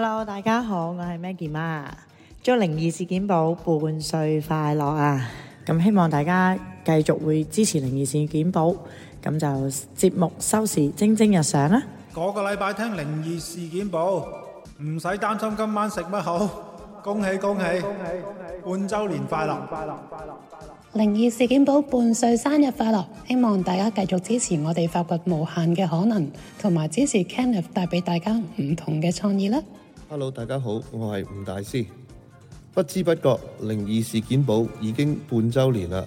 Hello，大家好，我係 Maggie 媽，祝《靈異事件簿》半歲快樂啊！咁希望大家繼續會支持《靈異事件簿》，咁就節目收視蒸蒸日上啦！嗰個禮拜聽《靈異事件簿》，唔使擔心今晚食乜好，恭喜恭喜恭喜，半周年快樂！靈異事件簿半歲生日快樂，希望大家繼續支持我哋發掘無限嘅可能，同埋支持 Kenneth 帶俾大家唔同嘅創意啦！Hello，大家好，我係吳大師。不知不覺《靈異事件簿》已經半周年啦，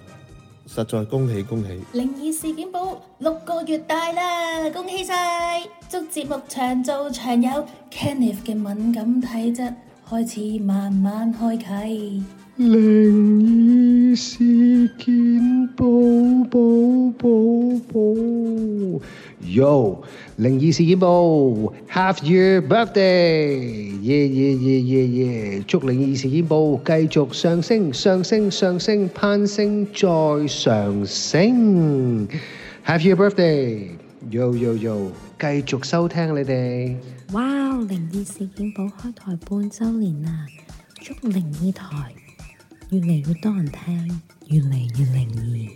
實在恭喜恭喜！《靈異事件簿》六個月大啦，恭喜晒！祝節目長做長有，Kenneth 嘅敏感體質開始慢慢開啟。靈異事件簿簿簿簿 Yo，靈異事件簿，Happy Birthday，耶耶耶耶耶，祝靈異事件簿繼續上升上升上升攀升再上升，Happy Birthday，Yo yo yo，繼續收聽你哋。哇，靈異事件簿開台半周年啦，祝靈異台。越嚟越多人聽，越嚟越靈異，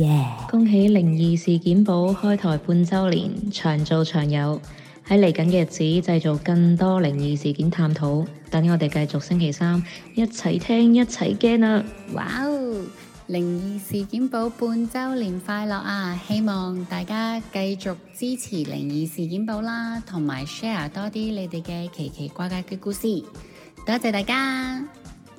耶！Yeah！恭喜《靈異事件簿》開台半周年，長做長有。喺嚟緊嘅日子，製造更多靈異事件探討，等我哋繼續星期三一齊聽一齊驚啊！哇哦，《靈異事件簿》半周年快樂啊！希望大家繼續支持《靈異事件簿》啦，同埋 share 多啲你哋嘅奇奇怪怪嘅故事。多謝大家！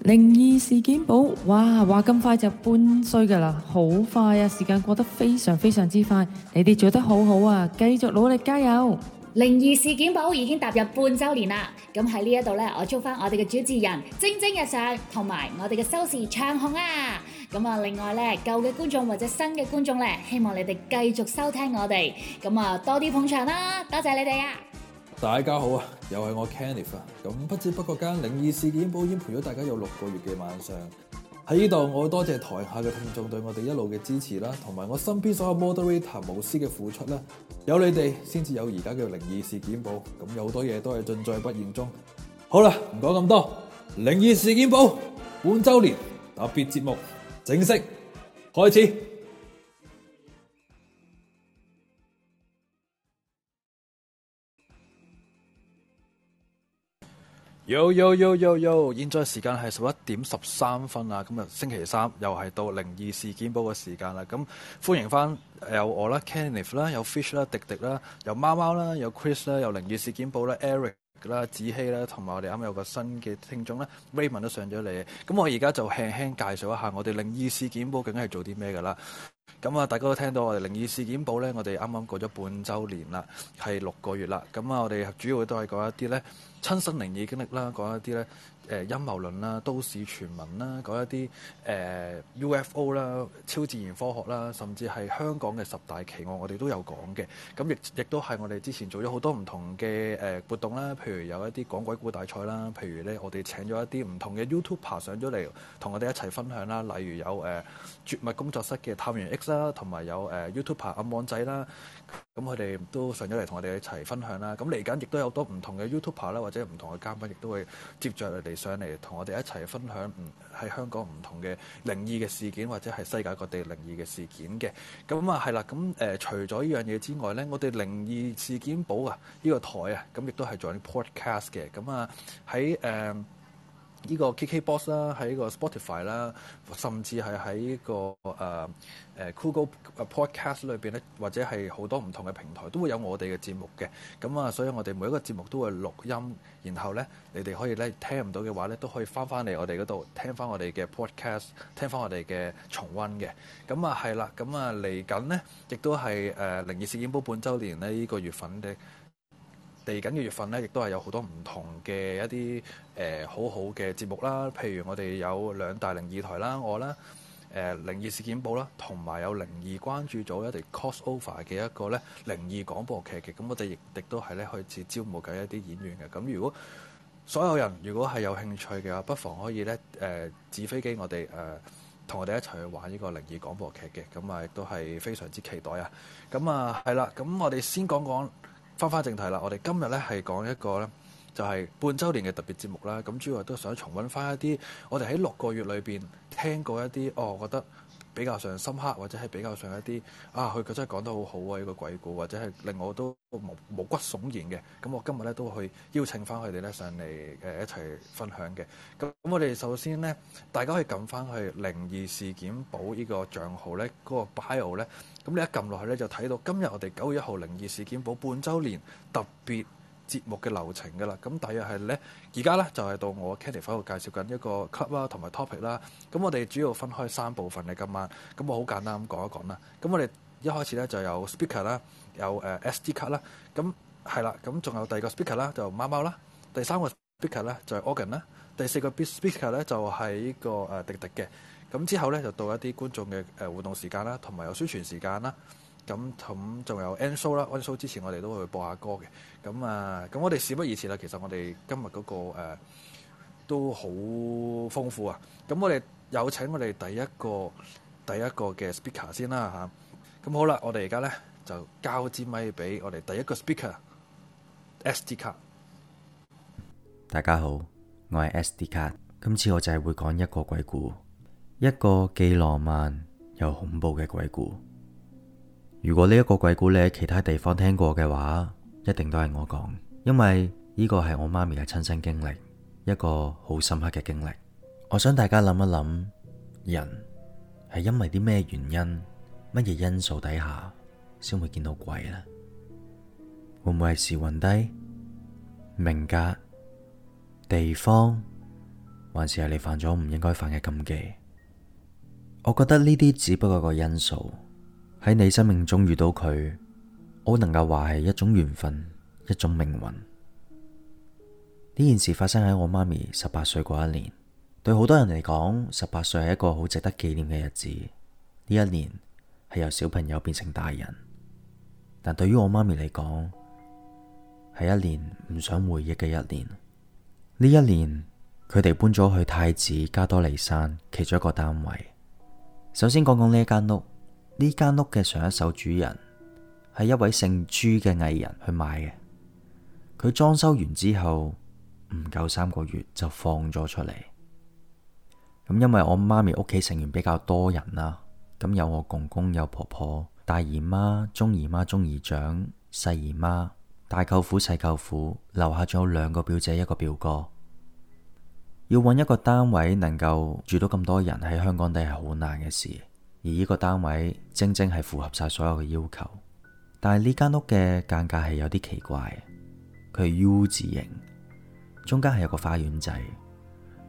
靈異事件簿，哇！話咁快就半衰噶啦，好快啊！時間過得非常非常之快，你哋做得好好啊，繼續努力加油！靈異事件簿已經踏入半周年啦，咁喺呢一度咧，我祝翻我哋嘅主持人蒸蒸日上，同埋我哋嘅收視長紅啊！咁啊，另外咧，舊嘅觀眾或者新嘅觀眾咧，希望你哋繼續收聽我哋，咁啊多啲捧場啦，多謝你哋呀、啊！大家好啊，又係我 Cannif 啊，咁不知不覺間，靈異事件簿已經陪咗大家有六個月嘅晚上喺呢度，我多謝台下嘅聽眾對我哋一路嘅支持啦，同埋我身邊所有 Moderator、無私嘅付出啦，有你哋先至有而家嘅靈異事件簿，咁有好多嘢都係盡在不言中。好啦，唔講咁多，靈異事件簿半周年特別節目正式開始。Yo yo yo yo yo！現在時間係十一點十三分啦，咁啊星期三又係到靈異事件簿嘅時間啦。咁歡迎翻有我啦，Kenneth 啦，有 Fish 啦，迪迪啦，有貓貓啦，有 Chris 啦，有靈異事件簿啦，Eric 啦，子希啦，同埋我哋啱啱有個新嘅聽眾咧，Raymond 都上咗嚟。咁我而家就輕輕介紹一下我哋靈異事件簿究竟係做啲咩㗎啦。咁啊，大家都聽到我哋靈異事件簿咧，我哋啱啱過咗半週年啦，係六個月啦。咁啊，我哋主要都係講一啲咧。親身靈異經歷啦，講一啲咧。誒陰謀論啦、都市傳聞啦、嗰一啲誒、呃、UFO 啦、超自然科學啦，甚至係香港嘅十大奇案，我哋都有講嘅。咁亦亦都係我哋之前做咗好多唔同嘅誒活動啦，譬如有一啲講鬼故大賽啦，譬如咧我哋請咗一啲唔同嘅 YouTuber 上咗嚟，同我哋一齊分享啦。例如有誒、呃、絕密工作室嘅探員 X 啦，同埋有誒 YouTuber 暗網仔啦，咁佢哋都上咗嚟同我哋一齊分享啦。咁嚟緊亦都有好多唔同嘅 YouTuber 啦，或者唔同嘅嘉賓，亦都會接著嚟。上嚟同我哋一齊分享唔喺香港唔同嘅靈異嘅事件，或者係世界各地靈異嘅事件嘅。咁啊係啦，咁誒、呃，除咗呢樣嘢之外咧，我哋靈異事件簿啊，呢、這個台啊，咁亦都係做緊 podcast 嘅。咁啊喺誒。呢個 KKBOX 啦，喺個 Spotify 啦，甚至係喺、這個誒誒、uh, Google Podcast 裏邊咧，或者係好多唔同嘅平台都會有我哋嘅節目嘅。咁啊，所以我哋每一個節目都會錄音，然後咧你哋可以咧聽唔到嘅話咧，都可以翻翻嚟我哋嗰度聽翻我哋嘅 Podcast，聽翻我哋嘅重溫嘅。咁啊係啦，咁啊嚟緊咧，亦都係誒、呃、靈異事件簿半周年咧呢、這個月份嘅。嚟緊嘅月份咧，亦都係有多、呃、好多唔同嘅一啲誒好好嘅節目啦。譬如我哋有兩大靈異台啦，我啦誒靈異事件簿啦，同埋有靈異關注組咧，我哋 crossover 嘅一個咧靈異廣播劇劇。咁我哋亦亦都係咧開始招募緊一啲演員嘅。咁如果所有人如果係有興趣嘅話，不妨可以咧誒紙飛機，呃、我哋誒同我哋一齊去玩呢個靈異廣播劇嘅。咁啊，亦都係非常之期待呀啊。咁啊，係啦，咁我哋先講講。翻返正題啦，我哋今日咧係講一個咧，就係半周年嘅特別節目啦。咁主要都想重溫返一啲，我哋喺六個月裏邊聽過一啲、哦，我覺得。比較上深刻，或者係比較上一啲啊，佢嘅真係講得好好啊！呢個鬼故，或者係令我都毛毛骨悚然嘅。咁我今日咧都去邀請翻佢哋咧上嚟誒一齊分享嘅。咁咁我哋首先呢，大家可以撳翻去靈異事件簿呢個賬號咧，嗰個 bio 咧。咁你一撳落去咧，就睇到今日我哋九月一號靈異事件簿半周年特別。節目嘅流程㗎啦，咁大約係咧，而家咧就係、是、到我 Kelly Fellow 介紹緊一個 club 啦、啊，同埋 topic 啦、啊。咁我哋主要分開三部分嚟今晚，咁我好簡單咁講一講啦。咁我哋一開始咧就有 speaker 啦，有誒 SD 卡啦，咁係啦，咁仲有第二個 speaker 啦，就貓貓啦，第三個 speaker 咧就係、是、Organ 啦，第四個 speaker 咧就係、是、呢個誒迪迪嘅。咁之後咧就到一啲觀眾嘅誒互動時間啦，同埋有宣傳時間啦。咁咁，仲有 Anshow 啦，Anshow 之前我哋都會播下歌嘅。咁啊，咁我哋事不宜遲啦。其實我哋今日嗰個誒都好豐富啊。咁我哋有請我哋第一個第一個嘅 speaker 先啦嚇。咁好啦，我哋而家咧就交支咪俾我哋第一個 speaker，SD 卡。大家好，我係 SD 卡。今次我就係會講一個鬼故，一個既浪漫又恐怖嘅鬼故。如果呢一個鬼故你喺其他地方聽過嘅話，一定都係我講，因為呢個係我媽咪嘅親身經歷，一個好深刻嘅經歷。我想大家諗一諗，人係因為啲咩原因、乜嘢因素底下先會見到鬼呢？會唔會係時運低、命格、地方，還是係你犯咗唔應該犯嘅禁忌？我覺得呢啲只不過個因素。喺你生命中遇到佢，我能夠話係一種緣分，一種命運。呢件事發生喺我媽咪十八歲嗰一年，對好多人嚟講，十八歲係一個好值得紀念嘅日子。呢一年係由小朋友變成大人，但對於我媽咪嚟講，係一年唔想回憶嘅一年。呢一年，佢哋搬咗去太子加多利山，其中一個單位。首先講講呢一間屋。呢間屋嘅上一手主人係一位姓朱嘅藝人去買嘅。佢裝修完之後唔夠三個月就放咗出嚟。咁因為我媽咪屋企成員比較多人啦，咁有我公公、有婆婆、大姨媽、中姨媽、中姨丈、細姨媽、大舅父、細舅父，樓下仲有兩個表姐一個表哥，要搵一個單位能夠住到咁多人喺香港地係好難嘅事。而呢個單位正正係符合晒所有嘅要求，但係呢間屋嘅間隔係有啲奇怪，佢係 U 字型，中間係有個花園仔，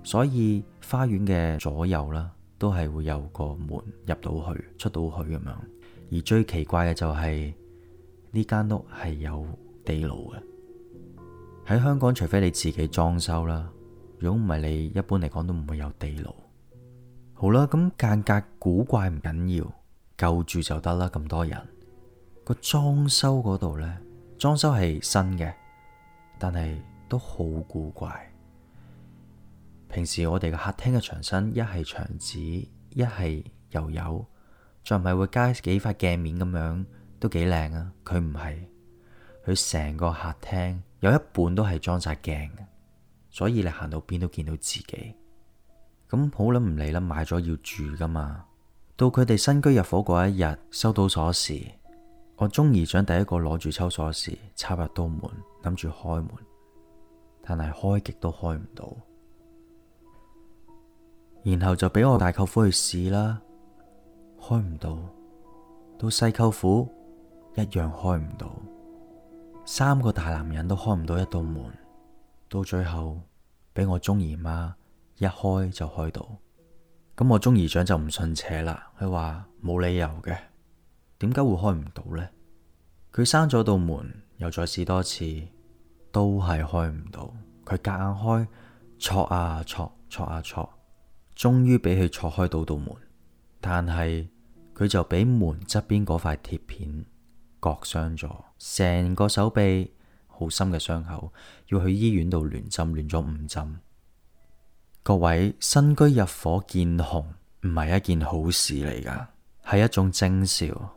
所以花園嘅左右啦，都係會有個門入到去、出到去咁樣。而最奇怪嘅就係，呢間屋係有地牢嘅，喺香港除非你自己裝修啦，如果唔係，你一般嚟講都唔會有地牢。好啦，咁間隔古怪唔緊要，夠住就得啦。咁多人，個裝修嗰度呢，裝修係新嘅，但係都好古怪。平時我哋嘅客廳嘅牆身一係牆紙，一係又有，再唔係會加幾塊鏡面咁樣，都幾靚啊。佢唔係，佢成個客廳有一半都係裝晒鏡，所以你行到邊都見到自己。咁、嗯、好諗唔嚟啦，買咗要住噶嘛。到佢哋新居入伙嗰一日，收到鎖匙，我鍾姨丈第一個攞住抽鎖匙插入到門，諗住開門，但係開極都開唔到。然後就俾我大舅父去試啦，開唔到。到細舅父一樣開唔到，三個大男人都開唔到一道門。到最後俾我鍾姨媽。一開就開到，咁我中二長就唔信邪啦。佢話冇理由嘅，點解會開唔到呢？佢閂咗道門，又再試多次，都係開唔到。佢夾硬開，戳啊戳，戳啊戳，終於俾佢戳開到道門。但係佢就俾門側邊嗰塊鐵片割傷咗，成個手臂好深嘅傷口，要去醫院度亂針亂咗五針。各位新居入火見紅唔係一件好事嚟噶，係一種徵兆。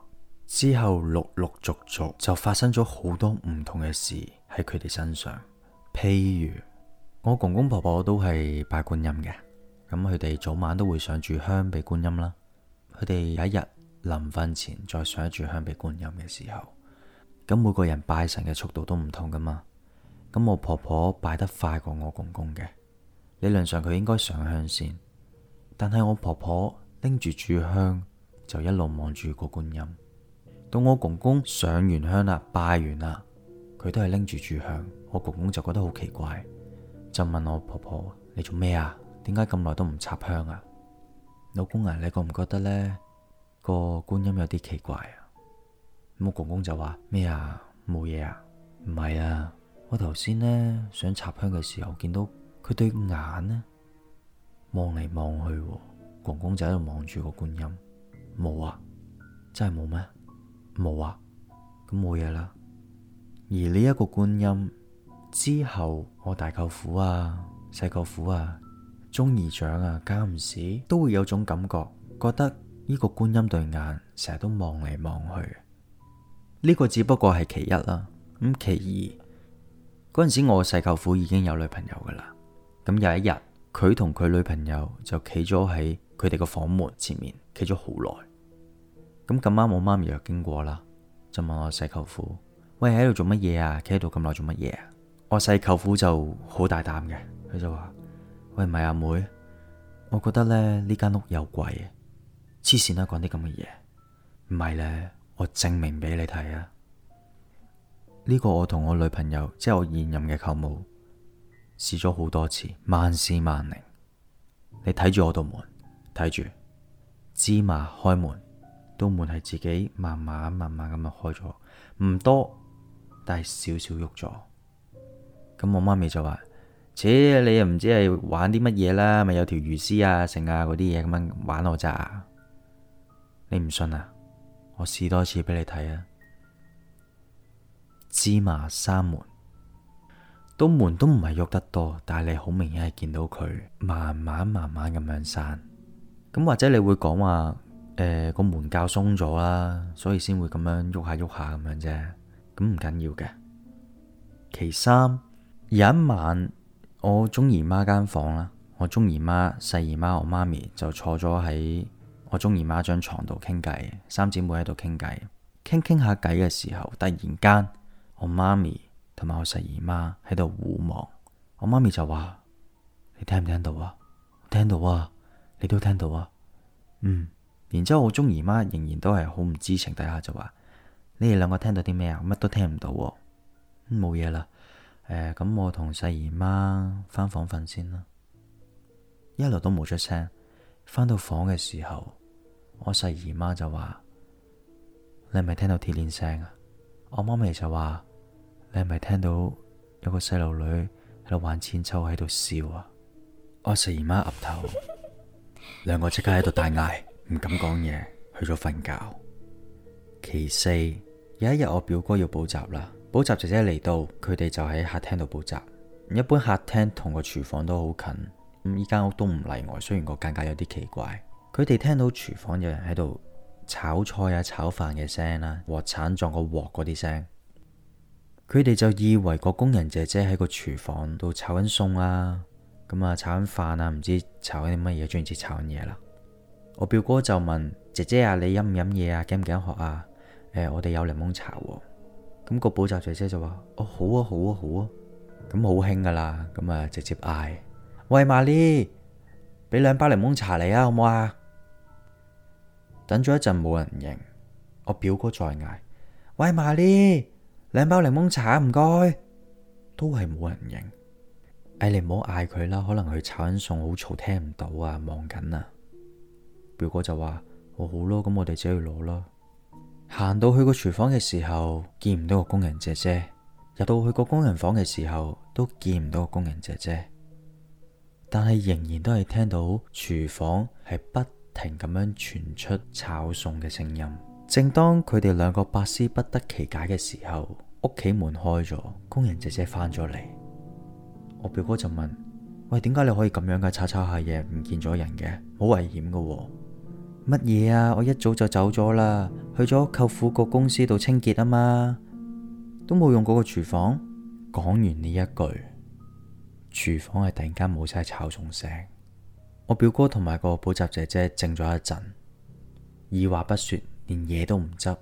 之後陸陸續續就發生咗好多唔同嘅事喺佢哋身上。譬如我公公婆婆，婆都係拜觀音嘅，咁佢哋早晚都會上住香俾觀音啦。佢哋有一日臨瞓前再上一住香俾觀音嘅時候，咁每個人拜神嘅速度都唔同噶嘛。咁我婆婆拜得快過我公公嘅。理論上佢應該上香先，但係我婆婆拎住柱香就一路望住個觀音。到我公公上完香啦，拜完啦，佢都係拎住柱香。我公公就覺得好奇怪，就問我婆婆，你做咩啊？點解咁耐都唔插香啊？老公啊，你覺唔覺得呢個觀音有啲奇怪啊？我公公就話咩啊？冇嘢啊？唔係啊，我頭先呢，想插香嘅時候見到。佢對眼呢，望嚟望去，公公就喺度望住個觀音，冇啊？真係冇咩？冇啊，咁冇嘢啦。而呢一個觀音之後，我大舅父啊、細舅父啊、鍾姨丈啊，間唔時都會有種感覺，覺得呢個觀音對眼成日都望嚟望去。呢、這個只不過係其一啦，咁其二嗰陣時，我細舅父已經有女朋友噶啦。咁有一日，佢同佢女朋友就企咗喺佢哋個房門前面，企咗好耐。咁咁啱，我媽咪又經過啦，就問我細舅父：，喂，喺度做乜嘢啊？企喺度咁耐做乜嘢啊？我細舅父就好大膽嘅，佢就話：，喂，唔係阿妹，我覺得呢呢間屋又貴，黐線啦，講啲咁嘅嘢。唔係咧，我證明俾你睇啊，呢個我同我女朋友，即係我現任嘅舅母。試咗好多次，萬試萬靈。你睇住我道門，睇住芝麻開門，道門係自己慢慢慢慢咁樣開咗，唔多，但係少少喐咗。咁我媽咪就話：，切，你又唔知係玩啲乜嘢啦，咪有條魚絲啊，剩啊嗰啲嘢咁樣玩我咋？你唔信啊？我試多次俾你睇啊，芝麻閂門。都門都唔係喐得多，但係你好明顯係見到佢慢慢慢慢咁樣散，咁或者你會講話誒個門鉸鬆咗啦，所以先會咁樣喐下喐下咁樣啫，咁唔緊要嘅。其三有一晚我中姨媽間房啦，我中姨媽、細姨媽、我媽咪就坐咗喺我中姨媽張床度傾偈，三姐妹喺度傾偈，傾傾下偈嘅時候，突然間我媽咪，同埋我細姨媽喺度互忙。我媽咪就話：你聽唔聽到啊？聽到啊，你都聽到啊。嗯，然之後我中姨媽仍然都係好唔知情底下就話：你哋兩個聽到啲咩啊？乜都聽唔到，冇嘢啦。咁我同細姨媽返房瞓先啦，一路都冇出聲。返到房嘅時候，我細姨媽就話：你係咪聽到鐵鏈聲啊？我媽咪就話。你係咪聽到有個細路女喺度玩韆鞦喺度笑啊？我十二媽岌頭，兩個即刻喺度大嗌，唔敢講嘢，去咗瞓覺。其四有一日我表哥要補習啦，補習姐姐嚟到，佢哋就喺客廳度補習。一般客廳同個廚房都好近，咁依間屋都唔例外。雖然個間隔有啲奇怪，佢哋聽到廚房有人喺度炒菜啊、炒飯嘅聲啦，鑊鏟撞個鑊嗰啲聲。佢哋就以為個工人姐姐喺個廚房度炒緊餸啊，咁、嗯、啊炒緊飯啊，唔知炒緊啲乜嘢，直接炒緊嘢啦。我表哥就問姐姐啊，你飲唔飲嘢啊？驚唔驚渴啊？誒、欸，我哋有檸檬茶喎、啊。咁、嗯個補習姐姐就話：哦，好啊，好啊，好啊。咁好興噶啦，咁、嗯、啊、嗯嗯、直接嗌：喂，瑪麗，俾兩包檸檬茶嚟啊，好唔好啊？等咗一陣冇人應，我表哥再嗌：喂，瑪麗。兩包檸檬茶，唔該，都係冇人認。哎，你唔好嗌佢啦，可能佢炒緊餸，好嘈，聽唔到啊，忙緊啊。表哥就話：好好我好咯，咁我哋自己去攞啦。行到去個廚房嘅時候，見唔到個工人姐姐；入到去個工人房嘅時候，都見唔到個工人姐姐。但係仍然都係聽到廚房係不停咁樣傳出炒餸嘅聲音。正當佢哋兩個百思不得其解嘅時候，屋企門開咗，工人姐姐返咗嚟。我表哥就問：喂，點解你可以咁樣嘅？炒炒下嘢，唔見咗人嘅，好危險嘅喎。乜嘢啊？我一早就走咗啦，去咗舅父個公司度清潔啊嘛，都冇用嗰個廚房。講完呢一句，廚房係突然間冇晒炒餸聲。我表哥同埋個補習姐姐靜咗一陣，二話不說。連嘢都唔執，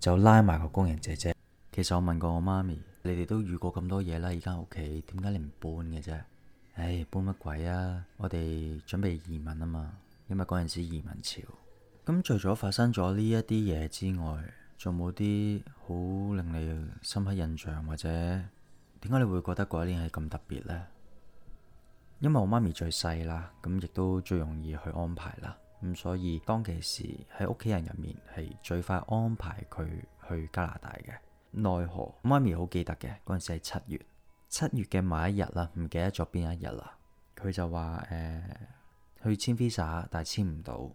就拉埋個工人姐姐。其實我問過我媽咪，你哋都遇過咁多嘢啦，而家屋企點解你唔搬嘅啫？唉、哎，搬乜鬼啊？我哋準備移民啊嘛，因為嗰陣時移民潮。咁除咗發生咗呢一啲嘢之外，仲冇啲好令你深刻印象或者點解你會覺得嗰一年係咁特別呢？因為我媽咪最細啦，咁亦都最容易去安排啦。咁所以當其時喺屋企人入面係最快安排佢去加拿大嘅，奈何媽咪好記得嘅嗰陣時係七月，七月嘅某一日啦，唔記得咗邊一日啦，佢就話誒、呃、去簽 visa，但係簽唔到，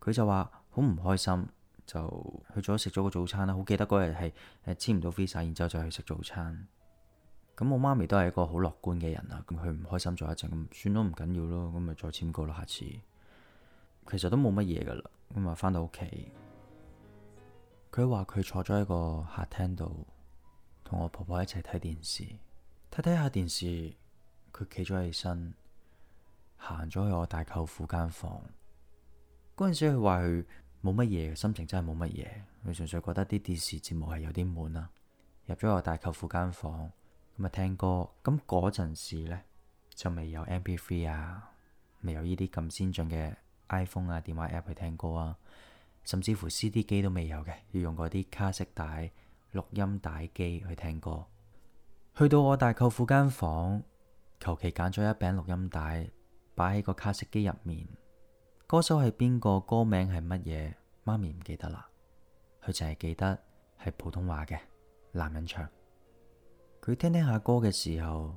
佢就話好唔開心，就去咗食咗個早餐啦，好記得嗰日係誒簽唔到 visa，然之後就去食早餐。咁我媽咪都係一個好樂觀嘅人啊，咁佢唔開心咗一陣，咁算都唔緊要咯，咁咪再簽過咯下次。其實都冇乜嘢噶啦。咁啊，翻到屋企，佢話佢坐咗喺個客廳度，同我婆婆一齊睇電視。睇睇下電視，佢企咗起身，行咗去我大舅父間房。嗰陣時佢話佢冇乜嘢，心情真係冇乜嘢。佢純粹覺得啲電視節目係有啲悶啊。入咗我大舅父間房咁啊，聽歌。咁嗰陣時呢，就未有 MP3 啊，未有呢啲咁先進嘅。iPhone 啊，電話 app 去聽歌啊，甚至乎 CD 機都未有嘅，要用嗰啲卡式帶錄音帶機去聽歌。去到我大舅父間房，求其揀咗一餅錄音帶，擺喺個卡式機入面。歌手係邊個？歌名係乜嘢？媽咪唔記得啦。佢淨係記得係普通話嘅男人唱。佢聽聽下歌嘅時候，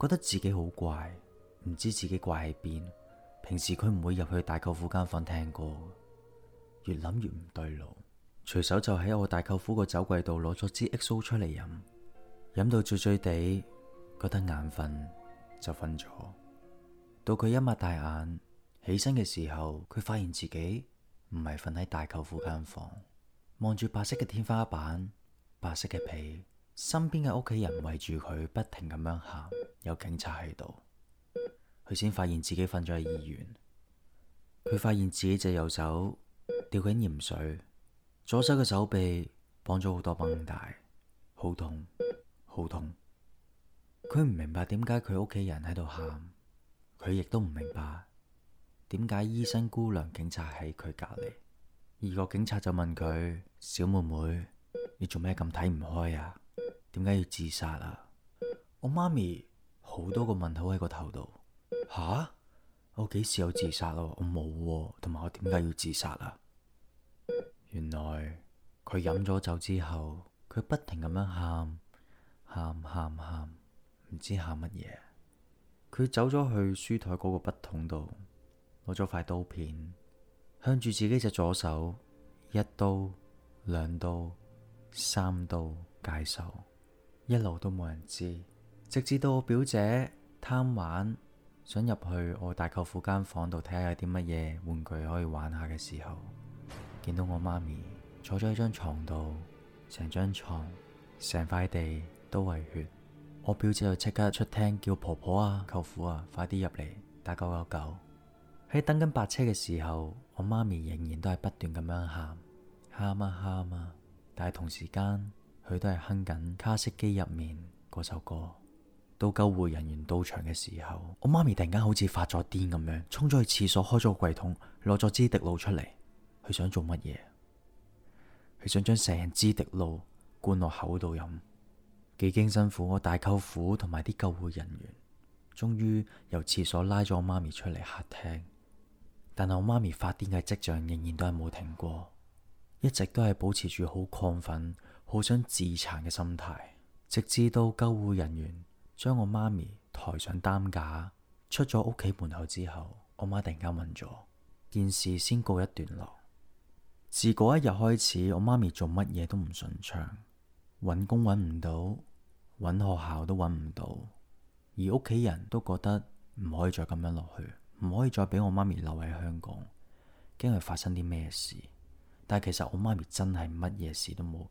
覺得自己好怪，唔知自己怪喺邊。平時佢唔會入去大舅父間房聽歌，越諗越唔對路，隨手就喺我大舅父個酒櫃度攞咗支 XO 出嚟飲，飲到醉醉地，覺得眼瞓就瞓咗。到佢一擘大眼起身嘅時候，佢發現自己唔係瞓喺大舅父間房，望住白色嘅天花板、白色嘅被，身邊嘅屋企人圍住佢不停咁樣喊，有警察喺度。佢先發現自己瞓咗喺醫院。佢發現自己隻右手吊緊鹽水，左手嘅手臂綁咗好多繃帶，好痛好痛。佢唔明白點解佢屋企人喺度喊，佢亦都唔明白點解醫生、姑娘、警察喺佢隔籬。而個警察就問佢：小妹妹，你做咩咁睇唔開啊？點解要自殺啊？我媽咪好多個問號喺個頭度。吓！我幾時有自殺咯、啊？我冇喎，同埋，我點解要自殺啊？原來佢飲咗酒之後，佢不停咁樣喊喊喊喊，唔知喊乜嘢。佢走咗去書台嗰個筆筒度，攞咗塊刀片，向住自己隻左手一刀、兩刀、三刀解手，一路都冇人知，直至到我表姐貪玩。想入去我大舅父間房度睇下有啲乜嘢玩具可以玩下嘅時候，見到我媽咪坐咗喺張床度，成張床、成塊地都係血。我表姐就即刻出廳叫婆婆啊、舅父啊，快啲入嚟打九九九。喺等緊白車嘅時候，我媽咪仍然都係不斷咁樣喊，喊啊喊啊，但係同時間佢都係哼緊卡式機入面嗰首歌。到救護人員到場嘅時候，我媽咪突然間好似發咗癲咁樣，衝咗去廁所，開咗個櫃桶，攞咗支滴露出嚟。佢想做乜嘢？佢想將成支滴露灌落口度飲。幾經辛苦，我大舅父同埋啲救護人員終於由廁所拉咗我媽咪出嚟客廳，但係我媽咪發癲嘅跡象仍然都係冇停過，一直都係保持住好亢奮、好想自殘嘅心態，直至到救護人員。將我媽咪抬上擔架，出咗屋企門口之後，我媽突然間暈咗，件事先告一段落。自嗰一日開始，我媽咪做乜嘢都唔順暢，揾工揾唔到，揾學校都揾唔到，而屋企人都覺得唔可以再咁樣落去，唔可以再畀我媽咪留喺香港，驚佢發生啲咩事。但係其實我媽咪真係乜嘢事都冇，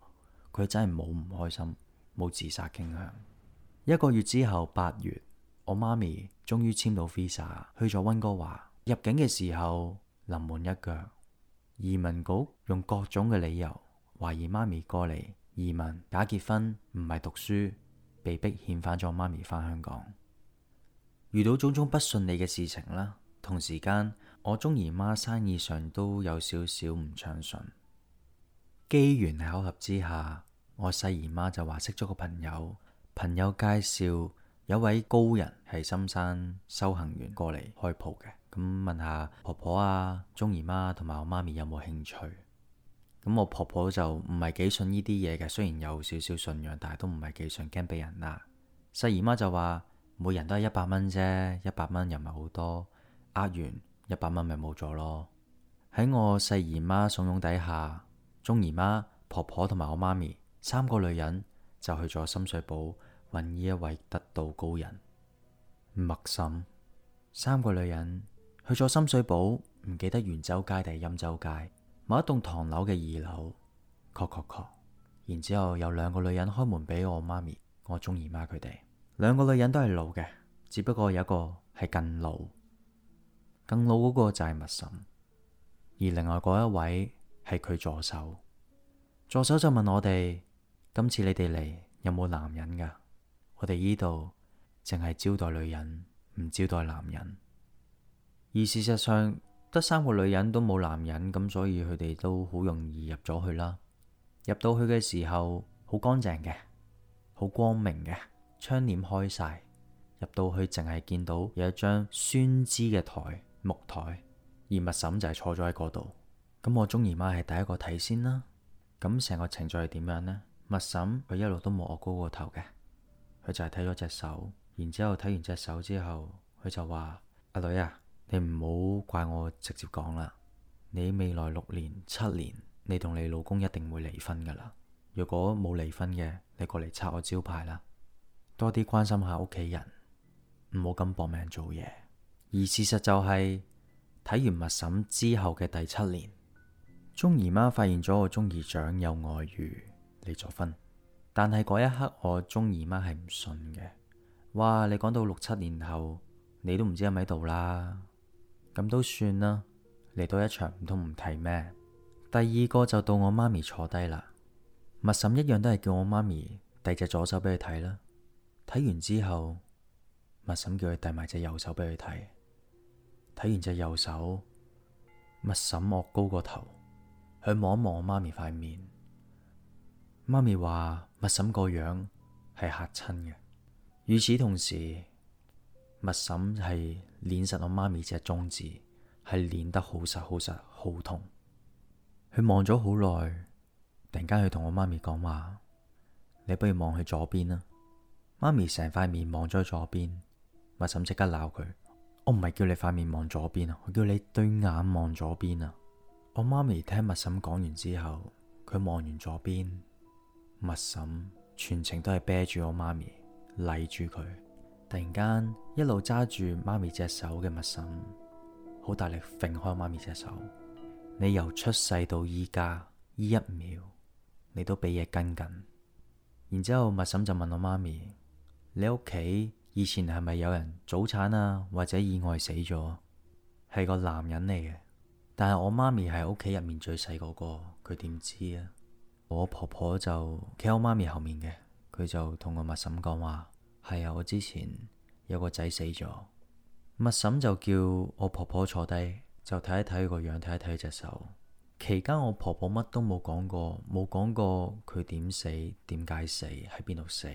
佢真係冇唔開心，冇自殺傾向。一個月之後，八月，我媽咪終於簽到 visa，去咗溫哥華。入境嘅時候臨門一腳，移民局用各種嘅理由懷疑媽咪過嚟移民假結婚，唔係讀書，被迫遣返咗媽咪返香港。遇到種種不順利嘅事情啦，同時間我中姨媽生意上都有少少唔暢順。機緣巧合之下，我細姨媽就話識咗個朋友。朋友介紹有位高人係深山修行完過嚟開鋪嘅，咁問下婆婆啊、鐘姨媽同埋我媽咪有冇興趣？咁我婆婆就唔係幾信呢啲嘢嘅，雖然有少少信仰，但係都唔係幾信，驚俾人鬧。細姨媽就話每人都係一百蚊啫，一百蚊又唔係好多，呃完一百蚊咪冇咗咯。喺我細姨媽慫恿底下，鐘姨媽、婆婆同埋我媽咪三個女人。就去咗深水埗揾呢一位得道高人默嬸。三個女人去咗深水埗，唔記得元州街定係欽州街，某一棟唐樓嘅二樓。確確確，然之後有兩個女人開門俾我媽咪、我鍾姨媽佢哋。兩個女人都係老嘅，只不過有一個係更老，更老嗰個就係默嬸，而另外嗰一位係佢助手。助手就問我哋。今次你哋嚟有冇男人㗎？我哋依度淨係招待女人，唔招待男人。而事實上得三個女人都冇男人，咁所以佢哋都好容易入咗去啦。入到去嘅時候好乾淨嘅，好光明嘅，窗簾開晒。入到去淨係見到有一張酸枝嘅台、木台，而密嬸就係坐咗喺嗰度。咁我鍾姨媽係第一個睇先啦。咁成個程序係點樣呢？密嬸佢一路都冇我高過頭嘅，佢就係睇咗隻手，然之後睇完隻手之後，佢就話阿女啊，你唔好怪我直接講啦。你未來六年七年，你同你老公一定會離婚噶啦。如果冇離婚嘅，你過嚟拆我招牌啦。多啲關心下屋企人，唔好咁搏命做嘢。而事實就係、是、睇完密嬸之後嘅第七年，鍾姨媽發現咗我鍾姨丈有外遇。離咗婚，但係嗰一刻我中二媽係唔信嘅。哇！你講到六七年後，你都唔知喺咪度啦，咁都算啦。嚟到一場唔通唔提咩？第二個就到我媽咪坐低啦。密嬸一樣都係叫我媽咪遞隻左手俾佢睇啦。睇完之後，密嬸叫佢遞埋隻右手俾佢睇。睇完隻右手，密嬸惡高個頭，去望一望我媽咪塊面。媽咪話密嬸個樣係嚇親嘅。與此同時，密嬸係捻實我媽咪隻中指，係捻得好實好實，好痛。佢望咗好耐，突然間佢同我媽咪講話：，你不如望去左邊啊。」媽咪成塊面望咗左邊，密嬸即刻鬧佢：，我唔係叫你塊面望左邊啊，我叫你對眼望左邊啊。我媽咪聽密嬸講完之後，佢望完左邊。密嬸全程都係啤住我媽咪，勵住佢。突然間一路揸住媽咪隻手嘅密嬸，好大力揈開我媽咪隻手。你由出世到依家依一秒，你都俾嘢跟緊。然之後密嬸就問我媽咪，你屋企以前係咪有人早產啊，或者意外死咗？係個男人嚟嘅，但係我媽咪係屋企入面最細嗰個，佢點知啊？我婆婆就企喺我媽咪後面嘅，佢就同我密嬸講話：係啊，我之前有個仔死咗。密嬸就叫我婆婆坐低，就睇一睇佢個樣，睇一睇佢隻手。期間我婆婆乜都冇講過，冇講過佢點死、點解死、喺邊度死。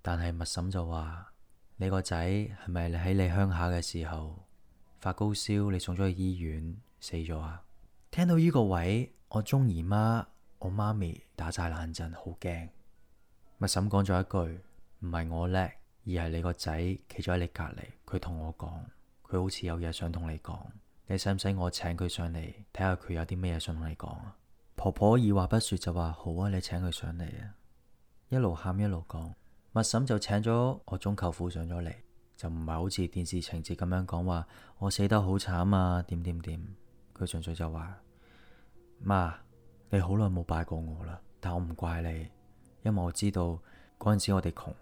但係密嬸就話：你個仔係咪你喺你鄉下嘅時候發高燒，你送咗去醫院死咗啊？聽到呢個位，我鍾姨媽。我媽咪打晒冷震，好驚。麥嬸講咗一句：唔係我叻，而係你個仔企咗喺你隔籬。佢同我講，佢好似有嘢想同你講。你使唔使我請佢上嚟睇下佢有啲咩嘢想同你講啊？婆婆二話不說就話好啊，你請佢上嚟啊。一路喊一路講，麥嬸就請咗我中舅父上咗嚟，就唔係好似電視情節咁樣講話我死得好慘啊，點點點。佢純粹就話媽。媽你好耐冇拜過我啦，但我唔怪你，因為我知道嗰陣時我哋窮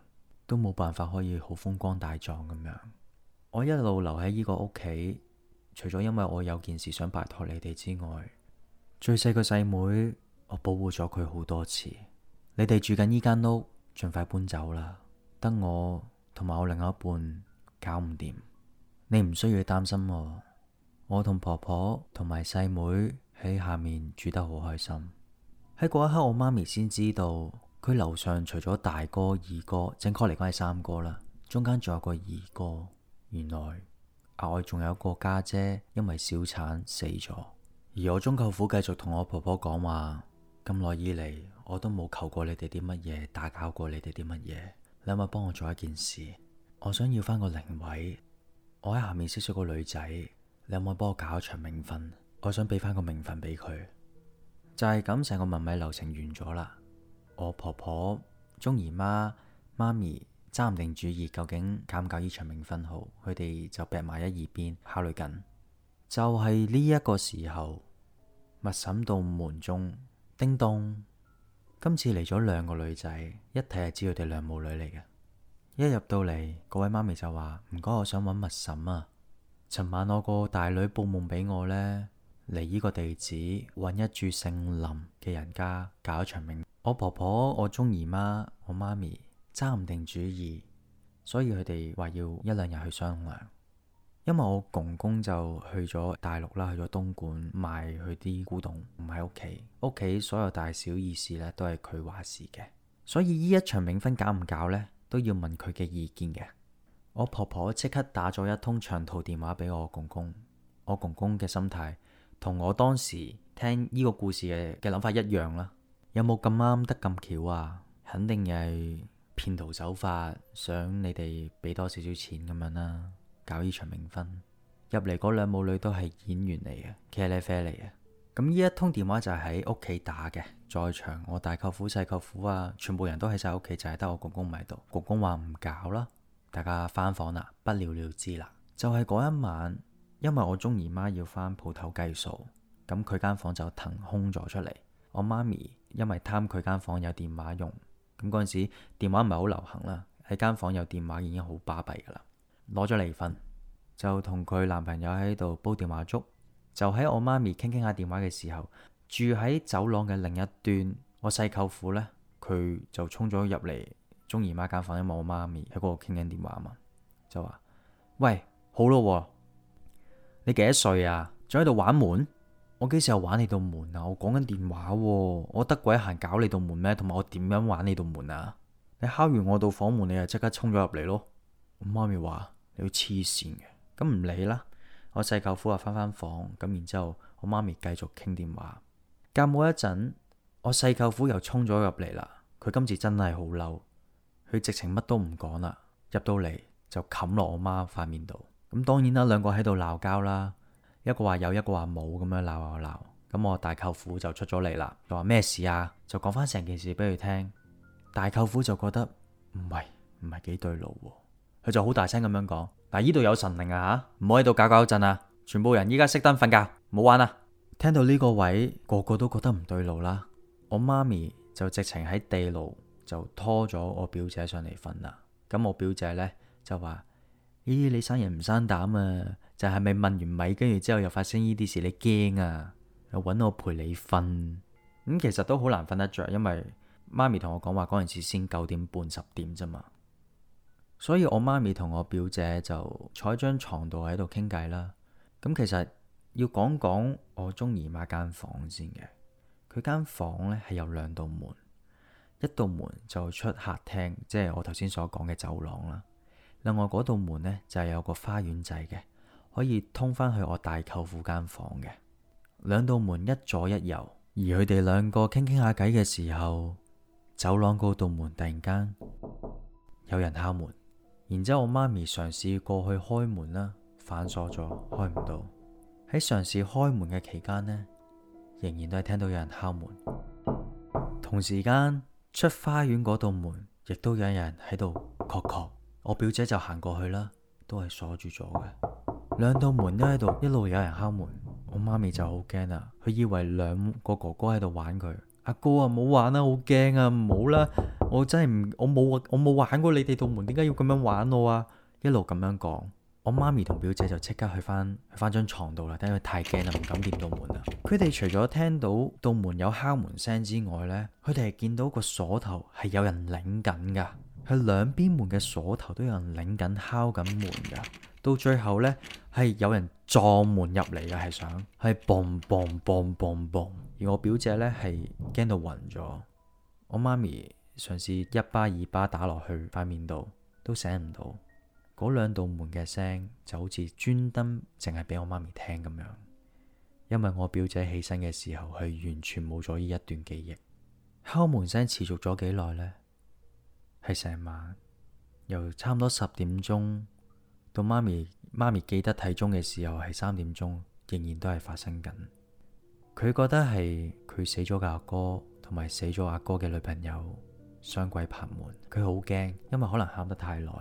都冇辦法可以好風光大葬咁樣。我一路留喺呢個屋企，除咗因為我有件事想拜託你哋之外，最細個細妹，妹我保護咗佢好多次。你哋住緊呢間屋，盡快搬走啦，得我同埋我另一半搞唔掂。你唔需要擔心我，我同婆婆同埋細妹，喺下面住得好開心。喺嗰一刻，我媽咪先知道佢樓上除咗大哥、二哥，正確嚟講係三哥啦，中間仲有個二哥。原來阿外仲有個家姐，姐，因為小產死咗。而我中舅父繼續同我婆婆講話：咁耐以嚟，我都冇求過你哋啲乜嘢，打攪過你哋啲乜嘢。你可唔可以幫我做一件事？我想要返個靈位，我喺下面識咗個女仔，你可唔可以幫我搞一場冥婚？我想俾翻個名分俾佢，就係咁成個文米流程完咗啦。我婆婆、鐘姨媽、媽咪揸唔定主意，究竟搞唔搞呢場名分好？佢哋就撇埋一耳邊，考慮緊。就係呢一個時候，密嬸到門中叮咚，今次嚟咗兩個女仔，一睇就知佢哋兩母女嚟嘅。一入到嚟，嗰位媽咪就話：唔該，我想揾密嬸啊。尋晚我個大女報夢俾我呢。嚟呢個地址搵一住姓林嘅人家搞一場冥婚。我婆婆、我中姨媽、我媽咪揸唔定主意，所以佢哋話要一兩日去商量。因為我公公就去咗大陸啦，去咗東莞賣佢啲古董，唔喺屋企，屋企所有大小意事呢都係佢話事嘅，所以呢一場冥婚搞唔搞呢都要問佢嘅意見嘅。我婆婆即刻打咗一通長途電話俾我公公，我公公嘅心態。同我當時聽呢個故事嘅嘅諗法一樣啦，有冇咁啱得咁巧啊？肯定係騙徒手法，想你哋俾多少少錢咁樣啦，搞呢場冥婚。入嚟嗰兩母女都係演員嚟嘅，茄喱啡嚟嘅。咁呢一通電話就係喺屋企打嘅，在場我大舅父、細舅父啊，全部人都喺晒屋企，就係得我公公唔喺度。公公話唔搞啦，大家返房啦，不了了之啦。就係嗰一晚。因為我中姨媽要返鋪頭計數，咁佢間房就騰空咗出嚟。我媽咪因為貪佢間房有電話用，咁嗰陣時電話唔係好流行啦，喺間房有電話已經好巴閉噶啦。攞咗嚟瞓，就同佢男朋友喺度煲電話粥。就喺我媽咪傾傾下電話嘅時候，住喺走廊嘅另一端，我細舅父呢，佢就衝咗入嚟中姨媽間房，因為我媽咪喺嗰度傾緊電話啊嘛，就話：喂，好咯啊。你幾多歲啊？仲喺度玩門？我幾時又玩你度門啊？我講緊電話啊，我得鬼閒搞你度門咩？同埋我點樣玩你度門啊？你敲完我度房門，你就即刻衝咗入嚟咯。我媽咪話：你黐線嘅，咁唔理啦。我細舅父又翻返房，咁然之後我媽咪繼續傾電話。隔冇一陣，我細舅父又衝咗入嚟啦。佢今次真係好嬲，佢直情乜都唔講啦，入到嚟就冚落我媽塊面度。咁當然啦，兩個喺度鬧交啦，一個話有，一個話冇，咁樣鬧鬧鬧。咁我大舅父就出咗嚟啦，就話咩事啊？就講翻成件事俾佢聽。大舅父就覺得唔係唔係幾對路喎、啊，佢就好大聲咁樣講。嗱，依度有神靈啊嚇，唔好喺度搞搞震啊！全部人依家熄燈瞓覺，唔好玩啦。聽到呢個位，個個都覺得唔對路啦、啊。我媽咪就直情喺地牢就拖咗我表姐上嚟瞓啦。咁我表姐呢，就話。咦、哎，你生人唔生膽啊？就係咪問完米，跟住之後又發生呢啲事，你驚啊？又搵我陪你瞓，咁、嗯、其實都好難瞓得着，因為媽咪同我講話嗰陣時先九點半十點啫嘛。所以我媽咪同我表姐就坐喺張床度喺度傾偈啦。咁其實要講講我中姨媽間房先嘅，佢間房呢係有兩道門，一道門就出客廳，即係我頭先所講嘅走廊啦。另外嗰道門呢，就係有個花園仔嘅，可以通返去我大舅父間房嘅。兩道門一左一右，而佢哋兩個傾傾下偈嘅時候，走廊嗰道門突然間有人敲門，然之後我媽咪嘗試過去開門啦，反鎖咗，開唔到。喺嘗試開門嘅期間呢，仍然都係聽到有人敲門，同時間出花園嗰道門亦都有人喺度敲敲。我表姐就行過去啦，都係鎖住咗嘅，兩道門都喺度，一路有人敲門。我媽咪就好驚啊，佢以為兩個哥哥喺度玩佢。阿哥啊，唔好玩啦，好驚啊，唔好啦，我真係唔，我冇我冇玩過你哋道門，點解要咁樣玩我啊？一路咁樣講，我媽咪同表姐就即刻去翻去翻張床度啦，等佢太驚啦，唔敢掂到門啦。佢哋除咗聽到道門有敲門聲之外呢，佢哋係見到個鎖頭係有人擰緊噶。係兩邊門嘅鎖頭都有人擰緊敲緊門噶，到最後呢，係有人撞門入嚟噶，係想係嘣嘣嘣嘣嘣，而我表姐呢，係驚到暈咗，我媽咪嘗試一巴二巴打落去塊面度都醒唔到，嗰兩道門嘅聲就好似專登淨係俾我媽咪聽咁樣，因為我表姐起身嘅時候係完全冇咗呢一段記憶，敲門聲持續咗幾耐呢？.係成晚，由差唔多十點鐘到媽咪媽咪記得睇鐘嘅時候係三點鐘，仍然都係發生緊。佢覺得係佢死咗嘅阿哥同埋死咗阿哥嘅女朋友雙鬼拍門。佢好驚，因為可能喊得太耐，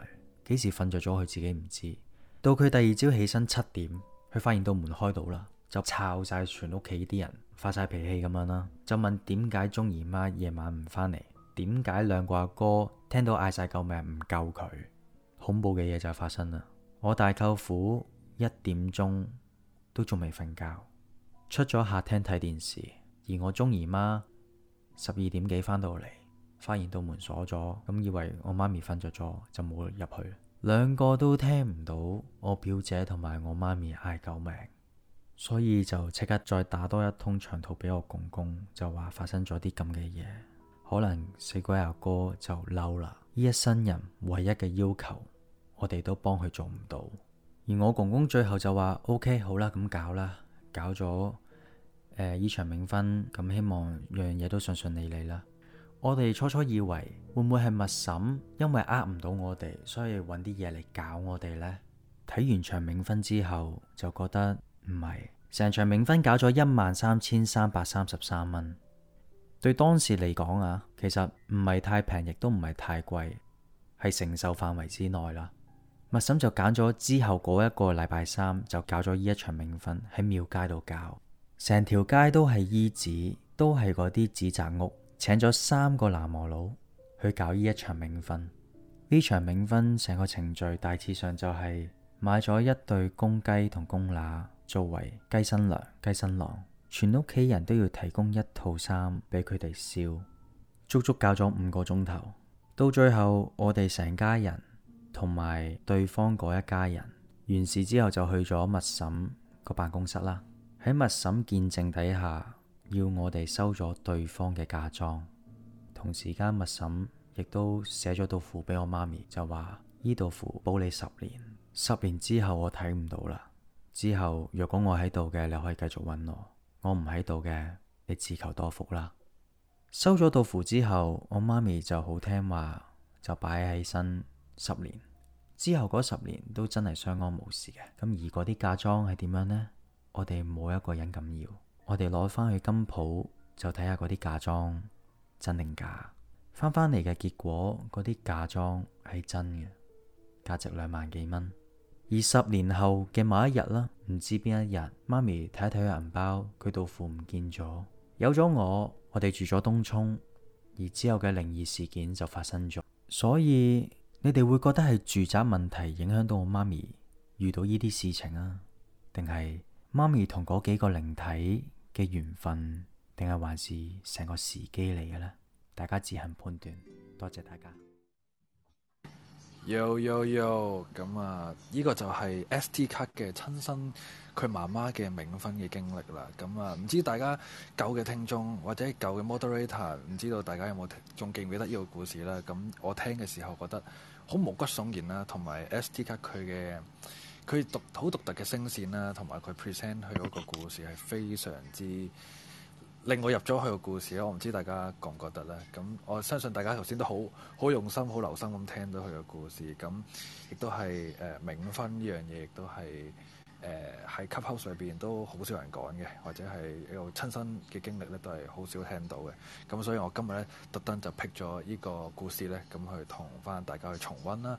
幾時瞓着咗佢自己唔知。到佢第二朝起身七點，佢發現到門開到啦，就吵晒全屋企啲人發晒脾氣咁樣啦，就問點解鍾姨媽夜晚唔返嚟。點解兩個阿哥，哥聽到嗌晒救命唔救佢？恐怖嘅嘢就發生啦！我大舅父一點鐘都仲未瞓覺，出咗客廳睇電視，而我中姨媽十二點幾返到嚟，發現到門鎖咗，咁以為我媽咪瞓著咗，就冇入去。兩個都聽唔到我表姐同埋我媽咪嗌救命，所以就即刻再打多一通長途俾我公公，就話發生咗啲咁嘅嘢。可能死鬼阿哥就嬲啦！呢一生人唯一嘅要求，我哋都幫佢做唔到。而我公公最後就話：OK，好啦，咁搞啦，搞咗呢依場冥婚，咁希望樣樣嘢都順順利利啦。我哋初初以為會唔會係密審，因為呃唔到我哋，所以搵啲嘢嚟搞我哋呢。睇完場冥婚之後，就覺得唔係，成場冥婚搞咗一萬三千三百三十三蚊。對當時嚟講啊，其實唔係太平，亦都唔係太貴，係承受範圍之內啦。密審就揀咗之後嗰一個禮拜三，就搞咗呢一場冥婚喺廟街度搞，成條街都係衣紙，都係嗰啲紙紮屋，請咗三個南無佬去搞呢一場冥婚。呢場冥婚成個程序大致上就係買咗一對公雞同公乸作為雞新娘、雞新郎。全屋企人都要提供一套衫俾佢哋燒，足足教咗五個鐘頭。到最後，我哋成家人同埋對方嗰一家人完事之後，就去咗密審個辦公室啦。喺密審見證底下，要我哋收咗對方嘅嫁妝，同時間密審亦都寫咗道符俾我媽咪，就話呢道符保你十年，十年之後我睇唔到啦。之後若果我喺度嘅，你可以繼續揾我我唔喺度嘅，你自求多福啦。收咗道符之後，我媽咪就好聽話，就擺喺身十年。之後嗰十年都真係相安無事嘅。咁而嗰啲嫁妝係點樣呢？我哋冇一個人敢要，我哋攞翻去金鋪就睇下嗰啲嫁妝真定假。翻返嚟嘅結果，嗰啲嫁妝係真嘅，價值兩萬幾蚊。二十年後嘅某一日啦，唔知邊一日，媽咪睇一睇佢銀包，佢道符唔見咗。有咗我，我哋住咗東涌，而之後嘅靈異事件就發生咗。所以你哋會覺得係住宅問題影響到我媽咪遇到呢啲事情啊？定係媽咪同嗰幾個靈體嘅緣分？定係還是成個時機嚟嘅呢？大家自行判斷。多謝大家。有有有，咁啊，呢、這個就係 S T 卡嘅親身佢媽媽嘅冥婚嘅經歷啦。咁啊，唔知大家舊嘅聽眾或者舊嘅 moderator，唔知道大家有冇聽仲記唔記得呢個故事咧？咁我聽嘅時候覺得好毛骨悚然啦、啊，同埋 S T 卡佢嘅佢獨好獨特嘅聲線啦、啊，同埋佢 present 佢嗰個故事係非常之。令我入咗佢個故事咧，我唔知大家覺唔覺得呢？咁我相信大家頭先都好好用心、好留心咁聽到佢個故事，咁亦都係誒冥婚呢樣嘢，亦、呃、都係喺吸溝上邊都好少人講嘅，或者係有個親身嘅經歷咧，都係好少聽到嘅。咁所以我今日咧，特登就 pick 咗呢個故事呢，咁去同翻大家去重温啦，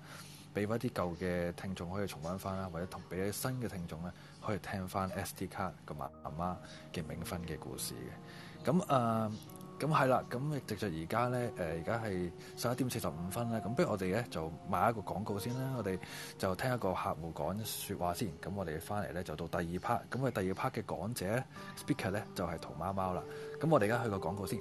俾翻啲舊嘅聽眾可以重温翻啦，或者同俾啲新嘅聽眾咧。可以聽翻 SD 卡個媽媽嘅冥婚嘅故事嘅，咁誒，咁係啦，咁、啊、直著而家咧，誒而家係十一點四十五分啦，咁不如我哋咧就買一個廣告先啦，我哋就聽一個客戶講説話先，咁我哋翻嚟咧就到第二 part，咁我哋第二 part 嘅講者 speaker 咧就係、是、淘貓貓啦，咁我哋而家去個廣告先。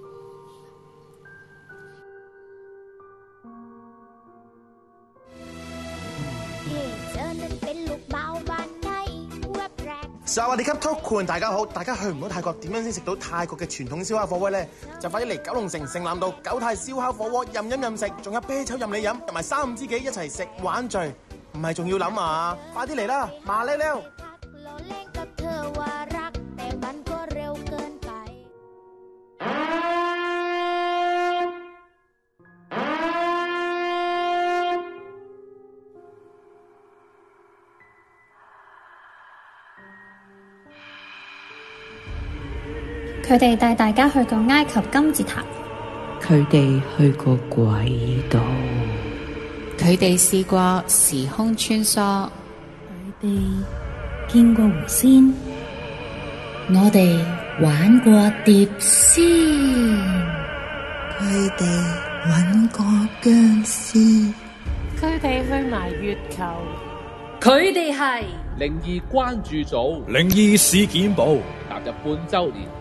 就話你給託困，大家好，大家去唔到泰國點樣先食到泰國嘅傳統燒烤火鍋呢？就快啲嚟九龍城城南道九泰燒烤火鍋，任飲任，任食，仲有啤酒任你飲，同埋三五知己一齊食玩醉，唔係仲要諗啊！快啲嚟啦，麻溜溜！佢哋帶大家去到埃及金字塔，佢哋去過鬼島，佢哋試過時空穿梭，佢哋見過狐仙，我哋玩過碟仙，佢哋搵過僵屍，佢哋去埋月球，佢哋係靈異關注組靈異事件簿踏入半周年。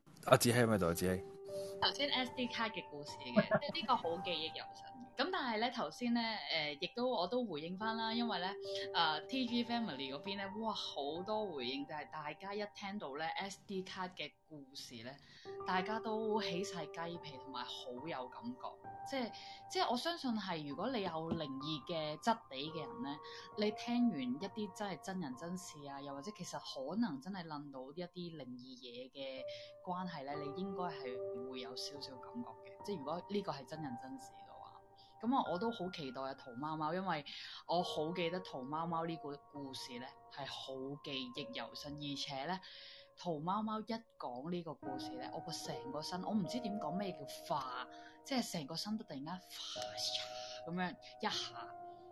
阿子希係咪度？子希頭先 SD 卡嘅故事嘅，即係呢個好記憶猶新。咁但係咧，頭先咧，誒、呃、亦都我都回應翻啦，因為咧，誒、呃、T G Family 嗰邊咧，哇好多回應就係、是、大家一聽到咧 SD 卡嘅故事咧，大家都起晒雞皮，同埋好有感覺，即係即係我相信係如果你有靈異嘅質地嘅人咧，你聽完一啲真係真人真事啊，又或者其實可能真係諗到一啲靈異嘢嘅關係咧，你應該係會有少少感覺嘅。即係如果呢個係真人真事。咁啊、嗯，我都好期待阿、啊、淘貓貓，因為我好記得淘貓貓呢個故事咧，係好記憶猶新。而且咧，淘貓貓一講呢個故事咧，我個成個身，我唔知點講咩叫化，即係成個身都突然間化咁樣一下。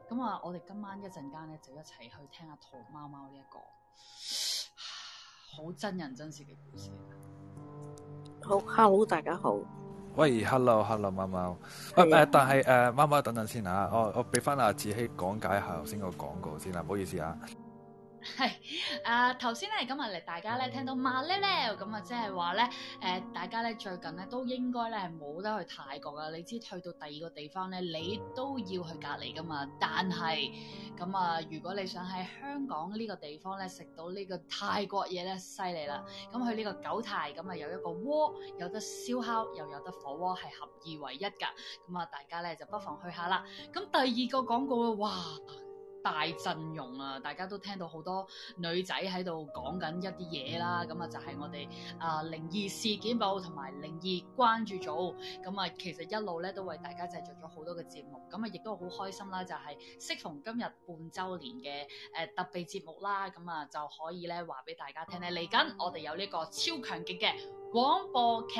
咁啊，我哋今晚一陣間咧就一齊去聽下淘貓貓呢一個好真人真事嘅故事。好，Hello，大家好。喂，hello hello，貓貓 Hello.，啊，誒但係誒，貓，啊，貓等等先嚇，啊哦，我我俾翻阿子希講解下頭先個廣告先啦，啊，唔好意思啊。係、哎，啊頭先咧咁啊嚟，大家咧聽到麻咧咧，咁啊即係話咧，誒、呃、大家咧最近咧都應該咧冇得去泰國噶，你知去到第二個地方咧，你都要去隔離噶嘛。但係咁啊，如果你想喺香港呢個地方咧食到呢個泰國嘢咧，犀利啦！咁去呢個九泰咁啊，有一個鍋，有得燒烤，又有得火鍋，係合二為一噶。咁啊，大家咧就不妨去下啦。咁第二個廣告啊，哇！大陣容啊！大家都聽到好多女仔喺度講緊一啲嘢啦，咁啊就係我哋啊、呃、靈異事件簿同埋靈異關注組咁啊，其實一路咧都為大家製作咗好多嘅節目，咁啊亦都好開心啦。就係、是、適逢今日半週年嘅誒、呃、特別節目啦，咁啊就可以咧話俾大家聽咧嚟緊，我哋有呢個超強勁嘅廣播劇。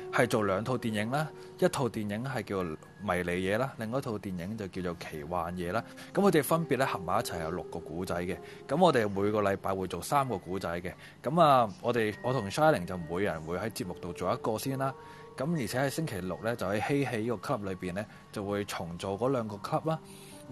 係做兩套電影啦，一套電影係叫迷離夜啦，另外一套電影就叫做奇幻夜啦。咁佢哋分別咧合埋一齊有六個古仔嘅。咁我哋每個禮拜會做三個古仔嘅。咁啊，我哋我同 Shining 就每人會喺節目度做一個先啦。咁而且喺星期六咧就喺嬉戲呢個 club 裏邊咧就會重做嗰兩個 club 啦。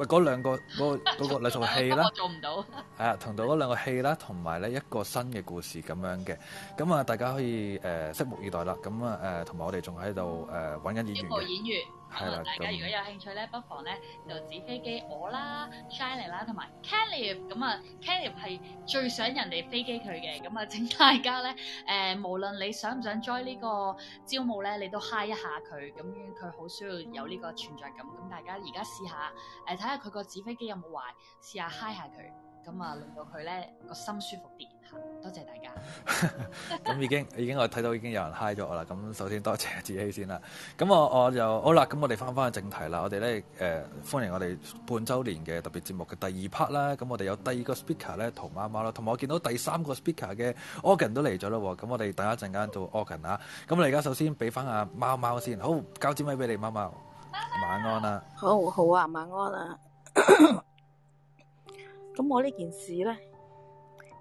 嗰兩個嗰嗰個兩套戲啦，做唔到，係啊，同到嗰兩個戲啦，同埋咧一個新嘅故事咁樣嘅，咁啊大家可以誒拭目以待啦，咁啊誒同埋我哋仲喺度誒揾緊演員嘅。咁啊，大家如果有興趣咧，不妨咧就紙飛機我啦，Shiny 啦，同埋 Kelly。咁啊，Kelly 係最想人哋飛機佢嘅。咁啊，請大家咧，誒、呃，無論你想唔想 join 呢個招募咧，你都嗨一下佢，咁佢好需要有呢個存在感。咁大家而家試下，誒、呃，睇下佢個紙飛機有冇壞，試下嗨下佢，咁啊，令到佢咧個心舒服啲。多謝大家，咁 已經已經我睇到已經有人嗨咗我啦。咁首先多謝志希先啦。咁我我就好啦。咁我哋翻翻去正題啦。我哋咧誒，歡迎我哋半周年嘅特別節目嘅第二 part 啦。咁我哋有第二個 speaker 咧，同貓貓啦。同埋我見到第三個 speaker 嘅 organ 都嚟咗啦。咁我哋等一陣間做 organ 啊。咁我哋而家首先俾翻阿貓貓先。好，交支咪俾你，貓貓。貓貓晚安啦，啊。好好啊，晚安啊。咁 我呢件事咧，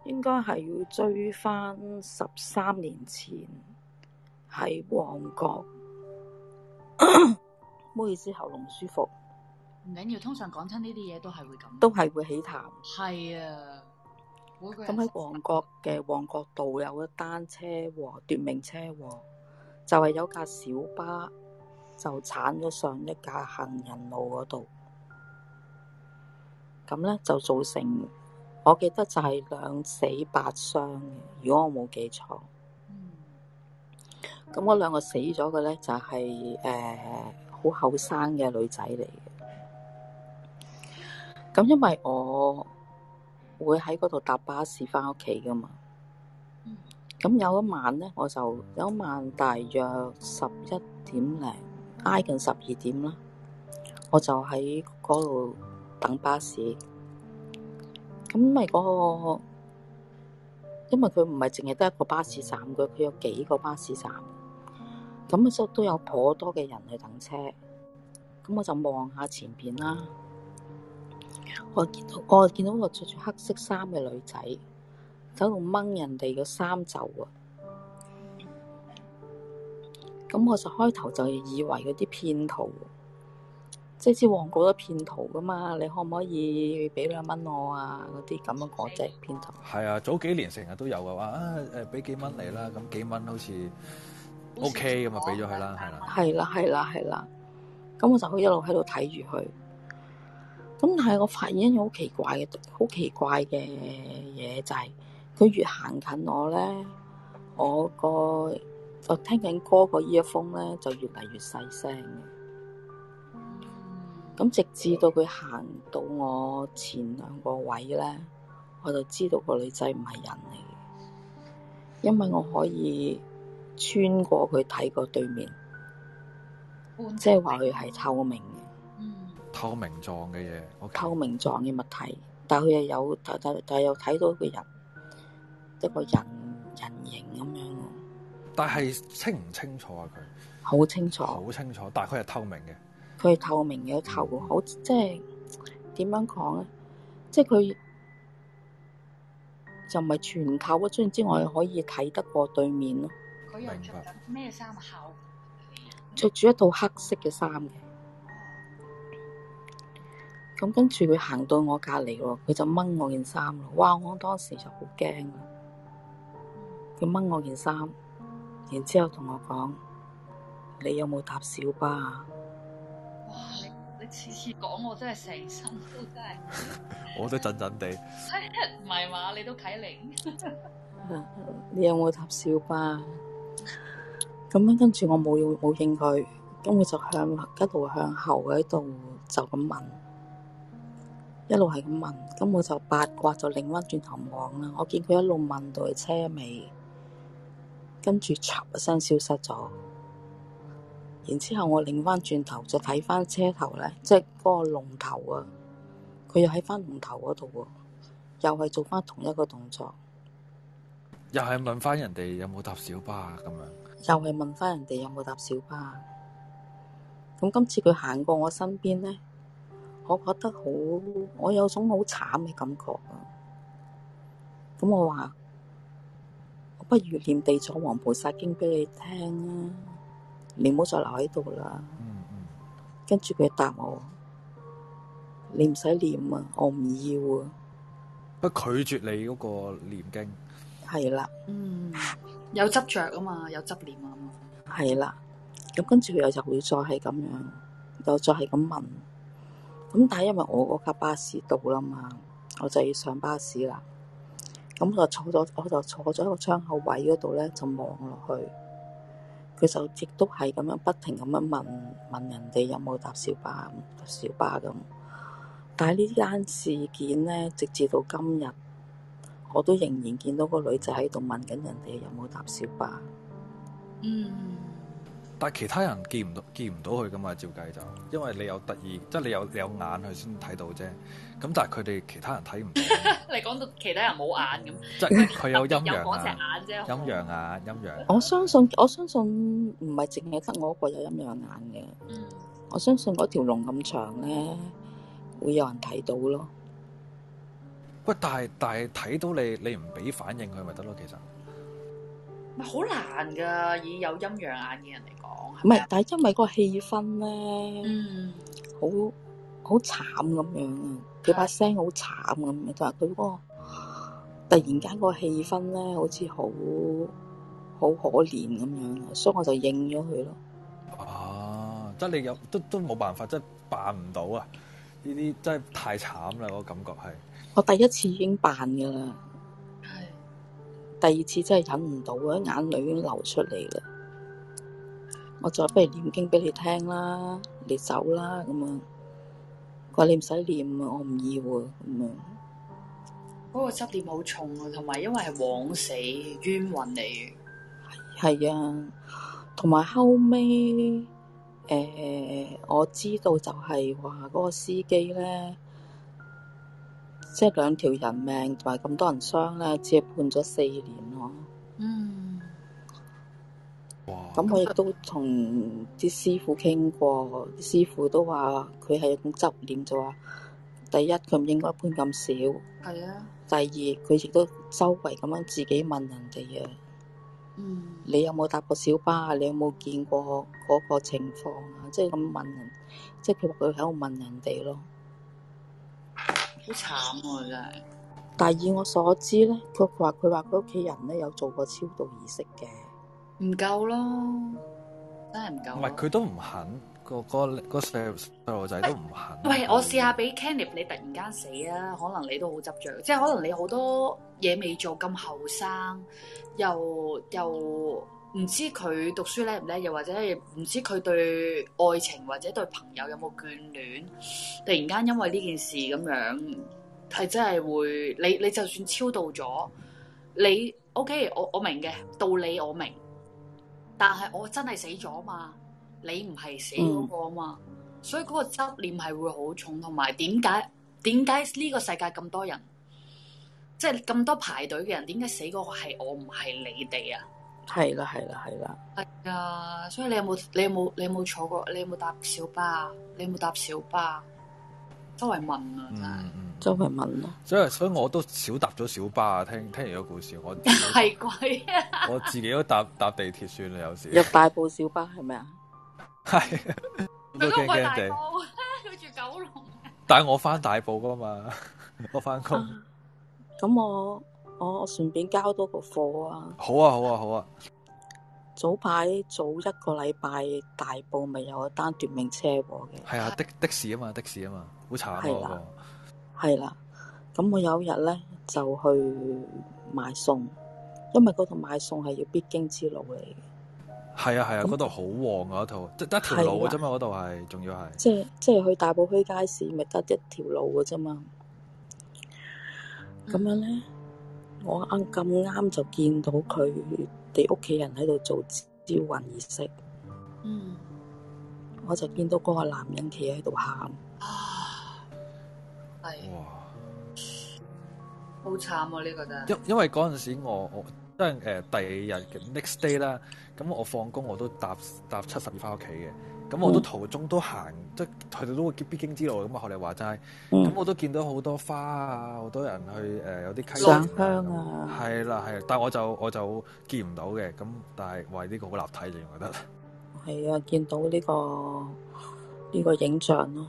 應該係要追翻十三年前喺旺角。唔 好意思喉嚨唔舒服，唔緊要。通常講親呢啲嘢都係會咁，都係會起痰。係啊，咁喺旺角嘅，嗯、旺角道有一單車禍奪命車禍，就係，是，有架小巴就鏟咗上一架行人路嗰度，咁咧就造成。我記得就係兩死八傷嘅，如果我冇記錯。咁我兩個死咗嘅咧，就係誒好後生嘅女仔嚟嘅。咁因為我會喺嗰度搭巴士翻屋企㗎嘛。咁有一晚咧，我就有一晚大約十一點零，挨近十二點啦，我就喺嗰度等巴士。咁咪嗰個，因為佢唔係淨係得一個巴士站嘅，佢有幾個巴士站，咁所以都有頗多嘅人去等車。咁我就望下前邊啦，我見到我見到個着住黑色衫嘅女仔，喺度掹人哋嘅衫袖啊！咁我就開頭就以為嗰啲騙徒。即係似旺角都騙徒噶嘛，你可唔可以俾兩蚊我啊？嗰啲咁樣嗰隻騙徒。係啊，早幾年成日都有嘅話啊，誒俾幾蚊你啦，咁、嗯、幾蚊好似 O K 咁啊，俾咗佢啦，係啦、啊。係啦、啊，係啦、啊，係啦、啊。咁我就佢一路喺度睇住佢。咁但係我發現一樣好奇怪嘅，好奇怪嘅嘢就係，佢越行近我咧，我個我聽緊歌個 earphone 咧就越嚟越細聲。咁直至到佢行到我前兩個位咧，我就知道個女仔唔係人嚟嘅，因為我可以穿過佢睇過對面，Okay. 即係話佢係透明嘅。透明狀嘅嘢，okay。透明狀嘅物體，但係佢又有但但但係又睇到一個人，一個人人形咁樣。但係清唔清楚啊？佢好清楚，好清楚，但係佢係透明嘅。佢係透明嘅頭，好即係點樣講咧？即係佢就唔係全透嗰種之外，可以睇得過對面咯。佢着緊咩衫啊？着住一套黑色嘅衫。咁跟住佢行到我隔籬喎，佢就掹我件衫咯。哇！我當時就好驚啊。佢掹我件衫，然之後同我講：你有冇搭小巴？次次講我真係成身，都真係， 我都震震地。唔係嘛，你都睇嚟。 你有冇搭小巴？咁樣跟住我冇用冇應佢，咁我就向一路向後喺度就咁問，一路係咁問，咁我就八卦就擰翻轉頭望啦。我見佢一路問到車尾，跟住嚓一聲消失咗。然之後我擰翻轉頭就睇翻車頭咧，即係嗰個龍頭啊，佢又喺翻龍頭嗰度喎，又係做翻同一個動作，又係問翻人哋有冇搭小巴啊？咁樣，又係問翻人哋有冇搭小巴啊。咁今次佢行過我身邊咧，我覺得好，我有種好慘嘅感覺啊。咁我話，我不如念地藏王菩薩經俾你聽啊。你唔好再留喺度啦。嗯嗯。跟住佢答我：你唔使念啊，我唔要啊。不拒絕你嗰個念經。係啦，嗯，有執着啊嘛，有執念啊嘛。係啦，咁跟住佢又就會再係咁樣，又再係咁問。咁但係因為我嗰架巴士到啦嘛，我就要上巴士啦。咁我就坐咗，我就坐咗喺個窗口位嗰度咧，就望落去。佢就亦都係咁樣不停咁樣問問人哋有冇搭小巴，小巴咁。但係呢單事件呢，直至到今日，我都仍然見到個女仔喺度問緊人哋有冇搭小巴。嗯。但其他人見唔到見唔到佢㗎嘛？照計就，因為你有特異，即係你有你有眼佢先睇到啫。咁但係佢哋其他人睇唔到。你講到其他人冇眼咁，即係佢有陰陽啊！陰陽眼，陰陽。我相信我相信唔係淨係得我一個有陰陽眼嘅。我相信嗰條龍咁長咧，會有人睇到咯。喂，但係但係睇到你，你唔俾反應佢咪得咯？其實。好難㗎，以有陰陽眼嘅人嚟講，係咪不？嗎但係因為嗰個氣氛咧，好好、嗯、慘咁樣啊！佢把的聲好慘咁樣，就係佢嗰個突然間個氣氛咧，好似好好可憐咁樣，所以我就應咗佢咯。哦、啊，即係你有都都冇辦法，真係扮唔到啊！呢啲真係太慘啦，我感覺係。我第一次已經扮㗎啦。第二次真係忍唔到啊！眼淚已經流出嚟啦，我再不如念經畀你聽啦，你走啦咁樣。佢話你唔使念啊，我唔要啊咁樣。嗰個執念好重啊，同埋因為係枉死冤魂嚟嘅。係啊、哎，同埋後尾，誒、呃，我知道就係話嗰個司機咧。即係兩條人命同埋咁多人傷咧，只係判咗四年咯。嗯。咁我亦都同啲師傅傾過，師傅都話佢係一種執念，就話，係，第一佢唔應該判咁少。係啊。第二佢亦都周圍咁樣自己問人哋啊。嗯。你有冇搭過小巴啊？你有冇見過嗰個情況啊？即係咁問人，即係佢喺度問人哋咯。好慘喎，真係！但係以我所知咧，佢話佢話佢屋企人咧有做過超度儀式嘅，唔夠啦，真係唔夠。唔係佢都唔肯，個個個細路仔都唔肯喂。喂，我試下俾 Kenny 你突然間死啊，可能你都好執着。即係可能你好多嘢未做，咁後生又又。又唔知佢讀書叻唔叻，又或者唔知佢對愛情或者對朋友有冇眷戀。突然間因為呢件事咁樣，係真係會你你就算超度咗你，OK，我我明嘅道理我明，但係我真係死咗嘛？你唔係死嗰個嘛？嗯、所以嗰個執念係會好重，同埋點解點解呢個世界咁多人即係咁多排隊嘅人，點解死嗰個係我唔係你哋啊？係啦，係啦，係啦。係啊，所以你有冇？你有冇？你有冇坐過？你有冇搭小巴？你有冇搭小巴？周圍問啊，嗯嗯、周圍問咯、啊。所以，所以我都少搭咗小巴啊！聽聽完個故事，我係鬼啊！我自己都搭搭地鐵算啦，有時入大埔小巴係咪 班啊？係，都驚驚地。佢住九龍，但我翻大埔噶嘛？我翻工。咁我。我我順便交多個貨啊，啊！好啊好啊好啊！早排早一個禮拜大埔咪有一單奪命車禍嘅，係啊，的的士啊嘛，的士啊嘛，好慘嗰個。係啦、啊，咁、啊、我有一日咧就去買餸，因為嗰度買餸係要必經之路嚟嘅。係啊係啊，嗰度好旺一啊嗰度，即得條路嘅啫嘛，嗰度係，仲要係。即即係去大埔墟街市，咪得一條路嘅啫嘛。咁樣咧。嗯我啱咁啱就見到佢哋屋企人喺度做招魂儀式，嗯，我就見到個男人企喺度喊，係，哇，好慘啊呢個真，因為因為嗰陣時我我即係誒第二日嘅 next day 啦，咁我放工我都搭搭七十二翻屋企嘅。咁我都途中都行，嗯、即係佢哋都會必經之路咁啊！學你話齋，咁、嗯、我都見到好多花啊，好多人去誒、呃、有啲溪水啊，係啦係，但係我就我就見唔到嘅，咁但係喂，呢、呢個好立體，我覺得係啊， 見到呢、呢個呢、呢個影像咯，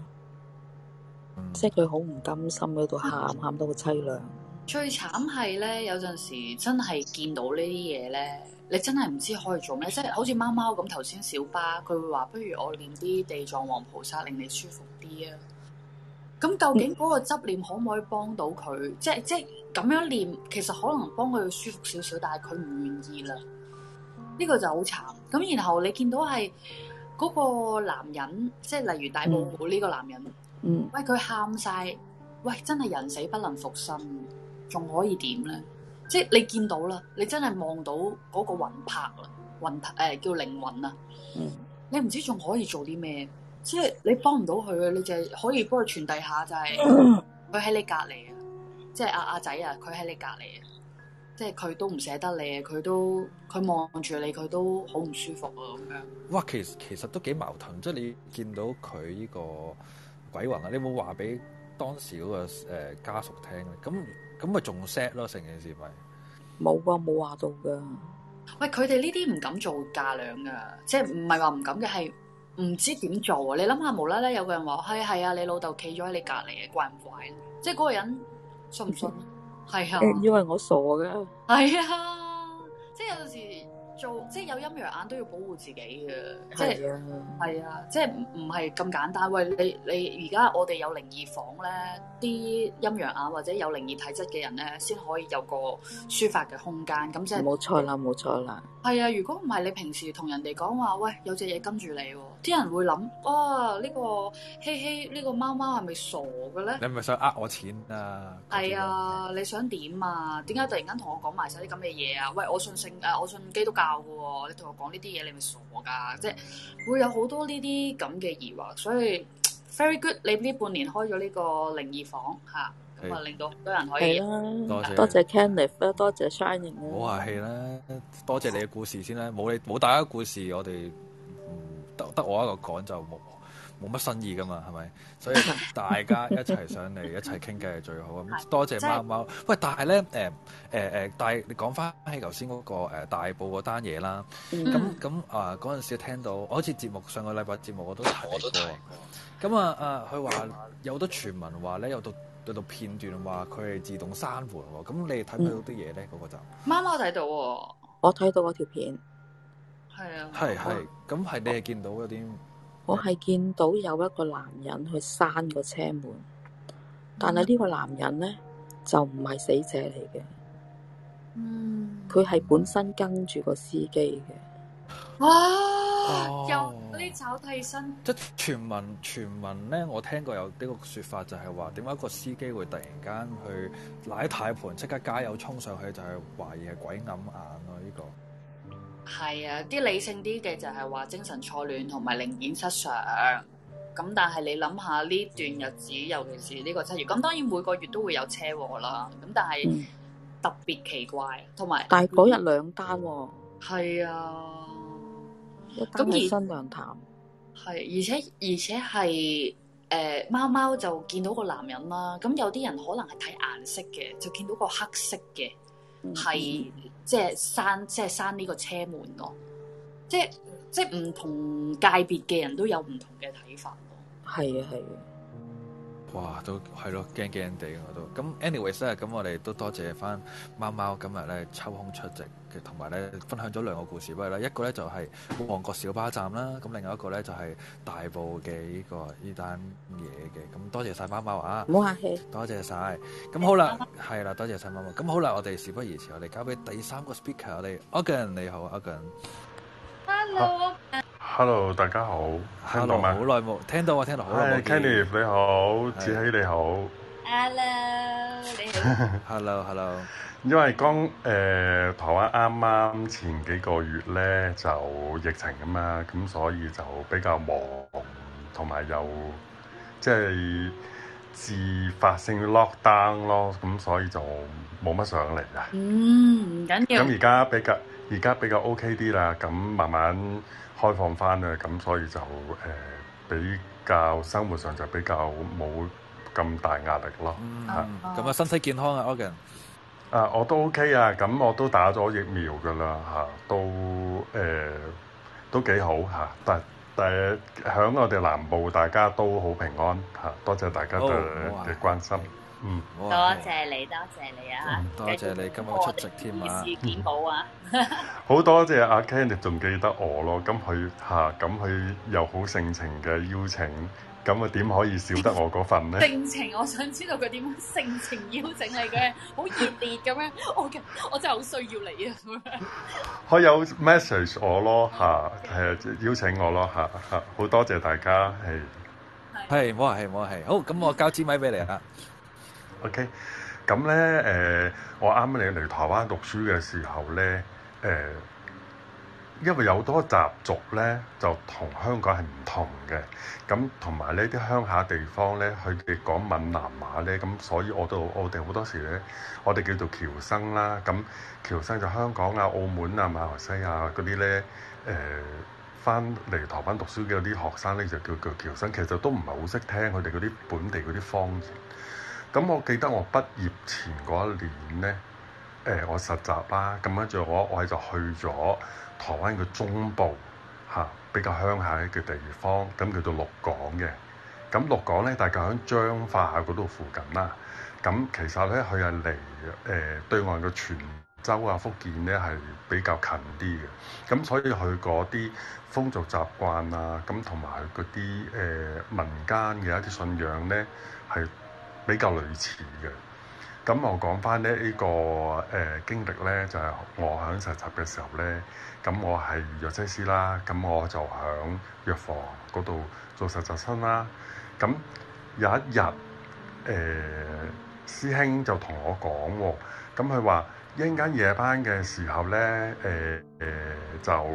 嗯、即係佢好唔甘心喺度喊，喊到個凄涼。嗯、最慘係咧，有陣時真係見到呢啲嘢咧。你真係唔知可以做咩，即係好似貓貓咁頭先小巴，佢會話不如我念啲地藏王菩薩令你舒服啲啊。咁究竟嗰個執念可唔可以幫到佢？即係即係咁樣念，其實可能幫佢舒服少少，但係佢唔願意啦。呢個就好慘。咁然後你見到係嗰個男人，即係例如大布布呢個男人，嗯，嗯喂佢喊晒：「喂真係人死不能復生，仲可以點咧？」即係你見到啦，你真係望到嗰個魂魄啦，魂魄、呃、叫靈魂啊！你唔知仲可以做啲咩？即係你幫唔到佢啊，你就可以幫佢傳遞下，就係佢喺你隔離啊，即係阿阿仔啊，佢喺你隔離啊，即係佢都唔捨得你啊，佢都佢望住你，佢都好唔舒服啊，咁樣。哇，其實其實都幾矛盾，即、呃、係你見到佢呢個鬼魂啊，你有冇話俾當時嗰、嗰個、呃、家屬聽咧？咁。咁咪仲 set 咯，成件事咪冇啊，冇話到噶。喂，佢哋呢啲唔敢做嫁倆噶，即係唔係話唔敢嘅係唔知點做啊。你諗下，無啦啦有個人話，係係啊，你老豆企咗喺你隔籬啊，怪唔怪？即係嗰個人信唔信？係、嗯、啊、呃，以為我傻噶？係啊，即係有時。做即係有陰陽眼都要保護自己嘅，即係係啊，即係唔係咁簡單。喂，你你而家我哋有靈異房咧，啲陰陽眼或者有靈異體質嘅人咧，先可以有個抒發嘅空間。咁即係冇錯啦，冇錯啦。係啊，如果唔係你平時同人哋講話，喂，有隻嘢跟住你喎、哦。啲人會諗啊呢個嘿嘿，這個、媽媽是是呢個貓貓係咪傻嘅咧？你係咪想呃我錢啊？係啊，啊你想點啊？點解突然間同我講埋晒啲咁嘅嘢啊？喂，我信聖誒，我信基督教嘅喎、哦，你同我講呢啲嘢，你咪傻噶！即係會有好多呢啲咁嘅疑惑，所以 very good，你呢半年開咗呢個靈異房嚇，咁啊就令到好多人可以啊，多謝 Kenneth 多謝, eth, 多謝、啊、Shining 啦，冇話客氣啦，多謝你嘅故事先啦，冇你冇大家故事，我哋。得得我一個講就冇冇乜新意㗎嘛，係咪？所以大家一齊上嚟 一齊傾偈係最好咁。多謝貓貓。是喂，但係咧誒誒誒，但係你講翻喺頭先嗰個大埔嗰單嘢啦。咁咁、嗯、啊，嗰陣時聽到，好似節目上個禮拜節目我都睇過。我咁啊啊，佢話有好多傳聞話咧，有到有到片段話佢係自動刪換喎。咁、嗯、你睇唔到啲嘢咧？嗰、嗰個就貓貓睇到喎。我睇到嗰條片。係啊，係係，咁係、嗯、你係見到有啲、哦，我係見到有一個男人去閂個車門，但係呢個男人咧就唔係死者嚟嘅，嗯，佢係本身跟住個司機嘅，啊哇，又、哦，嗰啲找替身，哦、即係傳聞，傳聞咧，我聽過有呢個說法就說，就係話，點解個司機會突然間去拉軚、哦、盤，即刻加油衝上去，就係、是、懷疑係、這個、鬼揞眼咯，呢個。係啊，啲理性啲嘅就係話精神錯亂同埋零件失常，咁但係你諗下呢段日子，尤其是呢個七月，咁當然每個月都會有車禍啦，咁但係、嗯、特別奇怪，同埋但係嗰日兩單、哦、係、嗯、啊，一單係新娘潭，係而，而且而且係誒貓貓就見到個男人啦，咁有啲人可能係睇顏色嘅，就見到個黑色嘅。係即係閂即係閂呢個車門咯，即係即係唔同界別嘅人都有唔同嘅睇法咯。係啊係啊。哇，都係咯，驚驚哋我都。咁，anyways 咧，咁我哋都多謝翻貓貓今日咧抽空出席。嘅同埋咧，分享咗兩個故事，不過咧，一個咧就係旺角小巴站啦，咁另外一個咧就係大埔嘅依個依單嘢嘅，咁多謝晒貓貓啊！唔好客氣，多謝晒。咁好啦，係啦，多謝晒貓貓。咁好啦，我哋事不宜遲，我哋交俾第三個 speaker，我哋阿 Gunn 你好，阿 Gunn。Hello，Hello，大家好，聽到嗎？好耐冇聽到，我聽到好耐冇見。Kenny 你好，子熙你好。Hello，你好。Hello，Hello。因為剛誒、呃、台灣啱啱前幾個月呢就疫情啊嘛，咁所以就比較忙，同埋又即係自發性 lock down 咯，咁所以就冇乜上嚟啦。嗯，唔緊要。咁而家比較而家比較 OK 啲啦，咁慢慢開放翻啦，咁所以就誒、呃、比較生活上就比較冇咁大壓力咯。嚇，咁啊，身體健康啊，Ogen。Organ 啊，我都、uh, OK 啊、so uh, uh, well.，咁我都打咗疫苗㗎喇嚇，都誒都幾好嚇，但誒響我哋南部大家都好平安嚇，多謝大家嘅嘅關心，嗯、uh, uh,，多謝你，多謝你啊，多謝你今日出席添啊，好多謝阿 Kenny，你仲記得我咯，咁佢嚇，咁佢又好盛情嘅邀請。咁啊，點可以少得我嗰份咧？盛情，我想知道佢點樣盛情邀請你嘅？好熱 烈咁樣。我嘅，我真係好需要你啊！可 有 message 我咯？吓、啊，係 Okay. 邀請我咯？吓、啊、吓，好多謝大家，係係，冇係，冇係，好，咁我交支咪俾你啊。OK，咁咧，誒、呃，我啱你嚟台灣讀書嘅時候咧，誒、呃。因為有好多習俗咧，就同香港係唔同嘅。咁同埋呢啲鄉下地方咧，佢哋講閩南話咧，咁所以我都我哋好多時咧，我哋叫做僑生啦。咁僑生就香港啊、澳門啊、馬來西亞嗰啲咧，誒翻嚟台灣讀書嘅嗰啲學生咧，就叫做僑生，其實都唔係好識聽佢哋嗰啲本地嗰啲方言。咁我記得我畢業前嗰一年咧，誒、呃、我實習啦、啊，咁跟住我我係就去咗。台灣嘅中部嚇、啊、比較鄉下嘅地方，咁叫做鹿港嘅。咁鹿港咧，大概喺彰化嗰度附近啦。咁其實咧，佢係離誒對岸嘅泉州啊、福建咧係比較近啲嘅。咁所以佢嗰啲風俗習慣啊，咁同埋嗰啲誒民間嘅一啲信仰咧，係比較類似嘅。咁我講翻呢、這個誒、呃、經歷咧，就係、是、我響實習嘅時候咧，咁我係藥劑師啦，咁我就響藥房嗰度做實習生啦。咁有一日誒、呃、師兄就同我講喎、哦，咁佢話一陣間夜班嘅時候咧，誒、呃、誒、呃、就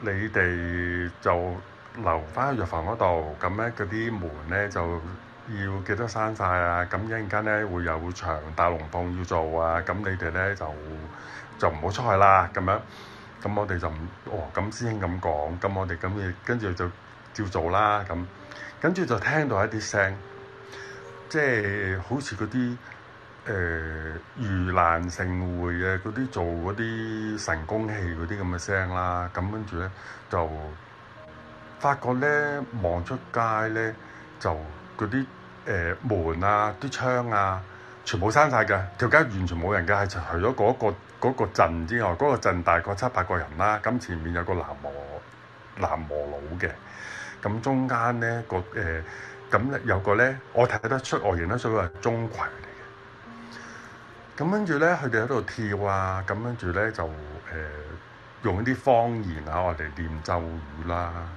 你哋就留翻喺藥房嗰度，咁咧嗰啲門咧就。要記得刪曬啊。咁一陣間咧會有場大龍鳳要做啊！咁你哋咧就就唔好出去啦。咁樣，咁我哋就唔哦。咁師兄咁講，咁我哋咁嘅，跟住就照做啦。咁，跟住就聽到一啲聲，即係好似嗰啲誒魚欄盛會啊，嗰啲做嗰啲神功戲嗰啲咁嘅聲啦。咁跟住咧就發覺咧望出街咧就嗰啲。誒、呃、門啊，啲窗啊，全部閂晒㗎，條街完全冇人嘅，係除咗嗰、那個嗰陣之外，嗰、那個陣大概七八個人啦、啊。咁前面有個喃嘸喃嘸佬嘅，咁中間咧、那個誒，咁、呃、咧有個咧，我睇得出外形咧，所以話鍾馗嚟嘅。咁跟住咧，佢哋喺度跳啊，咁跟住咧就誒、呃、用啲方言啊，我哋念咒語啦、啊。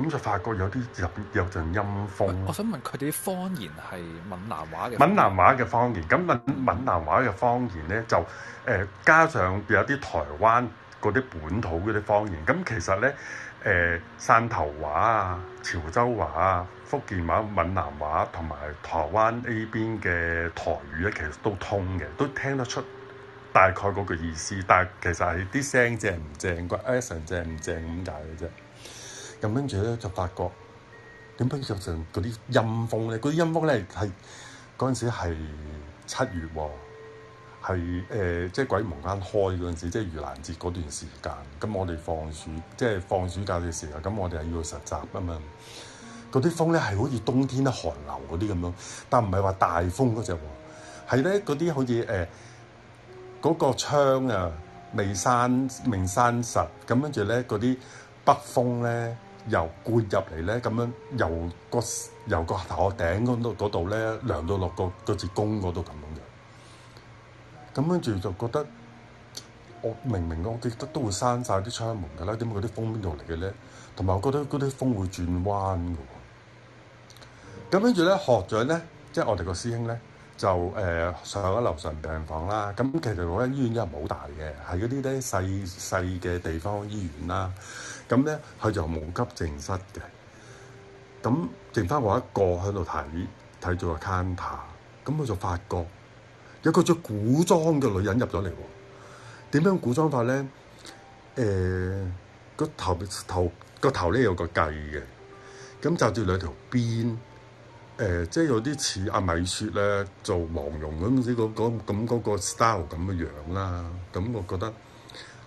咁就發覺有啲入有陣陰風。我想問佢哋啲方言係閩南話嘅。閩南話嘅方言，咁閩南話嘅方言咧、嗯，就誒、呃、加上有啲台灣嗰啲本土嗰啲方言。咁其實咧，誒、呃、汕頭話啊、潮州話啊、福建話、閩南話同埋台灣呢邊嘅台語咧，其實都通嘅，都聽得出大概嗰個意思。但係其實係啲聲正唔正㗎？誒、啊，純正唔正咁解嘅啫。 咁跟住咧就發覺點解著上嗰啲陰風咧？嗰啲陰風咧係嗰陣時係七月喎，係誒即係鬼門關開嗰陣時，即係盂蘭節嗰段時間。咁我哋放暑，即係放暑假嘅時候，咁我哋係要去實習啊嘛。嗰啲風咧係好似冬天寒流嗰啲咁樣，但唔係話大風嗰隻喎，係咧嗰啲好似誒嗰個窗啊未閂未閂實，咁跟住咧嗰啲北風咧。由灌入嚟咧，咁樣由個由個頭殼頂嗰度嗰度咧，涼到落個個子宮嗰度咁樣。咁跟住就覺得，我明明我記得都會閂晒啲窗門㗎啦，點解啲風邊度嚟嘅咧？同埋我覺得嗰啲風會轉彎㗎喎。咁跟住咧，學長咧，即係我哋個師兄咧，就誒、呃、上咗樓上病房啦。咁其實嗰間醫院真係唔係好大嘅，係嗰啲咧細細嘅地方醫院啦。咁咧，佢就無急症室嘅。咁剩翻我一個喺度睇睇咗個 counter。咁我就發覺有個着古裝嘅女人入咗嚟喎。點樣古裝法咧？誒、呃、個頭頭個頭咧有個髻嘅，咁紮住兩條辮。誒、呃、即係有啲似阿米雪咧做黃蓉咁嗰嗰咁嗰個 style 咁嘅樣啦。咁我覺得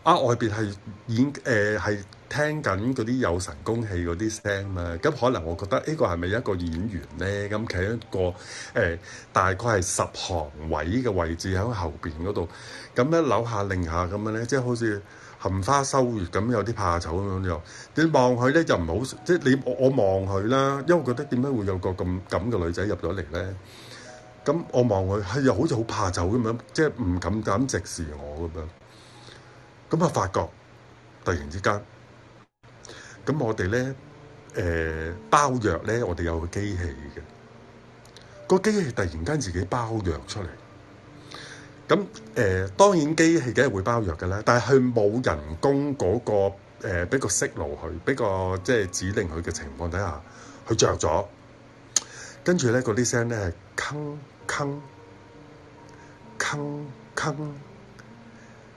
啊，外邊係演誒係。呃聽緊嗰啲有神功戲嗰啲聲嘛，咁可能我覺得呢、欸、個係咪一個演員咧？咁企一個誒、欸、大概係十行位嘅位置喺後邊嗰度，咁一扭下擰下咁樣咧，即係好似含花羞月咁，有啲怕醜咁樣樣。你望佢咧就唔好即係你我望佢啦，因為我覺得點解會有個咁咁嘅女仔入咗嚟咧？咁我望佢，佢又好似好怕醜咁樣，即係唔敢咁直視我咁樣。咁啊，我發覺突然之間。咁我哋咧，誒、呃、包藥咧，我哋有個機器嘅、個機器，突然間自己包藥出嚟。咁誒、呃，當然機器梗係會包藥嘅啦，但係佢冇人工嗰、個誒畀個 signal 佢，畀個即係指令佢嘅情況底下，佢着咗，跟住咧嗰啲聲咧係「吭」叮叮叮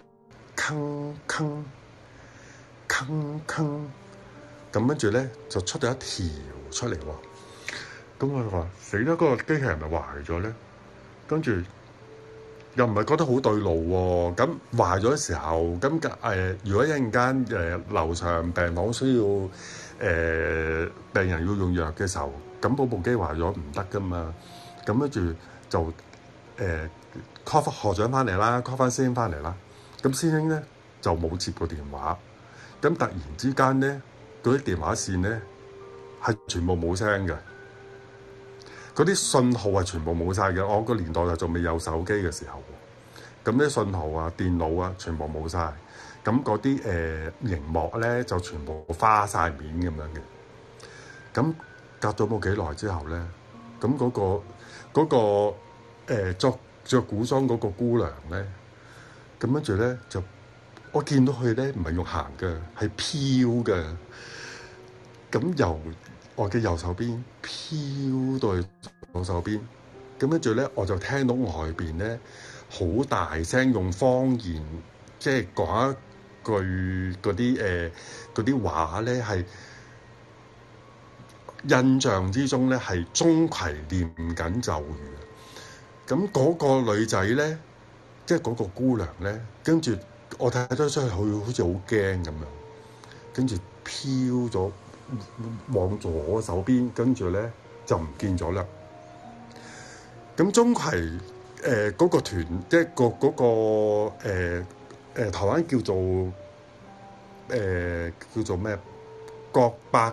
「吭」叮叮「吭」叮叮「吭」叮「吭」「吭」「吭」「吭」。咁跟住咧，就出咗一條出嚟、哦。咁、嗯、我話：死啦！嗰、那個機器人咪壞咗咧。跟住又唔係覺得好對路喎、哦。咁、嗯、壞咗嘅時候，咁、嗯、誒、呃，如果一陣間誒樓上病房需要誒、呃、病人要用藥嘅時候，咁、嗯、嗰部機壞咗唔得噶嘛。咁、嗯、跟住就誒 call 翻學長翻嚟啦，call 翻師兄翻嚟啦。咁、嗯、師兄咧就冇接過電話。咁、嗯、突然之間咧～嗰啲電話線咧係全部冇聲嘅，嗰啲信號係全部冇晒嘅。我個年代就仲未有手機嘅時候，咁啲信號啊、電腦啊，全部冇晒。咁嗰啲誒熒幕咧就全部花晒面咁樣嘅。咁隔咗冇幾耐之後咧，咁嗰個、嗰個、呃、着、着古裝嗰個姑娘咧，咁跟住咧就我見到佢咧唔係用行嘅，係飄嘅。咁由我嘅右手邊飄到去左手邊，咁跟住咧我就聽到外邊咧好大聲用方言，即係講一句嗰啲誒啲話咧，係印象之中咧係鍾馗念緊咒語。咁嗰個女仔咧，即係嗰個姑娘咧，跟住我睇得出去，佢好似好驚咁樣，跟住飄咗。往左手邊，跟住咧就唔見咗啦。咁鍾馗誒嗰個團，即係、那個嗰、那個誒誒、呃呃，台灣叫做誒、呃、叫做咩？國百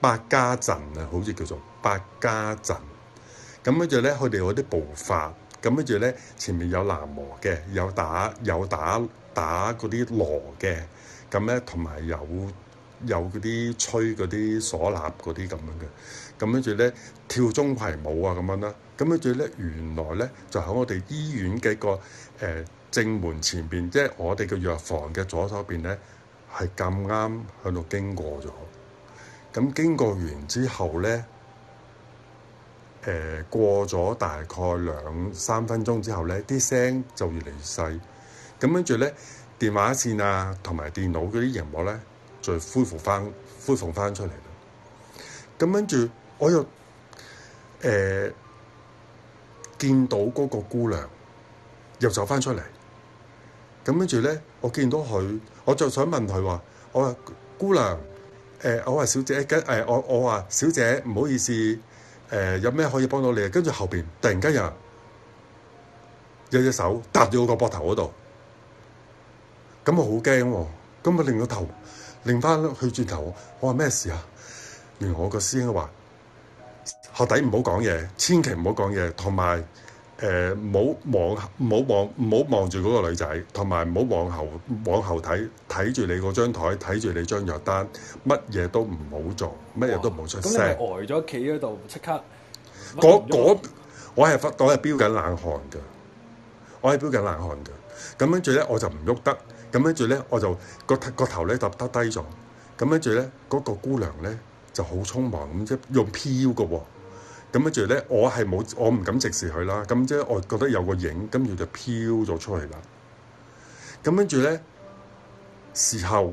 百家陣啊，好似叫做百家陣。咁跟住咧，佢哋有啲步法，咁跟住咧前面有喃嘸嘅，有打有打有打嗰啲鑼嘅，咁咧同埋有。有嗰啲吹嗰啲嗩吶嗰啲咁樣嘅，咁跟住咧跳鍾馗舞啊咁樣啦。咁跟住咧，原來咧就喺我哋醫院嘅個誒、呃、正門前邊，即係我哋嘅藥房嘅左手邊咧，係咁啱喺度經過咗。咁經過完之後咧，誒、呃、過咗大概兩三分鐘之後咧，啲聲就越嚟越細。咁跟住咧，電話線啊同埋電腦嗰啲熒幕咧。再恢復翻、恢復翻出嚟。咁跟住我又誒、呃、見到嗰個姑娘又走翻出嚟。咁跟住咧，我見到佢，我就想問佢話：我話姑娘誒、呃，我話小姐，跟、呃、誒我我話小姐唔好意思誒、呃，有咩可以幫到你啊？跟住後邊突然間又，有一隻手搭住我個膊頭嗰度，咁我好驚喎，咁我擰個頭。擰翻去轉頭，我話咩事啊？連我個師兄話學弟唔好講嘢，千祈唔好講嘢，同埋誒唔好望唔好望唔好望住嗰個女仔，同埋唔好望後望後睇睇住你嗰張枱，睇住你張藥單，乜嘢都唔好做，乜嘢都唔好出聲。咁你咪呆咗企喺度，即刻嗰嗰我係發我係飆緊冷汗㗎，我係飆緊冷汗㗎，咁跟住咧我就唔喐得。咁跟住咧，我就個個頭咧就耷低咗。咁跟住咧，嗰個姑娘咧就好匆忙咁，即係用飄嘅喎。咁跟住咧，我係冇我唔敢直視佢啦。咁即係我覺得有個影，跟住就飄咗出嚟啦。咁跟住咧，事後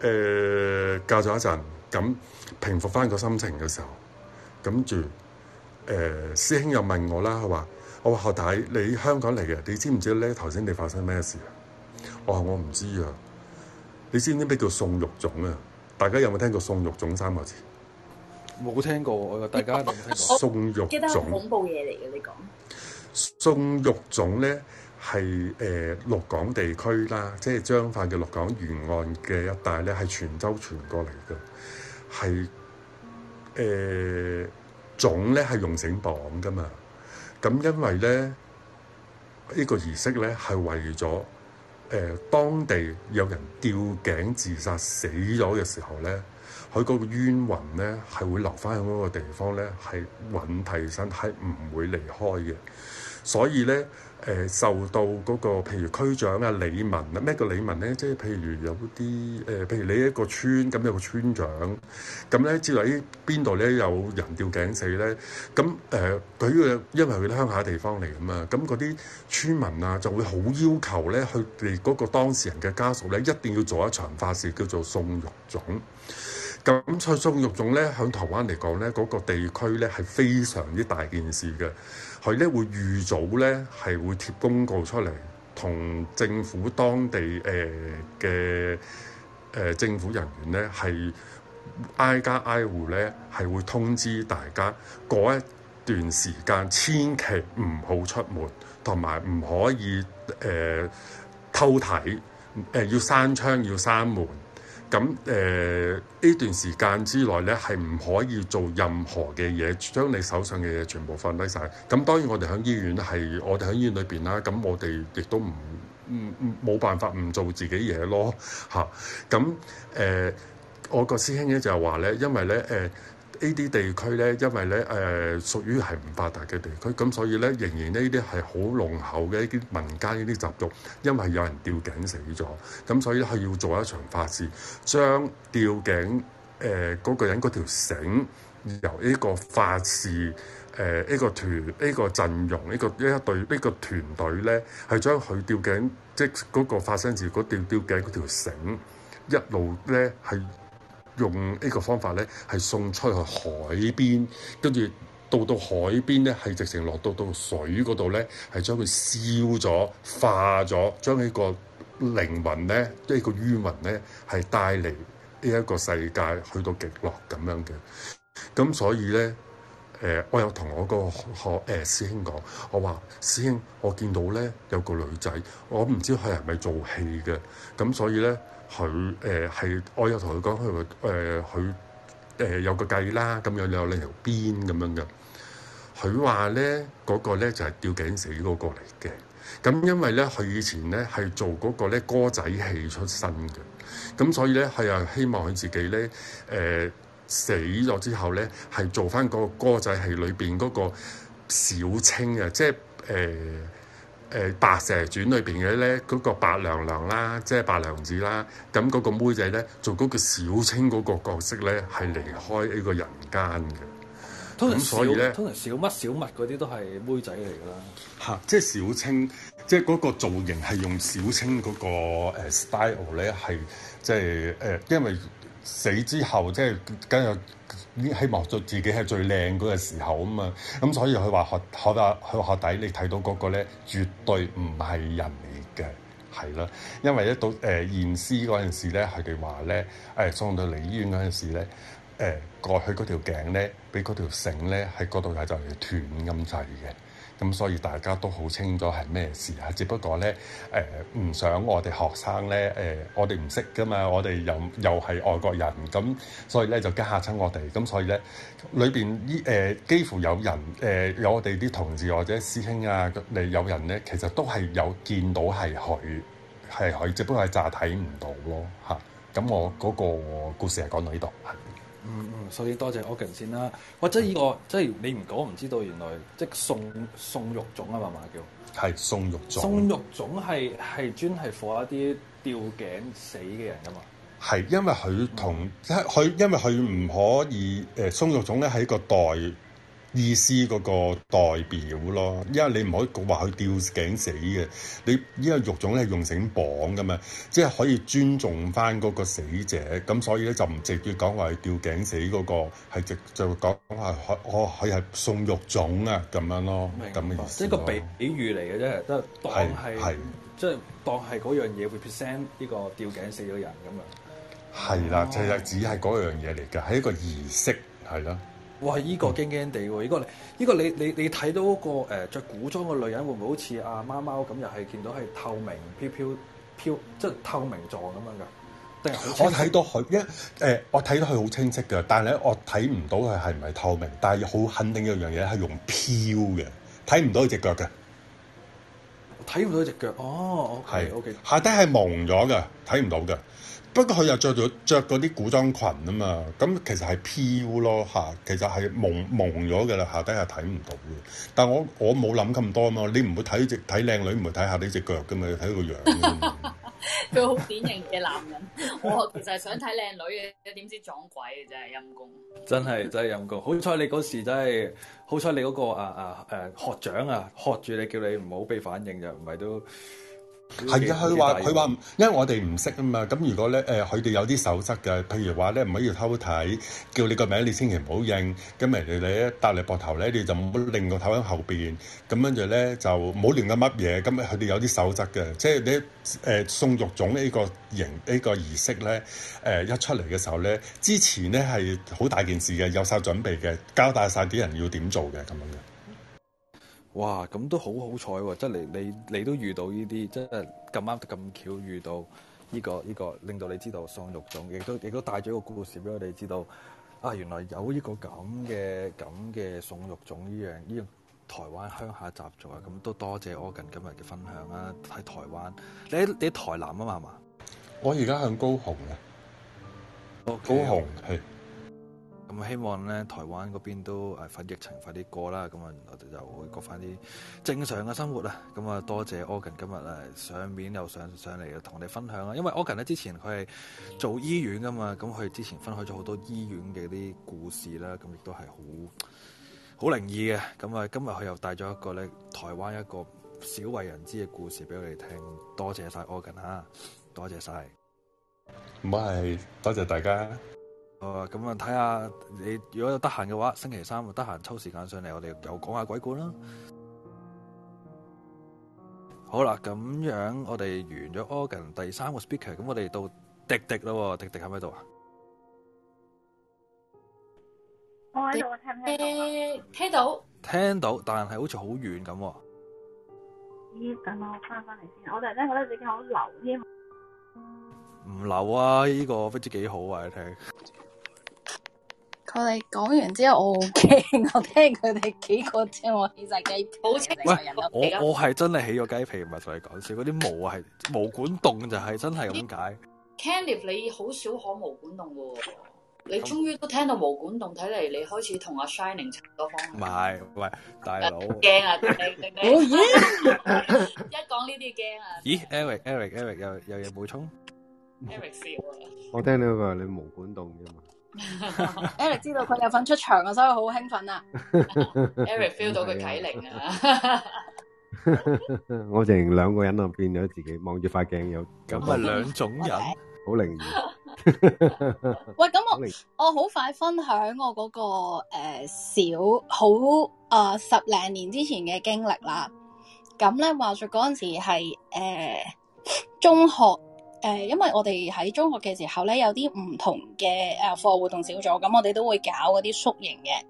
誒隔咗一陣，咁平復返個心情嘅時候，跟住誒師兄又問我啦，佢話：我話學弟，da, 你香港嚟嘅，你知唔知咧頭先你發生咩事？哦、我唔知啊！你知唔知咩叫送肉粽啊？大家有冇聽過送肉粽三個字？冇聽過，大家有冇聽過。送肉粽。好，呢個恐怖嘢嚟嘅。你講送肉粽咧，係誒鹿港地區啦，即係彰化嘅鹿港沿岸嘅一帶咧，係泉州傳過嚟嘅，係誒粽咧係用繩綁噶嘛。咁因為咧呢、呢個儀式咧係為咗。誒、呃、當地有人吊頸自殺死咗嘅時候呢，佢嗰個冤魂呢係會留翻喺嗰個地方呢，係揾替身，係唔會離開嘅，所以呢。誒、呃、受到嗰、那個譬如區長啊李文啊咩叫李文咧？即係譬如有啲誒、呃，譬如你一個村咁有一個村長，咁咧至落嚟邊度咧有人吊頸死咧，咁誒佢因為佢鄉下地方嚟㗎嘛，咁嗰啲村民啊就會好要求咧，佢哋嗰個當事人嘅家屬咧一定要做一場法事叫做送肉粽。咁所以送肉粽咧，喺台灣嚟講咧，嗰、那個地區咧係非常之大件事嘅。佢咧會預早咧係會貼公告出嚟，同政府當地誒嘅誒政府人員咧係挨家挨戶咧係會通知大家，嗰一段時間千祈唔好出門，同埋唔可以誒、呃、偷睇，誒、呃、要閂窗要閂門。咁誒呢段時間之內咧，係唔可以做任何嘅嘢，將你手上嘅嘢全部放低晒。咁當然我哋喺醫院係，我哋喺醫院裏邊啦。咁我哋亦都唔唔冇辦法唔做自己嘢咯。嚇、啊！咁誒、呃，我個師兄咧就話咧，因為咧誒。呃呢啲地區咧，因為咧誒、呃、屬於係唔發達嘅地區，咁所以咧仍然呢啲係好濃厚嘅一啲民間呢啲習俗，因為有人吊頸死咗，咁所以係要做一場法事，將吊頸誒嗰、呃那個人嗰條繩由呢個法事誒呢個團呢個陣容呢個一隊呢個團隊咧，係將佢吊頸即嗰、就是、個發生事嗰吊吊頸嗰條繩一路咧係。用呢個方法咧，係送出去海邊，跟住到到海邊咧，係直情落到到水嗰度咧，係將佢燒咗、化咗，將呢個靈魂咧、即係個冤魂咧，係帶嚟呢一個世界去到極樂咁樣嘅。咁所以咧。誒、呃，我有同我個學誒、欸、師兄講，我話師兄，我見到咧有個女仔，我唔知佢係咪做戲嘅，咁所以咧佢誒係，我有同佢講佢話誒佢誒有個計啦，咁樣有兩條辮咁樣嘅。佢話咧嗰個咧就係、是、吊頸死嗰個嚟嘅，咁因為咧佢以前咧係做嗰個咧歌仔戲出身嘅，咁所以咧係啊希望佢自己咧誒。呃死咗之後咧，係做翻嗰個歌仔戲裏邊嗰個小青嘅、啊，即係誒誒白蛇傳裏邊嘅咧嗰個白娘娘啦、啊，即係白娘子啦、啊。咁嗰個妹仔咧做嗰個小青嗰個角色咧，係離開呢個人間嘅。咁所以咧，通常小乜小，小物嗰啲都係妹仔嚟㗎啦。嚇、啊！即、就、係、是、小青，即係嗰個造型係用小青嗰個 style 咧，係即係誒，因為。死之後，即係跟住希望最自己係最靚嗰個時候啊嘛。咁、嗯、所以佢話學學得去學底，你睇到嗰個咧，絕對唔係人嚟嘅，係啦。因為一到誒驗屍嗰陣時咧，佢哋話咧誒送到嚟醫院嗰陣時咧誒、呃，過去嗰條頸咧，俾嗰條繩咧喺嗰度係就斷咁滯嘅。咁所以大家都好清楚係咩事啊！只不過咧，誒、呃、唔想我哋學生咧，誒、呃、我哋唔識噶嘛，我哋又又係外國人，咁所以咧就驚嚇親我哋，咁所以咧裏邊依誒幾乎有人誒、呃、有我哋啲同志或者師兄啊，你有人咧其實都係有見到係佢係佢，只不過係詐睇唔到咯嚇。咁、啊、我嗰、嗰個我故事係講到呢度。嗯嗯，mm hmm. 所以多謝 Okin 先啦。或者依個的即係你唔講唔知道，原來即係送送肉粽啊嘛嘛叫。係送肉粽。送肉粽係係專係火一啲吊頸死嘅人㗎嘛。係因為佢同即係佢，因為佢唔、嗯、可以誒送、呃、肉粽咧係一個袋，意思嗰個代表咯，因為你唔可以話佢吊頸死嘅，你呢個肉粽咧係用繩綁㗎嘛，即係可以尊重返嗰個死者，咁所以咧就唔直接講話係吊頸死嗰、嗰個，係直就講話我佢係送肉粽啊咁樣咯，咁嘅白意思。即係個比喻嚟嘅啫，即係當係即係當係嗰樣嘢會 present 呢個吊頸死咗人咁樣。係啦，哦、其實只係嗰樣嘢嚟嘅，係一個儀式，係咯。我係依個驚驚地喎，依、這個這個你你你睇到、那個誒著、呃、古裝嘅女人會唔會好似阿貓貓咁？又係見到係透明飄飄飄，即係透明狀咁樣㗎？我睇到佢因為誒，我睇到佢好清晰㗎，但係咧我睇唔到佢係唔係透明，但係好肯定一樣嘢係用飄嘅，睇唔到佢隻腳嘅，睇唔到佢隻腳。哦，係 OK，, okay. 下底係蒙咗㗎，睇唔到㗎。不過佢又着咗著嗰啲古裝裙啊嘛，咁其實係飄咯嚇，其實係蒙蒙咗嘅啦，下底係睇唔到嘅。但係我我冇諗咁多啊嘛，你唔會睇只睇靚女唔會睇下呢隻腳嘅嘛，睇個樣。佢好典型嘅男人，我其實係想睇靚女嘅，點知撞鬼嘅真係陰公。真係 真係陰公，好彩你嗰時真係，好彩你嗰，嗰個啊啊誒，啊啊，學長啊，學住你叫你唔好俾反應就唔係都。係啊，佢話佢話，因為我哋唔識啊嘛。咁如果咧，誒佢哋有啲守則嘅，譬如話咧唔可以偷睇，叫你個名你千祈唔好應。咁人哋你一搭你膊頭咧，你就唔好擰個頭喺後邊。咁樣就咧就唔好亂咁乜嘢。咁佢哋有啲守則嘅，即係你誒送、呃、肉粽個、這個、式呢個儀呢個儀式咧，誒、呃、一出嚟嘅時候咧，之前咧係好大件事嘅，有晒準備嘅，交代晒啲人要點做嘅咁樣嘅。哇！咁都好好彩喎，即係你你你都遇到呢啲，即係咁啱咁巧遇到呢、呢個呢、呢個，令到你知道送肉粽，亦都亦都帶咗一個故事俾我哋知道。啊，原來有呢個咁嘅咁嘅送肉粽呢樣呢個台灣鄉下習俗啊！咁都多謝 Organ 今日嘅分享啊，喺台灣，你喺你喺台南啊嘛，係嘛？我而家向高雄嘅，高雄係。咁希望咧，台灣嗰邊都誒，快疫情快啲過啦。咁啊，我哋就會過翻啲正常嘅生活啦。咁啊，多謝 Ogen 今日誒上面又上上嚟同我哋分享啦。因為 Ogen 咧之前佢係做醫院噶嘛，咁佢之前分享咗好多醫院嘅啲故事啦，咁亦都係好好靈異嘅。咁啊，今日佢又帶咗一個咧台灣一個少為人知嘅故事俾我哋聽。多謝晒 Ogen 嚇，多謝晒！唔好係，多謝大家。咁啊，睇下你如果你有得閒嘅話，星期三啊得閒抽時間上嚟，我哋又講下鬼故啦。好啦，咁樣我哋完咗 Organ 第三個 Speaker，咁我哋到迪迪咯，迪迪喺咪度啊？我喺度，聽唔聽，聽到？聽到，聽到，但係好似好遠咁。咦？等我翻翻嚟先，我突然間覺得自己好流添。唔流啊！呢個不知幾好啊！你聽。我哋講完之後，我好驚我聽佢哋幾個啫，我起曬雞皮。冇錯，喂，我我係真係起咗雞皮，唔係同你講笑。嗰啲毛係毛管動就係真係噉解？Candice，你好少講毛管動噶喎，你終於都聽到毛管動，睇嚟你開始同阿 Shining 差咗方向。唔係，喂，大佬驚啊！我耶，一講呢啲驚啊！咦，Eric，Eric，Eric，有有嘢補充？Eric 笑啦，我聽到佢話你毛管動啫嘛。 Eric 知道佢有份出場啊，所以好興奮啊！Eric feel 到佢啟靈啊！ 啊 我成兩個人啊，變咗自己望住塊鏡有咁啊，兩種人好靈異。 喂，咁我離我好快分享我嗰、那個誒、uh, 小好啊、uh, 十零年之前嘅經歷啦。咁咧話說嗰陣時係誒、uh, 中學，誒，因為我哋喺中學嘅時候咧，有啲唔同嘅誒課外活動小組，咁我哋都會搞嗰啲宿營嘅。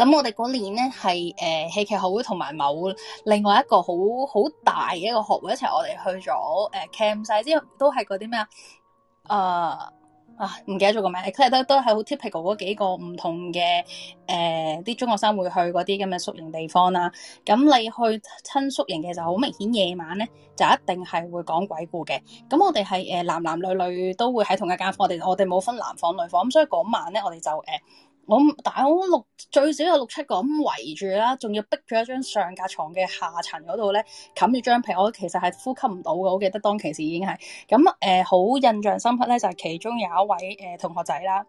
咁我哋嗰年咧係誒戲劇學會同埋某另外一個好好大嘅一個學會一齊，我哋去咗誒 camp 晒之後，都係嗰啲咩啊？誒、呃。啊，唔記得咗個名，其實都都係好 typical 嗰幾個唔同嘅誒，啲、呃、中學生會去嗰啲咁嘅宿營地方啦、啊。咁你去親宿營嘅就好明顯呢，夜晚咧就一定係會講鬼故嘅。咁我哋係誒男男女女都會喺同一間房，我哋我哋冇分男房女房，咁所以嗰晚咧我哋就誒。呃我但係我六最少有六七個咁圍住啦，仲要逼住一張上格床嘅下層嗰度咧，冚住張被，我其實係呼吸唔到嘅。我記得當其時已經係咁誒，好、呃、印象深刻咧，就係、是、其中有一位誒、呃、同學仔啦。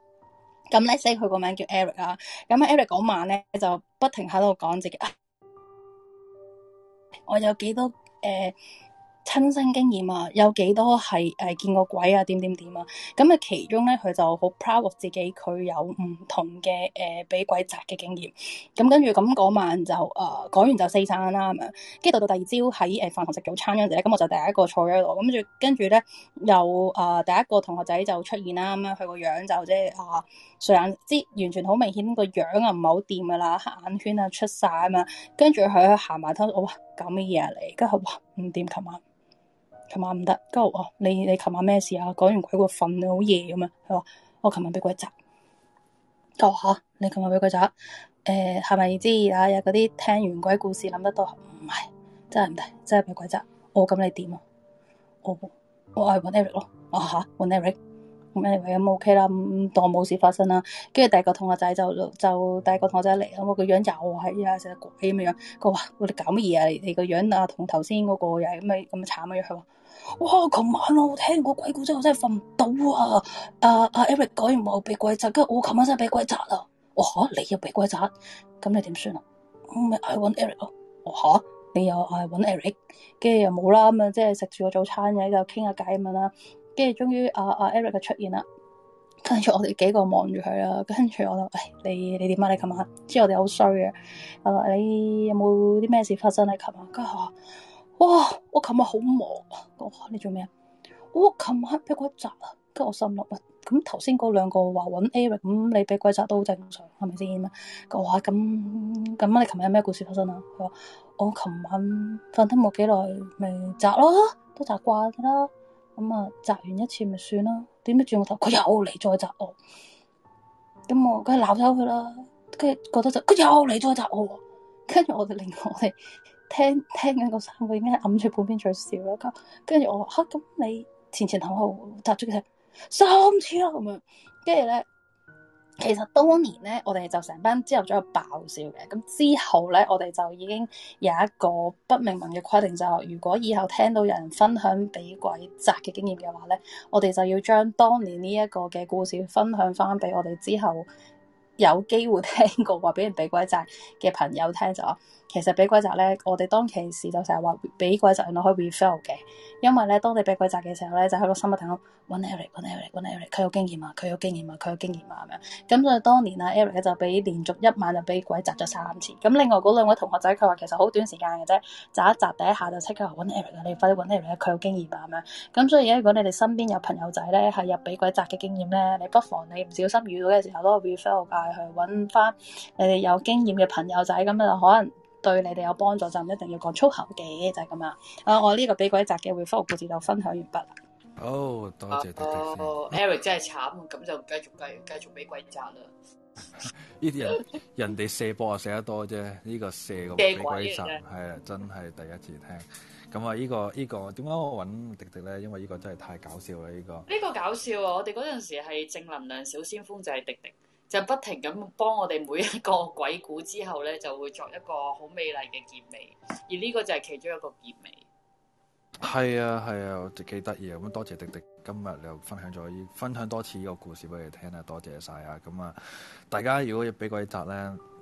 咁呢寫佢個名叫 Eric 啊。咁 Eric 嗰晚咧就不停喺度講自己，啊、我有幾多誒。呃親身經驗啊，有幾多係誒、呃、見過鬼啊？點點點啊！咁啊，其中咧佢就好 proud of 自己，佢有唔同嘅誒俾鬼擲嘅經驗。咁跟住咁嗰晚就誒講、呃、完就四散啦咁樣。跟住到到第二朝喺誒飯堂食早餐嗰陣咧，咁我就第一個坐喺度。咁住跟住咧，有誒、呃、第一個同學仔就出現啦。咁、嗯、樣佢、就是呃這個樣就即係啊，雙眼即完全好明顯個樣啊，唔係好掂噶啦，黑眼圈啊出晒啊嘛。跟住佢行埋梯，我話搞咩嘢嚟？跟住佢話唔掂琴晚。琴晚唔得，跟住你你琴晚咩事啊？講完鬼故瞓，鬼 on Twelve, 哦 h? 你好夜咁樣，佢話我琴晚俾鬼扎，跟吓，你琴晚俾鬼扎，誒係咪知啊？有嗰啲聽完鬼故事諗得多，唔係真係唔得，真係俾鬼扎、喔 oh, 喔。我咁你點啊？我我係問 Eric 咯，啊吓問 Eric，咁 Eric 咁 OK 啦，當冇事發生啦。跟住第二個同學仔就就第二個同學仔嚟，我個樣又係啊成日鬼咁樣，佢話我哋搞乜嘢啊？你個樣啊同頭先嗰個又係咁樣咁慘嘅樣，佢話。哇！琴晚我聽過鬼故仔，真係我真係瞓唔到啊！阿、啊、阿、啊、Eric 講完冇被鬼抓，跟住我琴晚真係被鬼抓啦！我吓你又被鬼抓，咁你點算、嗯、want 啊？我咪去搵 Eric 咯！我吓你又係搵 Eric，跟住又冇啦。咁啊，即係食住個早餐嘅，喺度傾下偈咁樣啦。跟住終於阿、啊、阿、啊啊、Eric 嘅出現啦，跟住我哋幾個望住佢啦。跟住我就誒、哎，你你點解啊？你琴晚即係我哋好衰啊！誒，你有冇啲咩事發生？你琴晚跟住吓。啊哇！我琴日好忙，我話你做咩啊？我琴晚俾鬼砸啊！跟住我心諗，咁頭先嗰兩個話搵 Eric，咁你俾鬼砸都好正常，係咪先？我話咁咁，你琴日有咩故事發生啊？佢話我琴晚瞓得冇幾耐，咪砸咯，都砸慣㗎啦。咁啊，砸完一次咪算囉。點不知轉個頭佢又嚟再砸我，咁我梗係鬧走佢啦。跟住覺得就佢又嚟再砸我，跟住我就令我哋。聽聽緊個生，佢已經係掩住半邊嘴笑啦。跟住我話吓，咁、啊、你前前後後答出佢三次啦。咁樣跟住咧，其實當年咧，我哋就成班之後咗有爆笑嘅。咁之後咧，我哋就已經有一個不明文嘅規定，就係、話、如果以後聽到有人分享俾鬼砸嘅經驗嘅話咧，我哋就要將當年呢一個嘅故事分享翻俾我哋之後。有機會聽過話俾人俾鬼債嘅朋友聽咗，其實俾鬼債咧，我哋當其時就成日話俾鬼債我可以 refill 嘅，因為咧，當你俾鬼債嘅時候咧，就喺個心入頭揾 Eric，揾 Eric，揾 Eric，佢有經驗啊，佢有經驗啊，佢有經驗啊咁樣。咁所以當年啊，Eric 就俾連續一晚就俾鬼債咗三次。咁另外嗰兩位同學仔佢話其實好短時間嘅啫，砸一砸第一下就即刻揾 Eric，你快啲揾 Eric，佢有經驗啊咁樣。咁所以如果你哋身邊有朋友仔咧，係有俾鬼債嘅經驗咧，你不妨你唔小心遇到嘅時候都可以 refail 㗎。去揾翻你哋有經驗嘅朋友仔，咁樣就可能對你哋有幫助，就唔一定要講粗口嘅，就係咁啊！啊，我呢個俾鬼砸嘅回覆，故事就分享完畢啦。哦，oh, 多謝迪迪。哦、uh, oh,，Eric 真係慘，咁就繼續繼繼續俾鬼砸啦。呢啲 人， 人哋射波啊射得多啫，呢個射個俾鬼砸，係啊， 真係第一次聽。咁啊、呢個，呢個呢個點解我揾迪迪咧？因為呢個真係太搞笑啦！呢個呢個搞笑啊！我哋嗰陣時係正能量小先鋒就係、是、迪迪。就不停咁幫我哋每一個鬼故之後咧，就會作一個好美麗嘅結尾。而呢個就係其中一個結尾。係啊，係啊，我幾得意啊！咁多謝迪迪今日你又分享咗，分享多次呢個故事俾你聽啊！多謝晒啊！咁啊，大家如果要俾鬼砸咧，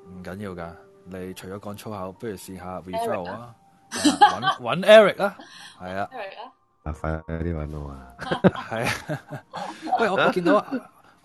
唔緊要噶。你除咗講粗口，不如試下 r e 啊，揾揾 Eric 啦，係啊，快啲揾我啊！係，喂我，我見到。啊！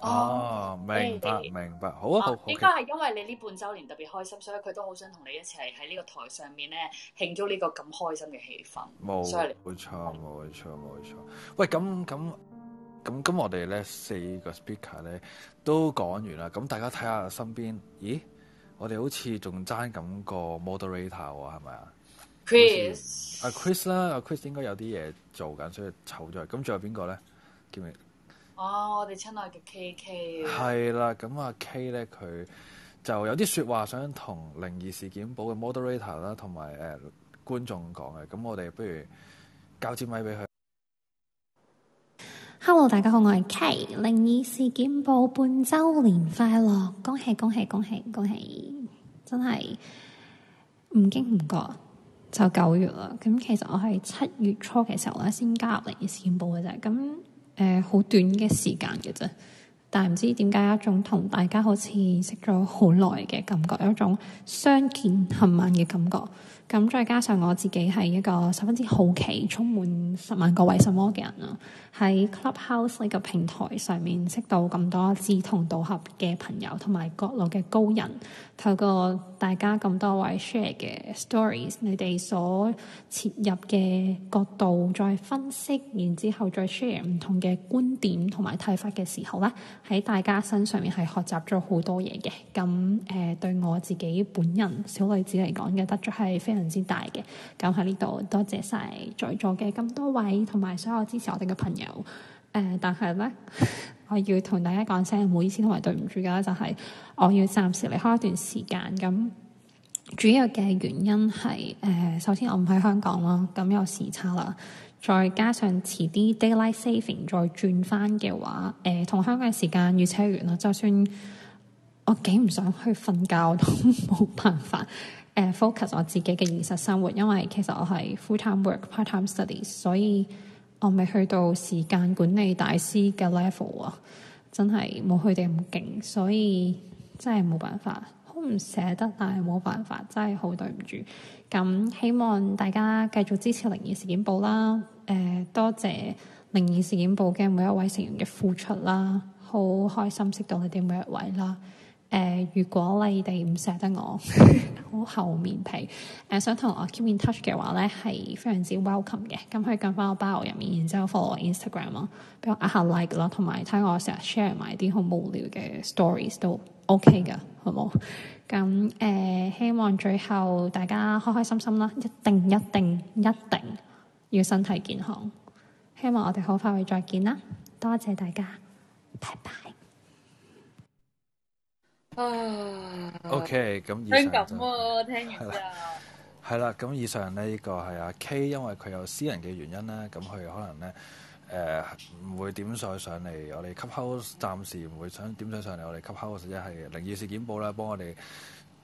哦，明白，以明，白明白，好啊好。應該係因為你呢半周年特別開心，所以佢都好想同你一齊喺呢個台上面咧慶祝呢個咁開心嘅氣氛。冇沒，冇錯冇錯冇錯。喂，咁咁咁咁，我哋咧四個 speaker 咧都講完啦。咁大家睇下身邊，咦？我哋好似仲爭咁個 moderator 喎，係咪 Chris, 啊？Chris，阿 Chris 啦，阿 Chris 應該有啲嘢做緊，所以湊咗。咁仲有邊個咧？叫咩？哦，我哋親愛嘅 Kay 係啦，咁阿 Kay 咧佢就有啲説話想同《靈異事件簿》嘅 Moderator 啦，同埋誒觀眾講嘅，咁我哋不如交支咪俾佢。Hello，大家好，我係 Kay，《靈異事件簿》半周年快樂，恭喜恭喜恭喜恭喜，真係唔經唔覺就九月啦。咁其實我係七月初嘅時候咧先加入《靈異事件簿》嘅啫，咁。誒好、呃、短嘅時間嘅啫，但係唔知點解一種同大家好似識咗好耐嘅感覺，有一種相見恨晚嘅感覺。咁再加上我自己係一個十分之好奇、充滿十萬個為什麼嘅人啦，啊，喺 Clubhouse 呢個平台上面識到咁多志同道合嘅朋友，同埋各路嘅高人。透過大家咁多位 share 嘅 stories，你哋所切入嘅角度再分析，然之後再 share 唔同嘅觀點同埋睇法嘅時候咧，喺大家身上面係學習咗好多嘢嘅。咁誒、呃，對我自己本人小女子嚟講嘅得着係非常之大嘅。咁喺呢度多謝晒在座嘅咁多位同埋所有支持我哋嘅朋友。誒，但係咧，我要同大家講聲，唔好意思同埋對唔住噶，就係、是、我要暫時離開一段時間。咁主要嘅原因係，誒、呃，首先我唔喺香港咯，咁有時差啦，再加上遲啲 Daylight Saving 再轉翻嘅話，誒、呃，同香港嘅時間預測完啦，就算我幾唔想去瞓覺，都冇辦法。誒、呃、，focus 我自己嘅現實生活，因為其實我係 full time work, part time studies，所以。我未去到時間管理大師嘅 level 啊，真係冇佢哋咁勁，所以真係冇辦法，好唔捨得，但係冇辦法，真係好對唔住。咁希望大家繼續支持靈異事件簿啦，誒、呃、多謝靈異事件簿嘅每一位成員嘅付出啦，好開心識到你哋每一位啦。誒、呃，如果你哋唔捨得我，好 厚面皮誒、呃，想同我 keep in touch 嘅話咧，係非常之 welcome 嘅。咁、嗯、可以撳翻我包入面，然之後 follow 我 Instagram 咯、啊，俾我按下 like 咯、啊，同埋睇我成日 share 埋啲好無聊嘅 stories 都 OK 噶，好冇？咁、嗯、誒、呃，希望最後大家開開心心啦，一定一定一定要身體健康。希望我哋好快會再見啦，多謝大家，拜拜。啊，OK，咁以上就喎、是，聽完啦。係啦，咁以上咧呢、呢個係阿 K，因為佢有私人嘅原因啦。咁佢可能咧誒唔會點上上嚟，我哋吸 h o 暫時唔會想點上上嚟，我哋吸口 o l d 或係靈異事件簿啦，幫我哋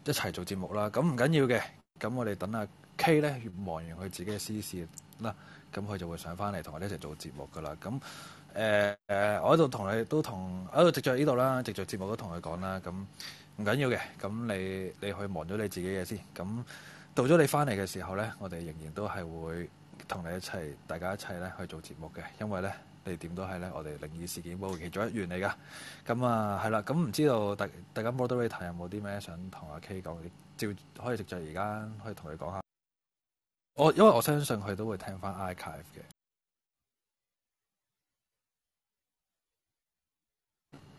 一齊做節目啦。咁唔緊要嘅，咁我哋等阿 K 咧，完忙完佢自己嘅私事啦，咁佢就會上翻嚟同我哋一齊做節目噶啦。咁。誒誒、呃，我喺度同你都同喺度，直着呢度啦，直着節目都同佢講啦。咁唔緊要嘅，咁你你去忙咗你自己嘢先。咁到咗你翻嚟嘅時候咧，我哋仍然都係會同你一齊，大家一齊咧去做節目嘅。因為咧，你哋點都係咧，我哋靈異事件簿其中一員嚟噶。咁啊，係啦。咁、嗯、唔知道大家大家 moderator 有冇啲咩想同阿 K 講，照可以直着而家可以同佢講下。我因為我相信佢都會聽翻 archive 嘅。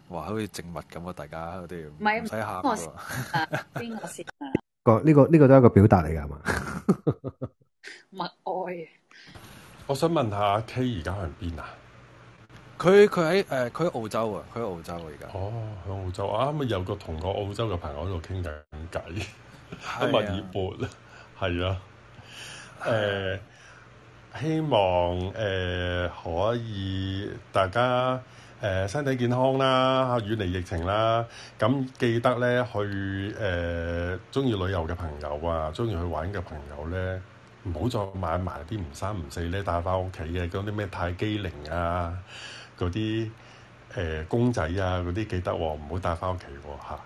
哇，好似植物咁啊！大家嗰啲唔係啊，睇下啲惡事啊！個呢個呢個都係一個表達嚟噶，係嘛？默哀。我想問下 K，而家喺邊啊？佢佢喺誒，佢喺澳洲啊，佢喺澳洲而家。哦，喺澳洲啊，咁咪有個同個澳洲嘅朋友喺度傾緊偈，喺墨爾本啦，係啊。誒，希望誒可以大家。誒、呃、身體健康啦，遠離疫情啦。咁、嗯、記得咧，去誒中意旅遊嘅朋友啊，中意去玩嘅朋友咧，唔好再買埋啲唔三唔四咧，帶翻屋企嘅嗰啲咩泰姬陵啊，嗰啲誒公仔啊，嗰啲記得喎、哦，唔好帶翻屋企喎嚇。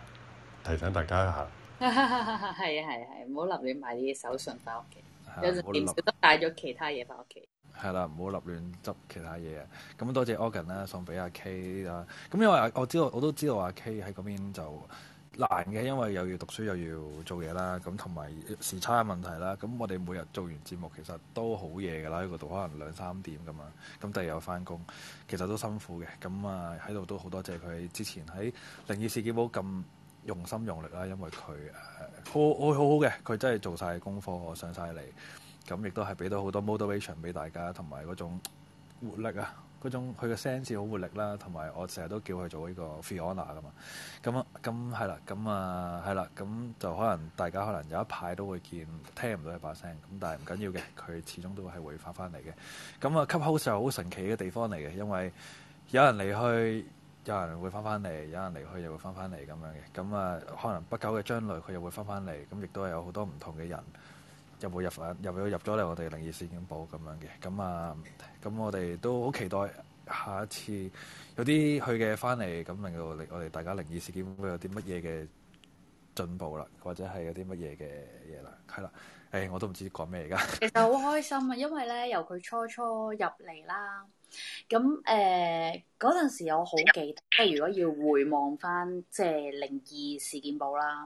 提醒大家嚇。係啊係啊係，唔好立亂買啲手信翻屋企，有時連埋都帶咗其他嘢翻屋企。係啦，唔好立亂執其他嘢。咁多謝 Organ 啦，送俾阿 K 啦、啊。咁因為我知道，我都知道阿 K 喺嗰邊就難嘅，因為又要讀書又要做嘢啦。咁同埋時差問題啦。咁我哋每日做完節目其實都好夜㗎啦，喺嗰度可能兩三點咁啊。咁第二日又返工，其實都辛苦嘅。咁啊，喺度都好多謝佢之前喺《靈異事件簿》咁用心用力啦，因為佢、啊、好，好，好，好好好嘅，佢真係做晒功課上晒嚟。咁亦都係俾到好多 motivation 俾大家，同埋嗰種活力啊，嗰種佢嘅聲線好活力啦、啊，同埋我成日都叫佢做呢個 Fiona 噶嘛，咁啊咁係啦，咁啊係啦，咁就可能大家可能有一排都會見聽唔到佢把聲，咁但係唔緊要嘅，佢始終都係會翻翻嚟嘅。咁啊，Clubhouse 好神奇嘅地方嚟嘅，因為有人離去，有人會翻翻嚟，有人離去又會翻翻嚟咁樣嘅。咁啊，可能不久嘅將來佢又會翻翻嚟，咁亦都係有好多唔同嘅人。有有入會入翻，入會入咗嚟我哋靈異事件簿咁樣嘅。咁啊，咁我哋都好期待下一次有啲去嘅翻嚟，咁令到我哋大家靈異事件會有啲乜嘢嘅進步啦，或者係有啲乜嘢嘅嘢啦，係啦，誒、欸，我都唔知講咩而家。其實好開心啊，因為咧由佢初初入嚟啦，咁誒。呃嗰陣時我好記得，如果要回望翻即係靈異事件簿啦，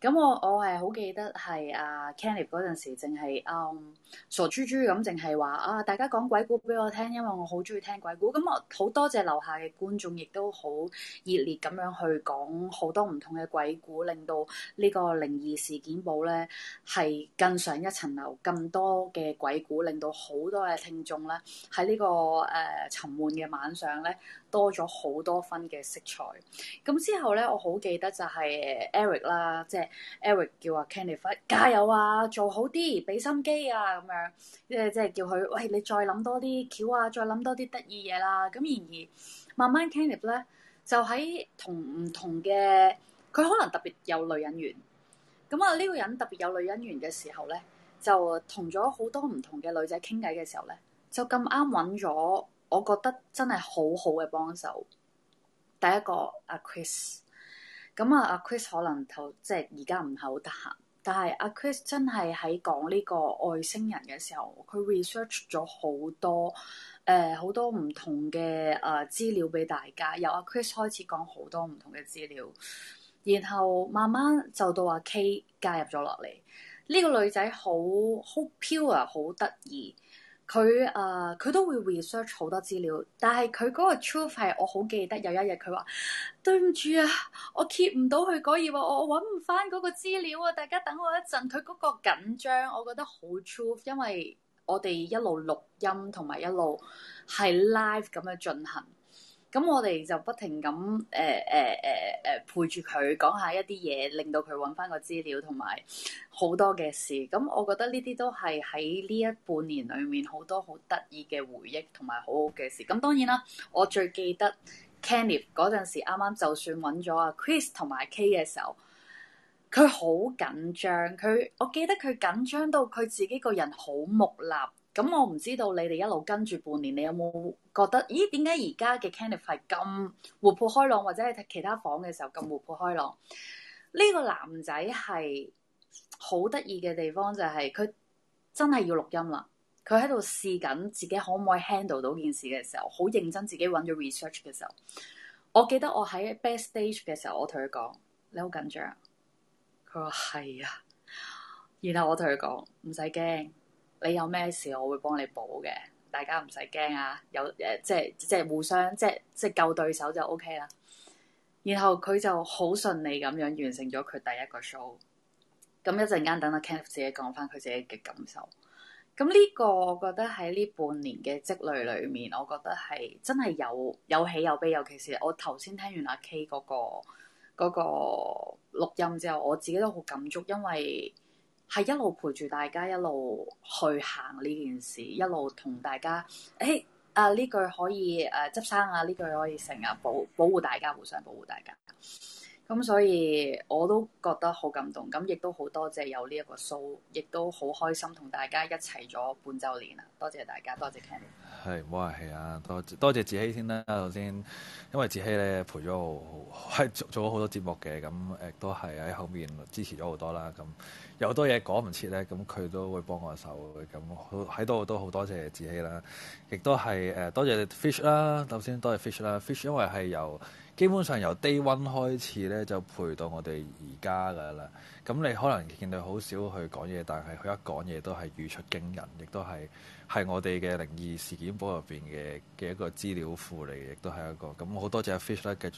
咁我我係好記得係啊 Canive 嗰陣時，淨係、嗯、傻豬豬咁，淨係話啊大家講鬼故俾我聽，因為我好中意聽鬼故。咁我好多謝樓下嘅觀眾，亦都好熱烈咁樣去講好多唔同嘅鬼故，令到呢個靈異事件簿咧係更上一層樓，咁多嘅鬼故，令到好多嘅聽眾咧喺呢、呢個誒、呃、沉悶嘅晚上咧，多咗好多分嘅色彩，咁之後咧，我好記得就係 Eric 啦，即係 Eric 叫阿 k e n n i c e 加油啊，做好啲，俾心機啊，咁樣，即係即係叫佢，喂，你再諗多啲橋啊，再諗多啲得意嘢啦。咁然而慢慢 k e n n i c e 咧，就喺同唔同嘅，佢可能特別有女人緣。咁啊呢個人特別有女人緣嘅時候咧，就同咗好多唔同嘅女仔傾偈嘅時候咧，就咁啱揾咗。我覺得真係好好嘅幫手。第一個阿 Chris，咁、嗯、啊阿 Chris 可能就即係而家唔係好得閒，但係阿、啊、Chris 真係喺講呢個外星人嘅時候，佢 research 咗好多誒好、呃、多唔同嘅誒、呃、資料俾大家。由阿、啊、Chris 開始講好多唔同嘅資料，然後慢慢就到阿、啊、K 加入咗落嚟。呢、這個女仔好好 pure，好得意。佢誒、佢都會 research 好多資料，但係佢個 truth 係我好記得，有一日佢話對唔住啊，我 keep 唔到佢嗰頁，我我揾唔翻嗰個資料啊！大家等我一陣，佢嗰個緊張，我覺得好 truth，因為我哋一路錄音同埋一路係 live 咁樣進行。咁我哋就不停咁誒誒誒誒陪住佢講下一啲嘢，令到佢揾翻個資料同埋好多嘅事。咁、嗯、我覺得呢啲都係喺呢一半年裡面好多好得意嘅回憶同埋好好嘅事。咁、嗯、當然啦，我最記得 Kenny 嗰陣時啱啱就算揾咗阿 Chris 同埋 K 嘅時候，佢好緊張。佢我記得佢緊張到佢自己個人好木訥。咁、嗯、我唔知道你哋一路跟住半年，你有冇覺得？咦，點解而家嘅 Candice 咁活潑開朗，或者係其他房嘅時候咁活潑開朗？呢、這個男仔係好得意嘅地方就係、是、佢真係要錄音啦，佢喺度試緊自己可唔可以 handle 到件事嘅時候，好認真自己揾咗 research 嘅時候。我記得我喺 best stage 嘅時候，我同佢講：你好緊張、啊。佢話係啊，然後我同佢講：唔使驚。你有咩事我會幫你補嘅，大家唔使驚啊！有誒、呃，即係即係互相即係即係救對手就 OK 啦。然後佢就好順利咁樣完成咗佢第一個 show。咁一陣間等阿 Ken 自己講返佢自己嘅感受。咁、嗯、呢、這個我覺得喺呢半年嘅積累裏面，我覺得係真係有有喜有悲。尤其是我頭先聽完阿 K 嗰、那個嗰、那個錄音之後，我自己都好感觸，因為。係一路陪住大家，一路去行呢件事，一路同大家，誒、欸、啊呢句可以誒、啊、執生啊，呢句可以成日、啊、保保護大家，互相保護大家。咁所以我都覺得好感動，咁亦都好多謝有呢一個 show，亦都好開心同大家一齊咗半周年啦！多謝大家，多謝你。係冇話係啊，多謝多謝子希先啦，頭先，因為子希咧陪咗我係做咗好多節目嘅，咁誒都係喺後面支持咗好多啦，咁有好多嘢講唔切咧，咁佢都會幫我手嘅，咁喺度都好多謝子希啦，亦都係誒多謝你 Fish 啦，頭先多謝 Fish 啦，Fish 因為係由基本上由 Day One 開始咧，就陪到我哋而家噶啦。咁你可能見到好少去講嘢，但係佢一講嘢都係語出驚人，亦都係。係我哋嘅靈異事件簿入邊嘅嘅一個資料庫嚟，亦都係一個咁好，多謝阿 Fish 啦，繼續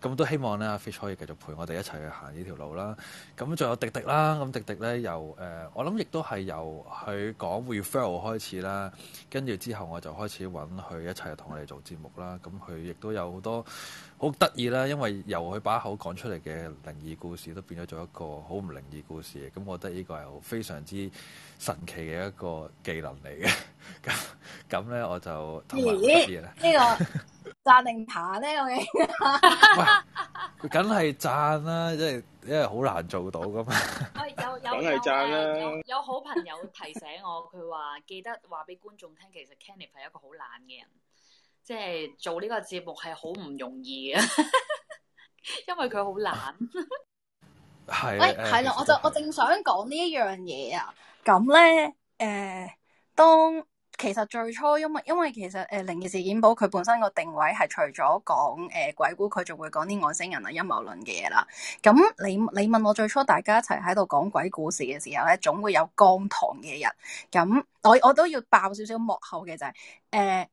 咁都希望咧，阿 Fish 可以繼續陪我哋一齊去行呢條路啦。咁仲有迪迪啦，咁迪迪咧由誒、呃，我諗亦都係由佢講 referral 開始啦，跟住之後我就開始揾佢一齊同我哋做節目啦。咁佢亦都有好多好得意啦，因為由佢把口講出嚟嘅靈異故事都變咗做一個好唔靈異故事。咁我覺得呢個係非常之～神奇嘅一個技能嚟嘅，咁咁咧我就同埋咦呢個贊定彈咧，我哋梗係贊啦，即係、啊、因為好難做到噶嘛。有、 哎、有，梗係贊啦！有好朋友提醒我，佢話 記得話俾觀眾聽，其實 Kenny 係一個好懶嘅人，即、就、係、是、做呢個節目係好唔容易嘅， 因為佢好懶。係，係啦，我就我正想講呢一樣嘢啊！咁咧，誒、呃，當其實最初，因為因為其實誒、呃《靈異事件簿》佢本身個定位係除咗講誒、呃、鬼故，佢仲會講啲外星人啊、陰謀論嘅嘢啦。咁你你問我最初大家一齊喺度講鬼故事嘅時候咧，總會有講堂嘅人。咁我我都要爆少少幕後嘅就係、是、誒、呃，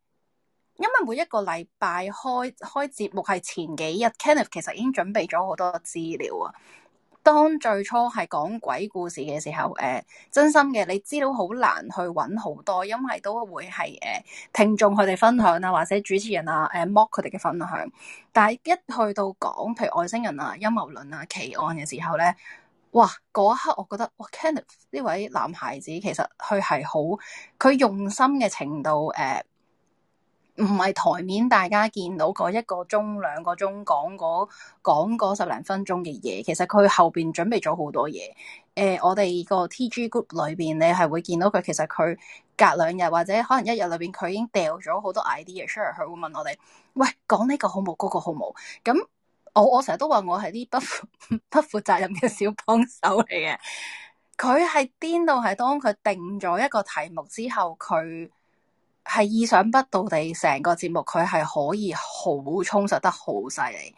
因為每一個禮拜開開節目係前幾日，Kenneth 其實已經準備咗好多資料啊。當最初係講鬼故事嘅時候，誒、呃，真心嘅你知道好難去揾好多，因為都會係誒、呃、聽眾佢哋分享啊，或者主持人啊誒 mock 佢哋嘅分享。但係一去到講譬如外星人啊、陰謀論啊、奇案嘅時候咧，哇！嗰一刻我覺得哇，Kenneth 呢位男孩子其實佢係好佢用心嘅程度誒。呃唔係台面，大家見到嗰一個鐘、兩個鐘講嗰講十零分鐘嘅嘢，其實佢後邊準備咗好多嘢。誒、呃，我哋個 T G group 裏邊，你係會見到佢，其實佢隔兩日或者可能一日裏邊，佢已經掉咗好多 idea 出嚟。佢會問我哋，喂，講呢個好冇，嗰、嗰個好冇？咁我我成日都話我係啲不負 不負責任嘅小幫手嚟嘅。佢係癲到係，當佢定咗一個題目之後，佢。係意想不到地，成個節目佢係可以好充實得好犀利。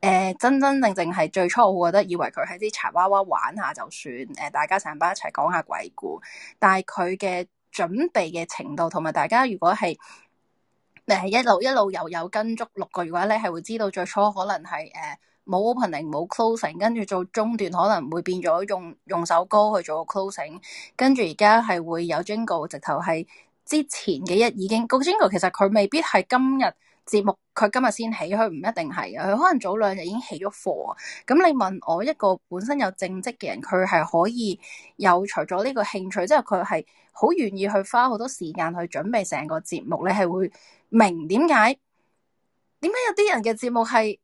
誒、呃，真真正正係最初，我覺得以為佢係啲柴娃娃玩下就算。誒、呃，大家成班一齊講下鬼故，但係佢嘅準備嘅程度，同埋大家如果係誒、呃、一路一路又有,有跟足六個月嘅話咧，係會知道最初可能係誒冇、呃、opening 冇 closing，跟住做中段可能會變咗用用首歌去做個 closing，跟住而家係會有 jingle 直頭係。之前幾日已經個其實佢未必係今日節目，佢今日先起，佢唔一定係嘅，佢可能早兩日已經起咗課。咁你問我一個本身有正職嘅人，佢係可以有除咗呢個興趣之，即係佢係好願意去花好多時間去準備成個節目，你係會明點解？點解有啲人嘅節目係？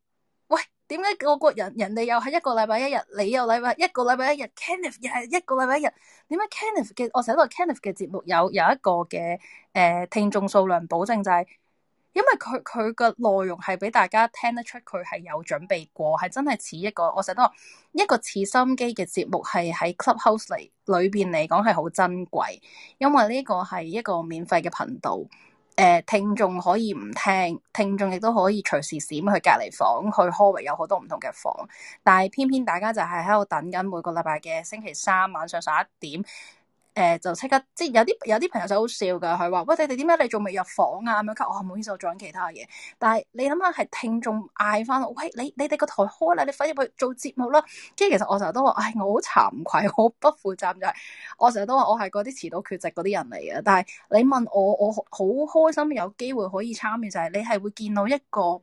點解我個人人哋又係一個禮拜一日，你又禮拜一個禮拜一日，Kenneth 又係一個禮拜一日？點解 Kenneth 嘅我成日都話 Kenneth 嘅節目有有一個嘅誒、呃、聽眾數量保證，就是，就係因為佢佢嘅內容係俾大家聽得出佢係有準備過，係真係似一個我成日都話一個似心機嘅節目 club house，係喺 Clubhouse 嚟裏邊嚟講係好珍貴，因為呢個係一個免費嘅頻道。誒、呃、聽眾可以唔聽，聽眾亦都可以隨時閃去隔離房，去 hallway 有好多唔同嘅房，但係偏偏大家就係喺度等緊每個禮拜嘅星期三晚上十一點。誒、呃，就即刻，即係有啲有啲朋友就好笑噶，佢話，喂，你哋點解你仲未入房啊？咁樣，我、哦、唔好意思，我做緊其他嘢。但係你諗下，係聽眾嗌翻我，喂，你你哋個台開啦，你快入去做節目啦。跟住其實我成日都話，唉、哎，我好慚愧，我不負責任。就係、我成日都話我係嗰啲遲到缺席嗰啲人嚟嘅。但係你問我，我好開心有機會可以參與，就係、是、你係會見到一個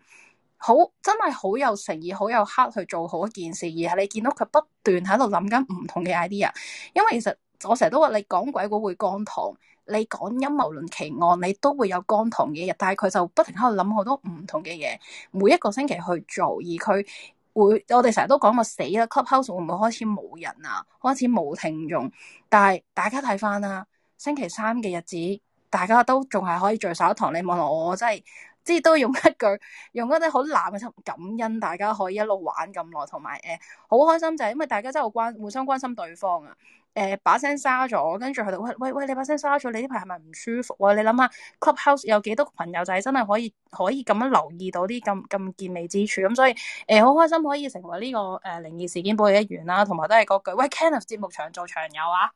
好真係好有誠意、好有 heart 去做好一件事，而係你見到佢不斷喺度諗緊唔同嘅 idea，因為其實。我成日都話你講鬼故會乾塘，你講陰謀論奇案，你都會有乾塘嘢。但係佢就不停喺度諗好多唔同嘅嘢，每一個星期去做。而佢會我哋成日都講個死啦，Clubhouse 會唔會開始冇人啊？開始冇聽眾？但係大家睇翻啦，星期三嘅日子，大家都仲係可以聚首一堂。你望落我真係，即係都用一句用嗰啲好濫嘅感恩，大家可以一路玩咁耐，同埋誒好開心就係、是、因為大家真係關互相關心對方啊。誒、呃、把聲沙咗，跟住佢哋，喂喂喂，你把聲沙咗，你呢排係咪唔舒服啊？你諗下，Clubhouse 有幾多個朋友仔真係可以可以咁樣留意到啲咁咁見微之處，咁所以誒好、呃、開心可以成為呢個誒靈異事件簿嘅一員啦、啊，同埋都係嗰句喂 Kenneth 節目長做長有啊！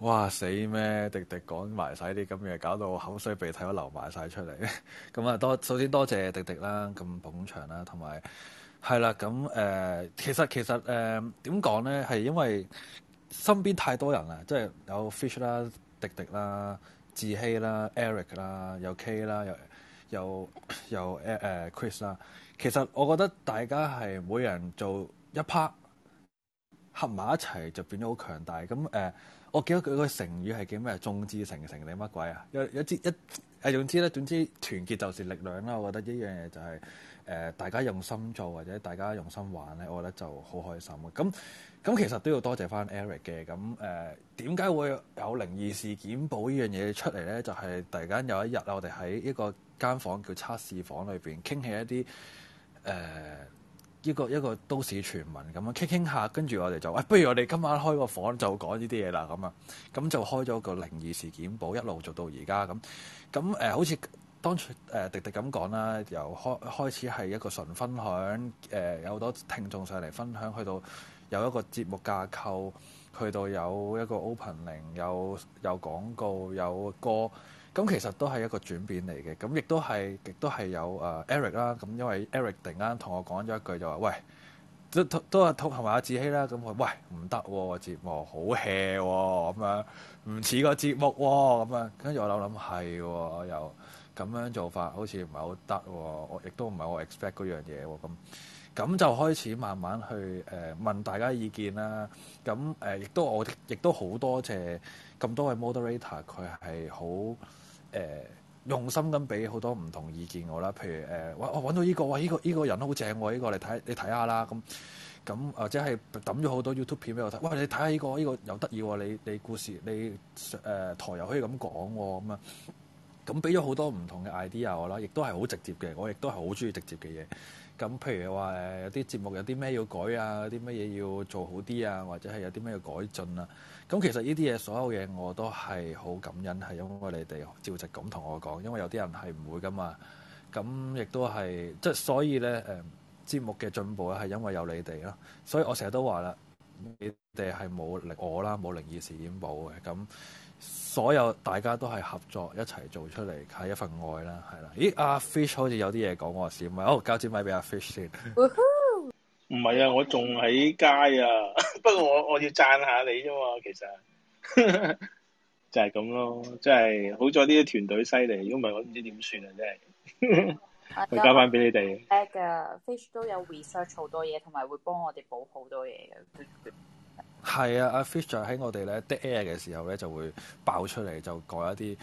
哇死咩！迪迪講埋晒啲咁嘢，搞到口水鼻涕都流埋晒出嚟。咁 啊、嗯，多首先多謝迪迪啦，咁捧場啦，同埋係啦，咁誒、呃、其實其實誒點講咧，係、呃、因為。身邊太多人啦，即係有 Fish 啦、迪迪啦、志希啦、Eric 啦、有 K 啦、有又又誒又、呃、Chris 啦。其實我覺得大家係每人做一 part，合埋一齊就變咗好強大。咁誒、呃，我記得佢個成語係叫咩？眾志成城定乜鬼啊？有有有一一支一誒，總之咧，總之團結就是力量啦。我覺得一樣嘢就係、是。誒、呃，大家用心做或者大家用心玩咧，我覺得就好開心啊！咁咁其實都要多謝翻 Eric 嘅。咁誒，呃、點解會有靈異事件簿件事呢樣嘢出嚟咧？就係、是、突然間有一日啦，我哋喺一個間房叫測試房裏邊傾起一啲誒、呃、一個一個都市傳聞咁樣傾傾下，跟住我哋就誒、哎，不如我哋今晚開個房就講呢啲嘢啦咁啊！咁就開咗個靈異事件簿，一路做到而家咁咁誒，好似。當初誒，滴滴咁講啦，由開開始係一個純分享誒，有、呃、好多聽眾上嚟分享，去到有一個節目架構，去到有一個 opening，有有廣告，有歌咁，其實都係一個轉變嚟嘅。咁亦都係亦都係有誒 Eric 啦。咁因為 Eric 突然間同我講咗一句就話，喂都都都係同埋阿志希啦。咁我喂，唔得，節目好 hea 咁樣，唔似個節目咁啊。跟住我諗諗係又。咁樣做法好似唔係好得喎，我亦都唔係我 expect 嗰樣嘢喎，咁咁就開始慢慢去誒、呃、問大家意見啦。咁誒亦都我亦都好多謝咁多位 moderator，佢係好誒、呃、用心咁俾好多唔同意見我啦。譬如誒、呃，哇，我揾到呢、這個哇，呢個呢個人好正喎，呢個嚟睇你睇下啦。咁咁或者係揼咗好多 YouTube 片俾我睇，哇，你睇下呢個呢、這個又得意喎，你你，看看你，這個這個、你，你故事你誒、呃、台又可以咁講喎，咁、嗯、啊～咁俾咗好多唔同嘅 idea 我啦，亦都係好直接嘅，我亦都係好中意直接嘅嘢。咁譬如話誒，有啲節目有啲咩要改啊，有啲乜嘢要做好啲啊，或者係有啲咩要改進啊。咁其實呢啲嘢，所有嘢我都係好感恩，係因為你哋照直咁同我講，因為有啲人係唔會噶嘛。咁亦都係即係所以咧誒、呃，節目嘅進步咧係因為有你哋咯。所以我成日都話啦，你哋係冇靈我啦，冇靈異事件冇嘅咁。所有大家都係合作一齊做出嚟，係一,一份愛啦，係啦。咦，阿 Fish 好似有啲嘢講我剪咪哦，交剪咪俾阿 Fish 先。唔係 Woo hoo! 啊，我仲喺街啊，不過我我要讚下你啫嘛、啊，其實 就係咁咯，即係好彩呢啲團隊犀利，如果唔係我唔知點算啊，真係。 我交翻俾你哋。得噶、like, uh，Fish 都有 research 好多嘢，同埋會幫我哋補好多嘢嘅。 係啊，阿 Fish 就喺我哋咧 the air 嘅時候咧就會爆出嚟，就講一啲，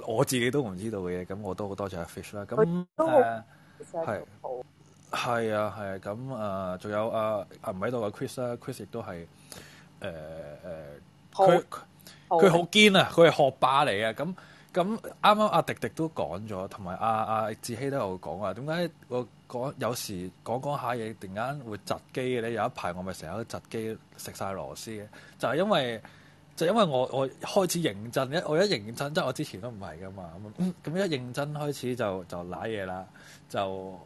我我自己都唔知道嘅嘢，咁我都好多謝阿、啊、Fish 啦。咁誒係係啊係啊，咁誒仲有阿阿唔喺度嘅 Chris 啦，Chris 亦都係誒誒，佢佢好堅啊，佢係學霸嚟啊，啊，咁咁啱啱阿迪迪都講咗，同埋阿阿志希都有講啊。點解我？有時講講下嘢，突然間會窒機嘅咧。有一排我咪成日都窒機，食晒螺絲嘅，就係、是、因為就因為我我開始認真一我一認真，即係我之前都唔係㗎嘛。咁、嗯、咁一認真開始就就瀨嘢啦，就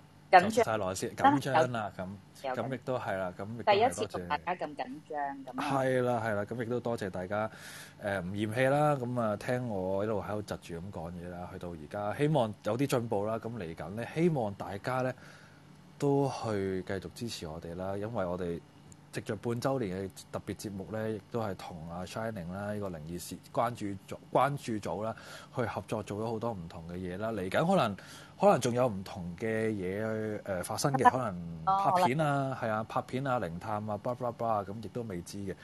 食晒螺絲，緊張啦咁。咁亦都係啦，咁第一次同大家咁緊張咁。係啦，係啦，咁亦、嗯嗯、都多謝大家誒唔、呃、嫌棄啦。咁、嗯、啊，聽我一路喺度窒住咁講嘢啦，去到而家，希望有啲進步啦。咁嚟緊咧，希望大家咧都去繼續支持我哋啦，因為我哋藉着半周年嘅特別節目咧，亦都係同阿 Shining 啦，呢、呢個靈異事關注組關注組啦，去合作做咗好多唔同嘅嘢啦。嚟緊可能。可能仲有唔同嘅嘢去誒發生嘅，可能拍片啊，係 啊，拍片啊，靈探啊，巴拉巴咁，亦都未知嘅。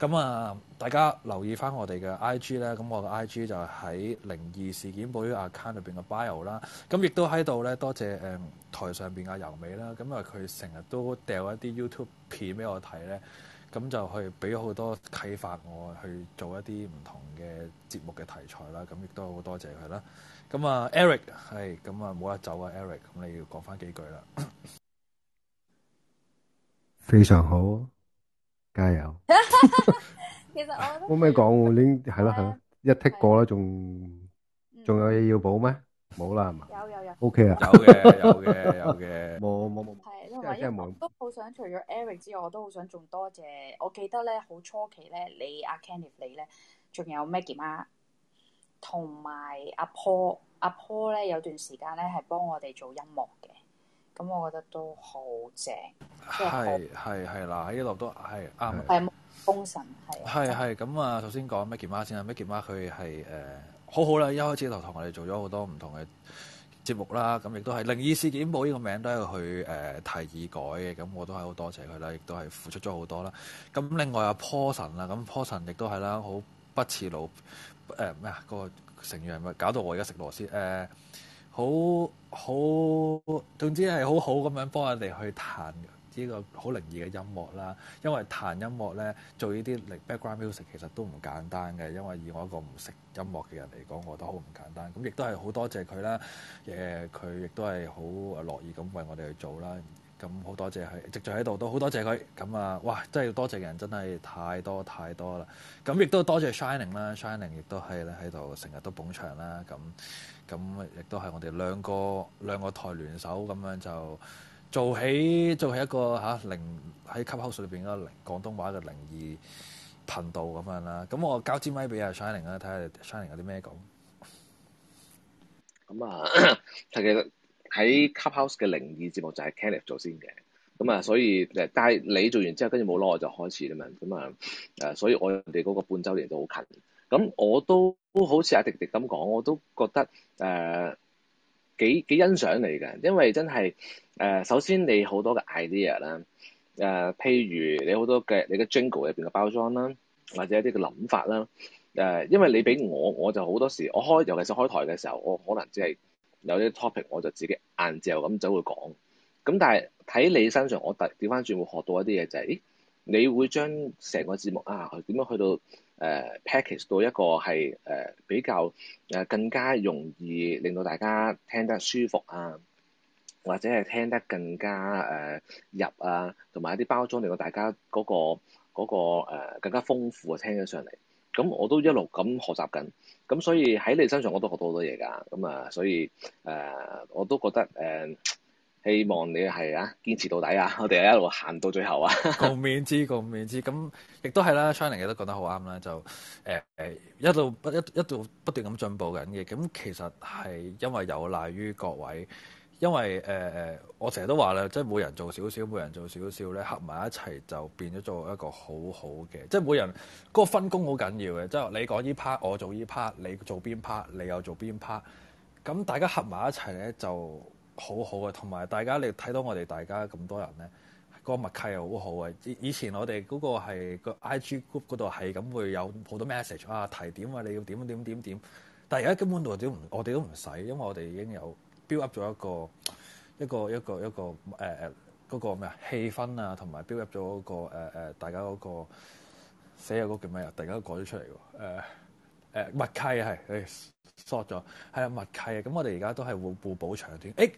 咁啊，大家留意翻我哋嘅 I G 啦。咁我嘅 I G 就喺靈異事件簿嘅 account 裏邊嘅 bio 啦。咁亦都喺度咧，多謝誒、呃、台上邊阿、啊、尤美啦。咁啊，佢成日都掉一啲 YouTube 片俾我睇咧，咁就去俾好多啟發我去做一啲唔同嘅節目嘅題材啦。咁亦都好多謝佢啦。咁啊，Eric 係，咁啊冇得走啊，Eric，咁你要講翻幾句啦，非常好，加油。其實我冇咩講喎，已經係咯係咯，一剔過啦，仲仲有嘢要補咩？冇啦係嘛？有有有，OK 啊，有嘅，有嘅，有嘅，冇冇冇。係，因為都好想除咗 Eric 之外，我都好想仲多謝。我記得咧，好初期咧，你阿 Kenneth 你咧，仲有 Maggie 媽。同埋阿 Paul，阿 Paul 咧，有段時間咧係幫我哋做音樂嘅，咁我覺得都好正。係係係，嗱，喺一路都係啱嘅。係，坡神係。係係，咁啊，首先講 Maggie 媽先啊，Maggie 媽佢係誒，好好啦，一開始就同我哋做咗好多唔同嘅節目啦，咁亦都係靈異事件簿呢個名都係去誒提議改嘅，咁我都係好多謝佢啦，亦都係付出咗好多啦。咁另外阿 Paulson 啊，咁 Paulson 亦都係啦，好不辭勞。誒咩啊，個成員係咪搞到我而家食螺絲，誒好好，總之係好好，咁樣幫我哋去彈呢個好靈異嘅音樂啦，因為彈音樂咧做呢啲 background music 其實都唔簡單嘅，因為以我一個唔識音樂嘅人嚟講，我都好唔簡單，咁亦都係好多謝佢啦，誒佢亦都係好樂意咁為我哋去做啦。咁好多謝喺，直在喺度都好多謝佢。咁啊，哇，真係要多謝人真係太多太多啦。咁亦都多謝 Shining 啦，Shining 亦都係喺度成日都捧場啦。咁咁亦都係我哋兩個兩個台聯手咁樣就做起做起一個吓，靈喺 Clubhouse 裏邊嗰個靈廣東話嘅靈異頻道咁樣啦。咁我交支咪俾阿 Shining 啦，睇下 Shining 有啲咩講。咁、嗯、啊，咳咳喺 Clubhouse 嘅靈異節目就係 Kenneth 做先嘅，咁啊，所以誒，但係你做完之後，跟住冇耐我就開始啦嘛，咁啊，誒，所以我哋嗰個半周年就好近，咁我都好似阿迪迪咁講，我都覺得誒、呃、幾幾欣賞你嘅，因為真係誒、呃，首先你好多嘅 idea 啦、呃，誒，譬如你好多嘅你嘅 Jingle 入邊嘅包裝啦，或者一啲嘅諗法啦，誒、呃，因為你俾我，我就好多時我開，尤其是開台嘅時候，我可能只係。有啲 topic 我就自己晏晝咁走去講，咁但係睇你身上，我突調翻轉會學到一啲嘢就係，咦，你會將成個節目啊，點樣去到誒、呃、package 到一個係誒、呃、比較誒、呃、更加容易令到大家聽得舒服啊，或者係聽得更加誒、呃、入啊，同埋一啲包裝令到大家嗰、那個嗰、那個呃、更加豐富嘅、啊、聽得上嚟。咁我都一路咁學習緊，咁所以喺你身上我都學到好多嘢㗎，咁啊所以誒、呃、我都覺得誒、呃、希望你係啊堅持到底啊，我哋係一路行到最後啊，共勉之，共勉之。咁亦都係啦。 Channing 亦都講得好啱啦，就誒、呃、一路不一一路不斷咁進步緊嘅，咁其實係因為有賴於各位。因為誒誒、呃，我成日都話咧，即係每人做少少，每人做少少咧，合埋一齊就變咗做一個好好嘅。即係每人嗰、嗰個分工好緊要嘅。即係你講呢 part，我做呢 part，你做邊 part，你又做邊 part。咁大家合埋一齊咧，就好好嘅。同埋大家你睇到我哋大家咁多人咧，嗰、嗰個默契係好好嘅。以前我哋嗰個係、嗰個、IG group 嗰度係咁會有好多 message 啊，提點啊，你要點點點點點。但係而家根本度都唔，我哋都唔使，因為我哋已經有。build up 咗一個一個一個一個誒誒嗰個咩啊，氣氛啊，同埋 build up 咗一個誒、呃、大家嗰個寫嗰個叫咩啊，突然間改咗出嚟喎誒默契啊係誒 short 咗係啊默契啊，咁我哋而家都係互互補長短誒。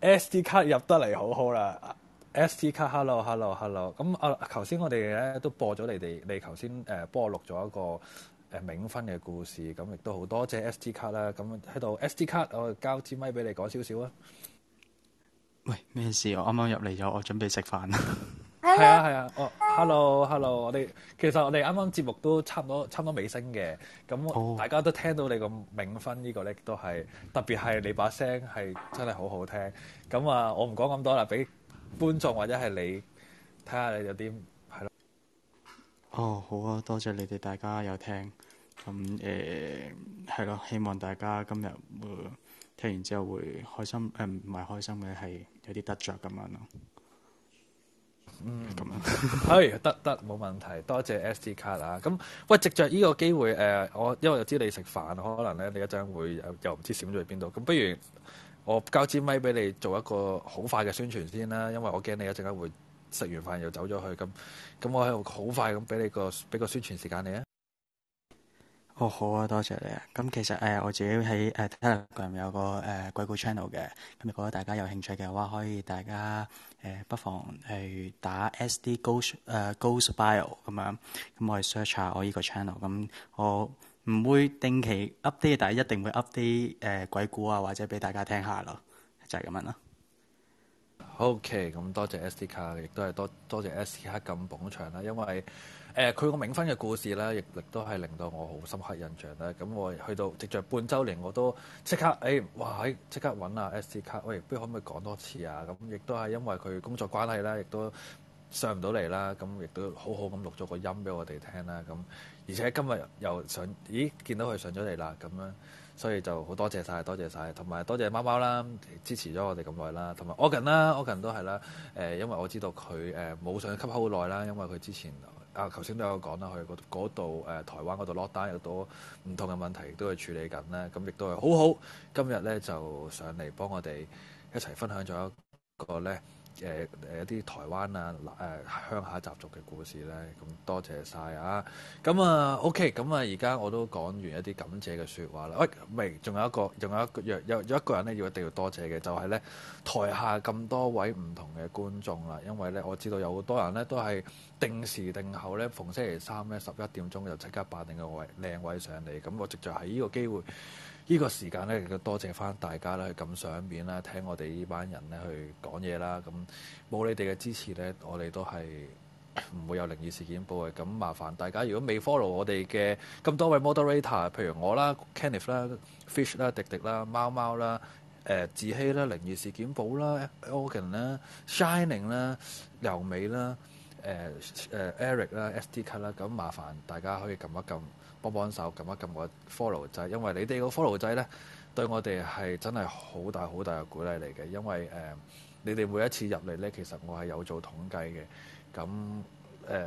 S D 卡入得嚟好好啦，S D 卡 hello hello hello。咁啊頭先我哋咧都播咗你哋你頭先誒幫我錄咗一個。誒冥婚嘅故事咁亦都好多謝 SD 卡啦，咁喺度 SD 卡，我交支咪俾你講少少啊！喂，咩事？我啱啱入嚟咗，我準備食飯。係 啊係啊，哦，hello hello，我哋其實我哋啱啱節目都差唔多差唔多，多尾聲嘅，咁大家都聽到你個冥婚呢個咧，都係特別係你把聲係真係好好聽。咁啊，我唔講咁多啦，俾觀眾或者係你睇下你有啲。哦，好啊，多謝你哋大家有聽，咁誒係咯，希望大家今日會誒、呃、聽完之後會開心，誒唔係開心嘅係有啲得着咁樣咯。嗯，咁樣、 哎，係得得冇問題，多謝 SD 卡啊。咁喂，藉着呢個機會誒，我、呃、因為又知你食飯，可能咧你一陣會又唔知閃咗去邊度，咁不如我交支咪俾你做一個好快嘅宣傳先啦，因為我驚你一陣間會。食完飯又走咗去，咁咁我喺度好快咁俾你個俾個宣傳時間你啊！哦、oh, 好啊，多謝你啊！咁其實誒我自己喺誒 Telegram 有個誒鬼故 channel 嘅，咁如果大家有興趣嘅話，可以大家誒不妨係打 SD Go 誒 Go Spy 咁樣，咁我係 search 下我依個 channel，咁我唔會定期 update，但係一定會 update 誒鬼故啊或者俾大家聽下咯，就係咁樣咯。O.K. 咁多謝 SD 卡，亦都係多多謝 SD 卡咁捧場啦。因為誒佢個冥婚嘅故事咧，亦都係令到我好深刻印象啦。咁、嗯、我去到直着半周年，我都即刻誒、哎、哇即、哎、刻揾下 SD 卡，喂，不如可唔可以講多次啊？咁、嗯、亦都係因為佢工作關係啦，亦都上唔到嚟啦。咁、嗯、亦都好好咁錄咗個音俾我哋聽啦。咁、嗯、而且今日又上咦見到佢上咗嚟啦，咁、嗯、樣。所以就好多謝晒，多謝晒，同埋多謝貓貓啦，支持咗我哋咁耐啦，同埋 Ogen 啦，Ogen 都係啦，誒，因為我知道佢誒冇上去吸好耐啦，因為佢之前啊，頭先都有講啦，佢嗰度誒台灣嗰度落單有多唔同嘅問題，都係處理緊啦。咁亦都係好好，今日咧就上嚟幫我哋一齊分享咗一個咧。誒誒、呃呃、一啲台灣啊誒、呃、鄉下習俗嘅故事咧，咁多謝晒啊！咁啊 OK，咁啊而家我都講完一啲感謝嘅説話啦。喂，未？仲有一個，仲有一個，有有一個人咧，要一定要多謝嘅，就係、是、咧台下咁多位唔同嘅觀眾啦。因為咧，我知道有好多人咧都係定時定候咧，逢星期三咧十一點鐘就即刻霸定個位靚位上嚟。咁我藉著喺呢個機會。呢個時間咧，其實多謝翻大家咧咁上面啦，聽我哋呢班人咧去講嘢啦。咁、嗯、冇你哋嘅支持咧，我哋都係唔會有靈異事件簿嘅。咁、嗯、麻煩大家，如果未 follow 我哋嘅咁多位 moderator，譬如我啦、Kenneth 啦、Fish 啦、迪迪啦、貓貓啦、誒志希啦、靈、呃、異事件簿啦、Organ 啦、Shining 啦、尤美啦、誒、呃、誒 Eric 啦、S.T 卡啦，咁、嗯、麻煩大家可以撳一撳。幫幫手撳一撳個 follow 掣，因為你哋個 follow 掣咧對我哋係真係好大好大嘅鼓勵嚟嘅，因為誒、呃、你哋每一次入嚟咧，其實我係有做統計嘅，咁誒、呃、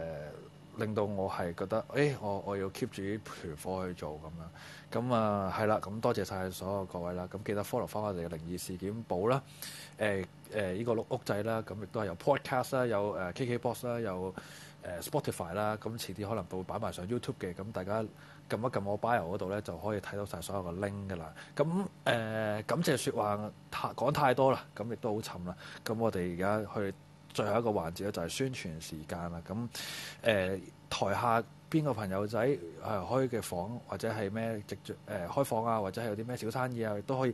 令到我係覺得，誒、哎、我我要 keep 住啲團火去做咁啊，咁啊係啦，咁多謝晒所有各位啦，咁記得 follow 翻我哋嘅靈異事件簿啦，誒誒呢個屋屋仔啦，咁亦都係有 podcast 啦、啊，有誒 KKbox 啦，有。Uh, K K box，啊有誒 Spotify 啦，咁遲啲可能都會擺埋上 YouTube 嘅，咁大家撳一撳我 bio 嗰度咧，就可以睇到晒所有嘅 link 噶啦。咁誒，咁感謝說話說太講太多啦，咁亦都好沉啦。咁我哋而家去最後一個環節咧，就係宣傳時間啦。咁誒、呃，台下邊個朋友仔誒開嘅房或者係咩直接誒、呃、開房啊，或者係有啲咩小生意啊，亦都可以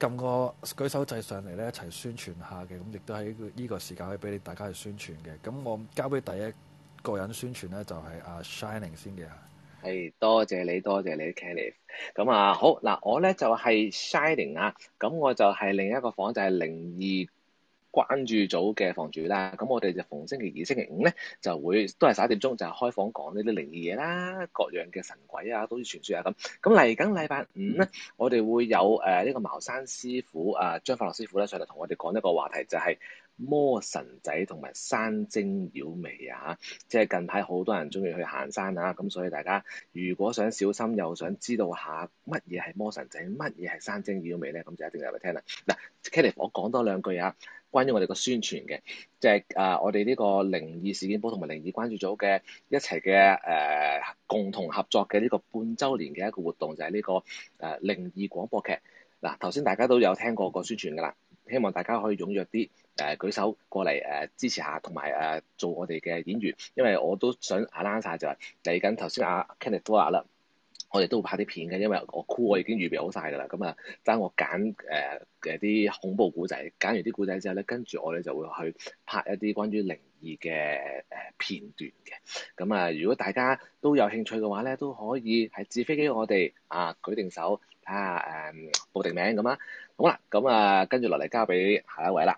撳個舉手掣上嚟咧，一齊宣傳下嘅。咁亦都喺呢個時間可以俾你大家去宣傳嘅。咁我交俾第一。個人宣傳咧就係阿 Shining 先嘅，係多謝你，多謝你 Kenneth 咁啊，好嗱，我咧就係、是、Shining 啊，咁我就係另一個房就係、是、靈異關注組嘅房主啦。咁我哋就逢星期二、星期五咧就會都係十一點鐘就是、開房講呢啲靈異嘢啦，各樣嘅神鬼啊，都市傳說啊咁。咁嚟緊禮拜五咧，嗯、我哋會有誒一、呃這個茅山師傅啊、呃，張法樂師傅咧上嚟同我哋講一個話題，就係、是。魔神仔同埋山精妖魅啊！即係近排好多人中意去行山啊，咁所以大家如果想小心又想知道下乜嘢係魔神仔，乜嘢係山精妖魅咧，咁就一定入嚟聽啦。嗱、啊、 ，Kelly，我講多兩句啊。關於我哋個宣傳嘅，即係啊，我哋呢個靈異事件簿同埋靈異關注組嘅一齊嘅誒共同合作嘅呢個半週年嘅一個活動，就係、是、呢、這個誒、呃、靈異廣播劇嗱。頭、啊、先大家都有聽過個宣傳㗎啦，希望大家可以踴躍啲。誒舉手過嚟誒支持下，同埋誒做我哋嘅演員，因為我都想拉曬就係嚟緊頭先阿 Kenneth Doyle 啦，ora，我哋都會拍啲片嘅，因為我酷我已經預備好晒㗎啦。咁、嗯、啊，等我揀誒嘅啲恐怖古仔，揀完啲古仔之後咧，跟住我哋就會去拍一啲關於靈異嘅誒片段嘅。咁、嗯、啊，如果大家都有興趣嘅話咧，都可以喺紙飛機我哋啊、呃、舉定手睇下誒報定名咁啊。好啦，咁、嗯、啊跟住落嚟交俾下一位啦。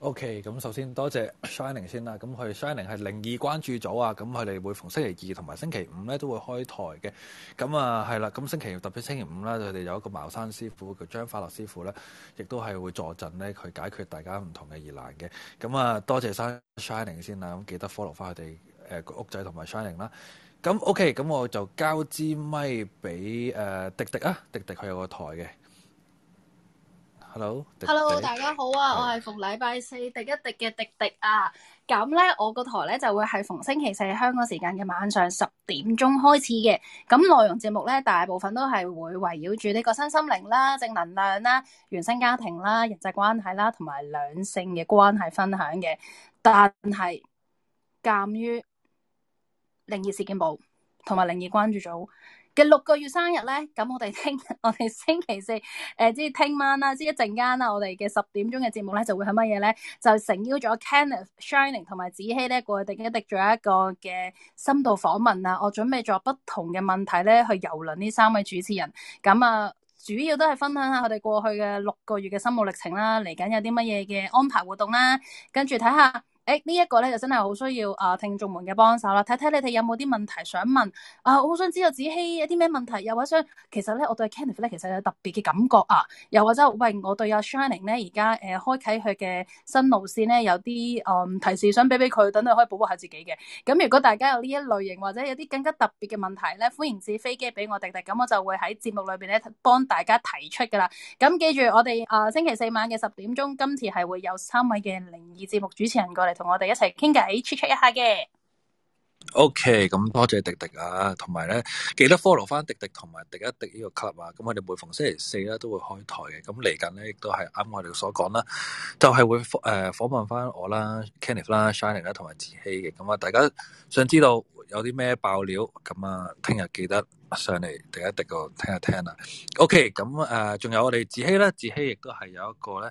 O.K. 咁首先多謝，謝 Shining 先啦，咁佢 Shining 係靈異關注組啊，咁佢哋每逢星期二同埋星期五咧都會開台嘅，咁啊係啦，咁星期特別星期五咧，佢哋有一個茅山師傅，叫張法樂師傅咧，亦都係會坐鎮咧去解決大家唔同嘅疑難嘅，咁啊多謝晒 Shining 先 Sh 啦，咁記得 follow 翻佢哋誒屋仔同埋 Shining 啦，咁 O.K. 咁我就交支咪俾誒迪迪啊，迪迪佢有個台嘅。hello，hello，大家好啊！我係逢禮拜四 seasoning 滴一滴嘅迪迪啊，咁咧我個台咧就會係逢星期四香港時間嘅晚上十點鐘開始嘅，咁內容節目咧大部分都係會圍繞住呢個身心靈啦、正能量啦、原生家庭啦、人際關係啦同埋兩性嘅關係分享嘅，但係鑒於靈異事件簿同埋靈異關注組。嘅六個月生日咧，咁我哋聽日，我哋星期四，誒、呃，即係聽晚啦，即係一陣間啦，我哋嘅十點鐘嘅節目咧就會係乜嘢咧？就誠邀咗 Kenneth Shining 同埋子希咧過去定一滴做一個嘅深度訪問啦。我準備咗不同嘅問題咧去遊輪呢三位主持人，咁啊，主要都係分享下我哋過去嘅六個月嘅生活歷程啦，嚟緊有啲乜嘢嘅安排活動啦，跟住睇下。誒呢、欸、一個咧就真係好需要啊、呃、聽眾們嘅幫手啦，睇睇你哋有冇啲問題想問啊、呃，我好想知道子希有啲咩問題，又或者想其實咧我對 Kenneth 咧其實有特別嘅感覺啊，又或者喂我對阿 Shining 咧而家誒、呃、開啟佢嘅新路線咧有啲誒、呃、提示想俾俾佢，等佢可以保護下自己嘅。咁如果大家有呢一類型或者有啲更加特別嘅問題咧，歡迎指飛機俾我哋，咁我就會喺節目裏邊咧幫大家提出㗎啦。咁記住我哋啊、呃、星期四晚嘅十點鐘，今次係會有三位嘅靈異節目主持人過嚟。同我哋一齊傾偈，check check 一下嘅。OK，咁多謝迪迪啊，同埋咧記得 follow 翻迪迪同埋迪一迪呢個 club 啊。咁我哋每逢星期四咧、啊、都會開台嘅。咁嚟緊咧亦都係啱我哋所講、就是呃、啦，就係會誒訪問翻我啦 Kenneth 啦，Shining 啦，同埋智希嘅。咁啊，大家想知道有啲咩爆料，咁啊，聽日記得上嚟迪一迪度聽一聽啊。OK，咁誒，仲、呃、有我哋智希啦。智希亦都係有一個咧。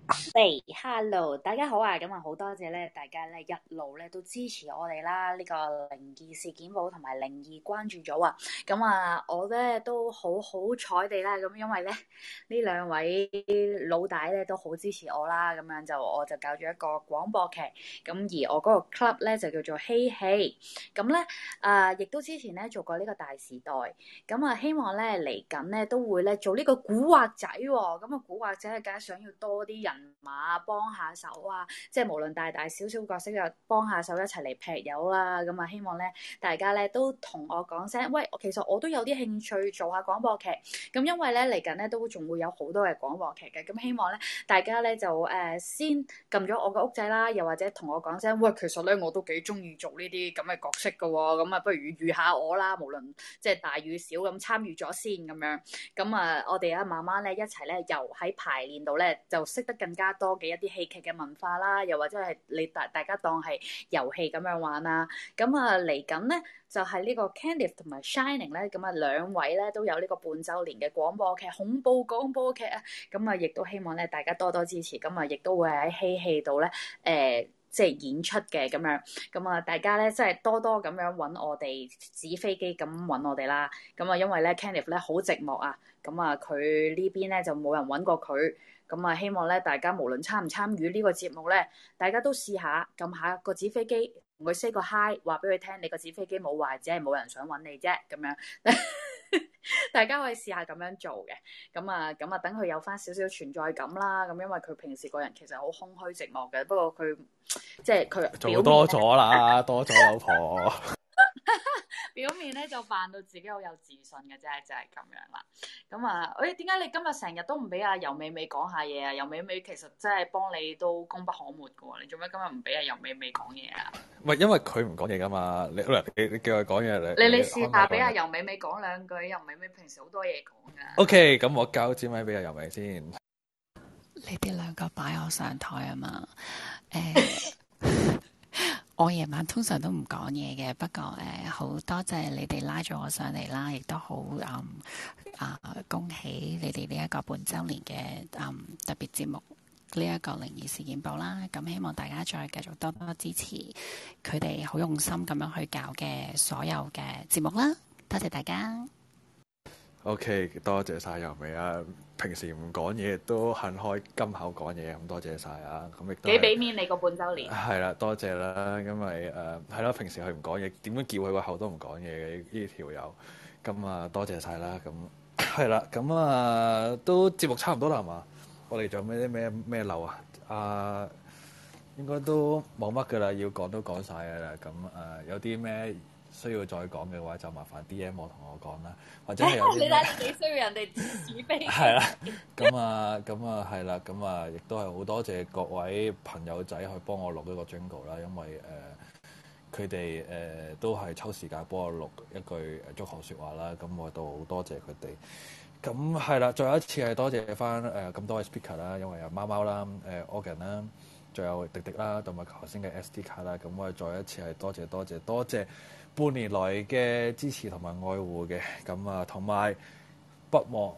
嚟、hey,，Hello，大家好啊！咁啊，好多謝咧，大家咧一路咧都支持我哋啦。呢、這個靈異事件簿同埋靈異關注組啊，咁啊，我咧都好好彩地啦。咁因為咧呢兩位老大咧都好支持我啦，咁樣就我就搞咗一個廣播劇。咁而我嗰個 club 咧就叫做希、hey、希、hey,。咁咧誒，亦都之前咧做過呢個大時代。咁啊，希望咧嚟緊咧都會咧做呢個古惑仔、哦。咁啊，古惑仔梗係想要多啲人。馬幫下手啊！即係無論大大小小角色啊，幫下手一齊嚟劈友啦！咁、嗯、啊，希望咧大家咧都同我講聲，喂，其實我都有啲興趣做下廣播劇。咁因為咧嚟緊咧都仲會有好多嘅廣播劇嘅，咁、嗯、希望咧大家咧就誒、呃、先撳咗我個屋仔啦，又或者同我講聲，喂，其實咧我都幾中意做呢啲咁嘅角色㗎喎、哦，咁、嗯、啊不如預下我啦，無論即係大與小咁參與咗先咁樣。咁、嗯嗯、啊，我哋啊慢慢咧一齊咧又喺排練度咧就識得更更加多嘅一啲戲劇嘅文化啦，又或者係你大大家當係遊戲咁樣玩啦。咁啊，嚟緊咧就係呢個 Candice 同埋 Shining 咧，咁啊兩位咧都有呢個半週年嘅廣播劇，恐怖廣播劇啊。咁啊，亦都希望咧大家多多支持，咁啊亦都會喺嬉戲度咧誒，即係演出嘅咁樣。咁啊，大家咧即係多多咁樣揾我哋紙飛機咁揾我哋啦。咁啊，因為咧 Candice 咧好寂寞啊，咁啊佢呢邊咧就冇人揾過佢。咁啊，希望咧大家無論參唔參與呢個節目咧，大家都試下撳下個紙飛機，同佢 say 個 hi，話俾佢聽你個紙飛機冇壞啫，冇人想揾你啫咁樣。 大家可以試下咁樣做嘅。咁啊，咁啊，等佢有返少少存在感啦。咁因為佢平時個人其實好空虛寂寞嘅，不過佢即係佢。就是、做多咗啦， 多咗老婆。 表面咧就扮到自己好有自信嘅啫，就係、是、咁樣啦。咁、嗯、啊，誒、哎，點解你今日成日都唔俾阿尤美美講下嘢？尤美美其實真係幫你都功不可沒嘅。你做咩今日唔俾阿尤美美講嘢啊？唔係因為佢唔講嘢噶嘛？你你叫佢講嘢你你試下俾阿尤美美講兩句，尤美美平時好多嘢講噶。OK，咁我交支咪俾阿尤美先。 你啲兩個擺我上台啊嘛？誒、uh,。 我夜晚通常都唔講嘢嘅，不過誒，好、呃、多謝你哋拉咗我上嚟啦，亦都好誒啊！恭喜你哋呢一個半周年嘅誒、嗯、特別節目呢一個《靈異事件簿》啦，咁希望大家再繼續多多支持佢哋好用心咁樣去搞嘅所有嘅節目啦，多謝大家。O.K. 多謝晒又未啊！平時唔講嘢都肯開金口講嘢，咁多謝晒啊！咁亦都幾俾面你個半周年，係啦，多謝啦，因為誒係咯，平時佢唔講嘢，點樣叫佢個口都唔講嘢嘅呢條友，咁、這個、啊多謝晒啦，咁係啦，咁啊都節目差唔多啦，係嘛？我哋仲有咩啲咩咩漏啊？啊，應該都冇乜噶啦，要講都講晒噶啦，咁、啊、誒有啲咩？需要再講嘅話，就麻煩 DM 我同我講啦，或者係有 你睇你幾需要人哋恥悲。係 啦 咁啊，咁啊，係啦，咁啊，亦都係好多謝各位朋友仔去幫我錄呢個 Jingle 啦，因為誒佢哋誒都係抽時間幫我錄一句誒祝賀説話啦，咁、嗯、我亦都好多謝佢哋。咁係啦，再一次係多謝翻誒咁多位 Speaker 啦，因為有貓貓啦、誒 Ogden 啦，仲有迪迪啦，同埋頭先嘅 SD 卡啦、嗯，咁我係再一次係多謝多謝多謝。半年來嘅支持同埋愛護嘅，咁啊，同埋不忘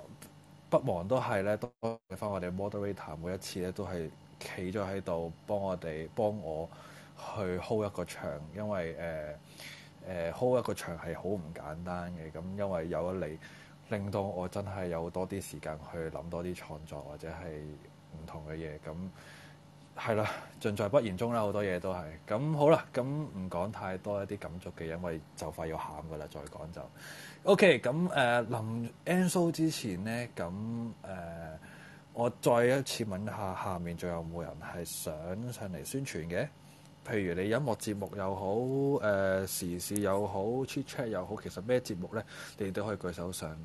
不忘都係咧，多謝翻我哋 moderator 每一次咧都係企咗喺度幫我哋幫我去 hold 一個場，因為誒誒、呃呃、hold 一個場係好唔簡單嘅，咁因為有你令到我真係有多啲時間去諗多啲創作或者係唔同嘅嘢，咁。係啦，盡在不言中啦，好多嘢都係。咁好啦，咁唔講太多一啲感觸嘅，因為就快要喊㗎啦，再講就。O K，咁誒臨 answer 之前呢，咁誒、呃、我再一次問下，下面仲有冇人係想上嚟宣傳嘅？譬如你音樂節目又好，誒、呃、時事又好 chit chat 又好，其實咩節目呢？你都可以舉手上嚟誒、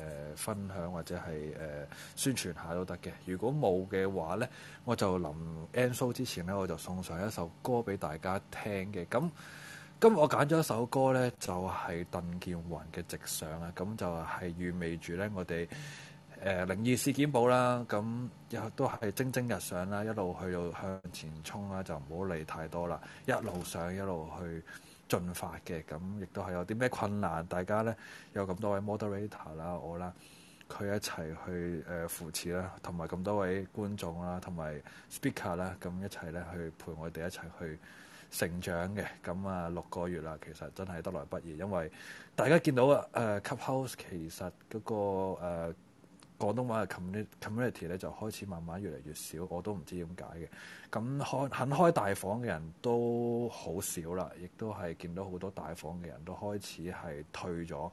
呃、分享或者係誒、呃、宣傳下都得嘅。如果冇嘅話呢，我就臨 end show 之前呢，我就送上一首歌俾大家聽嘅。咁今日我揀咗一首歌呢，就係、是、鄧健泓嘅《直上》啊。咁就係預備住呢，我哋。誒、呃、靈異事件簿啦，咁、嗯、亦都係蒸蒸日上啦，一路去到向前衝啦、啊，就唔好理太多啦。一路上一路去進發嘅，咁、嗯、亦都係有啲咩困難，大家咧有咁多位 moderator 啦、我啦、佢一齊去誒、呃、扶持啦，同埋咁多位觀眾啦、同埋 speaker 啦，咁、嗯、一齊咧去陪我哋一齊去成長嘅。咁、嗯、啊，六個月啦，其實真係得來不易，因為大家見到誒、呃、Clubhouse 其實嗰、那個、呃廣東話嘅 community 咧就開始慢慢越嚟越少，我都唔知點解嘅。咁開肯開大房嘅人都好少啦，亦都係見到好多大房嘅人都開始係退咗。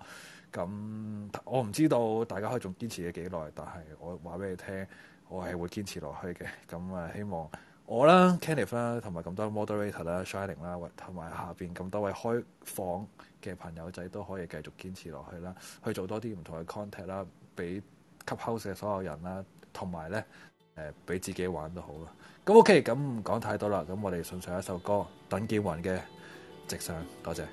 咁我唔知道大家可以仲堅持咗幾耐，但係我話俾你聽，我係會堅持落去嘅。咁啊，希望我啦、Kenneth 啦、同埋咁多 moderator 啦、Shining 啦，同埋下邊咁多位開房嘅朋友仔都可以繼續堅持落去啦，去做多啲唔同嘅 contact 啦，俾。給後世所有人啦，同埋咧，誒俾自己玩都好啦。咁 OK，咁唔講太多啦。咁我哋送上一首歌，鄧健泓嘅《直上》，多謝。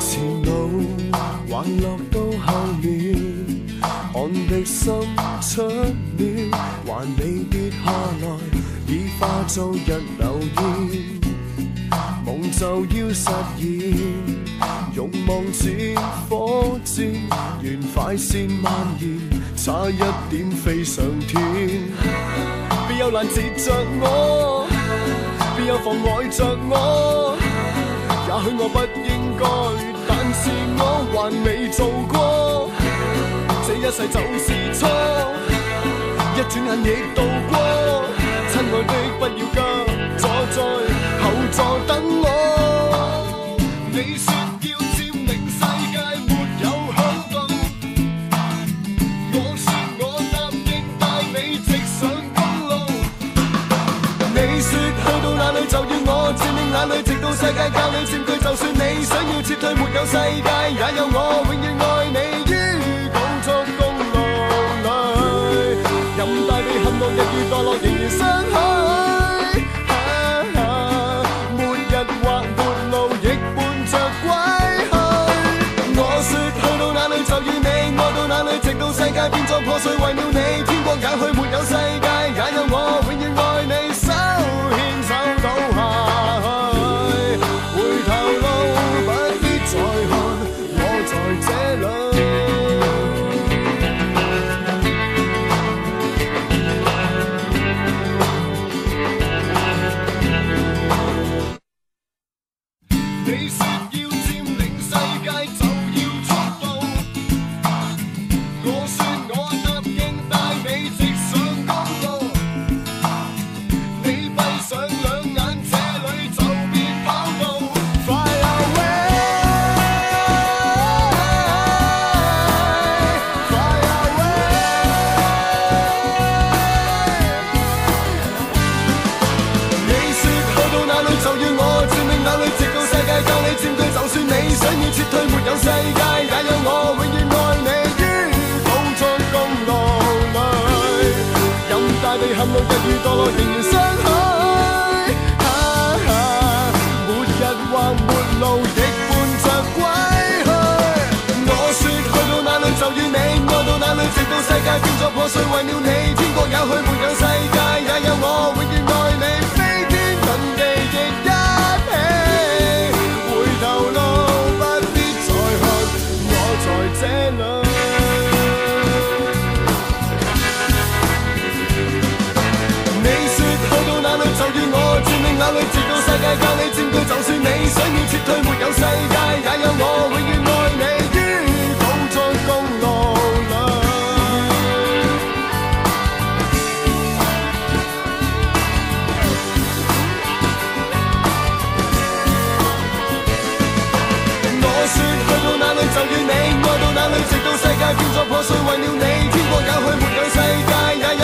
前路滑落到後面，看的心出了，還未跌下來。已化作日流炎，夢就要實現，欲望似火箭沿快線蔓延，差一點飛上天。別 有攔截着我，別有妨礙着我。也許我不應該，但是我還未做過，這一世就是錯。一轉眼亦渡過。親愛的不要急，坐在後座等我。你說要佔領世界沒有恐怖，我說我答應帶你直上公路。你說去到哪裏，就要我佔領哪裏，直到世界教你佔據，就算你想要撤退，沒有世界也有我永遠愛你。變作破碎，為了你，天光也許沒有世。墮落仍然傷痕，啊，哈、啊、哈，末日或末路亦伴着歸去。我說去到哪裏就與你愛到哪裏，直到世界變作破碎，為了你，天國也許沒有世界，也有我，永遠愛你，飛天遁地亦一起。回頭路不必再看，我，在這裏。哪裡直到世界，教你佔據，就算你想要撤退，沒有世界，也有我永遠愛你於武裝共岸裡。 我說去到哪裡就與你，愛到哪裡直到世界變作破碎，為了你，天國也許沒有世界。也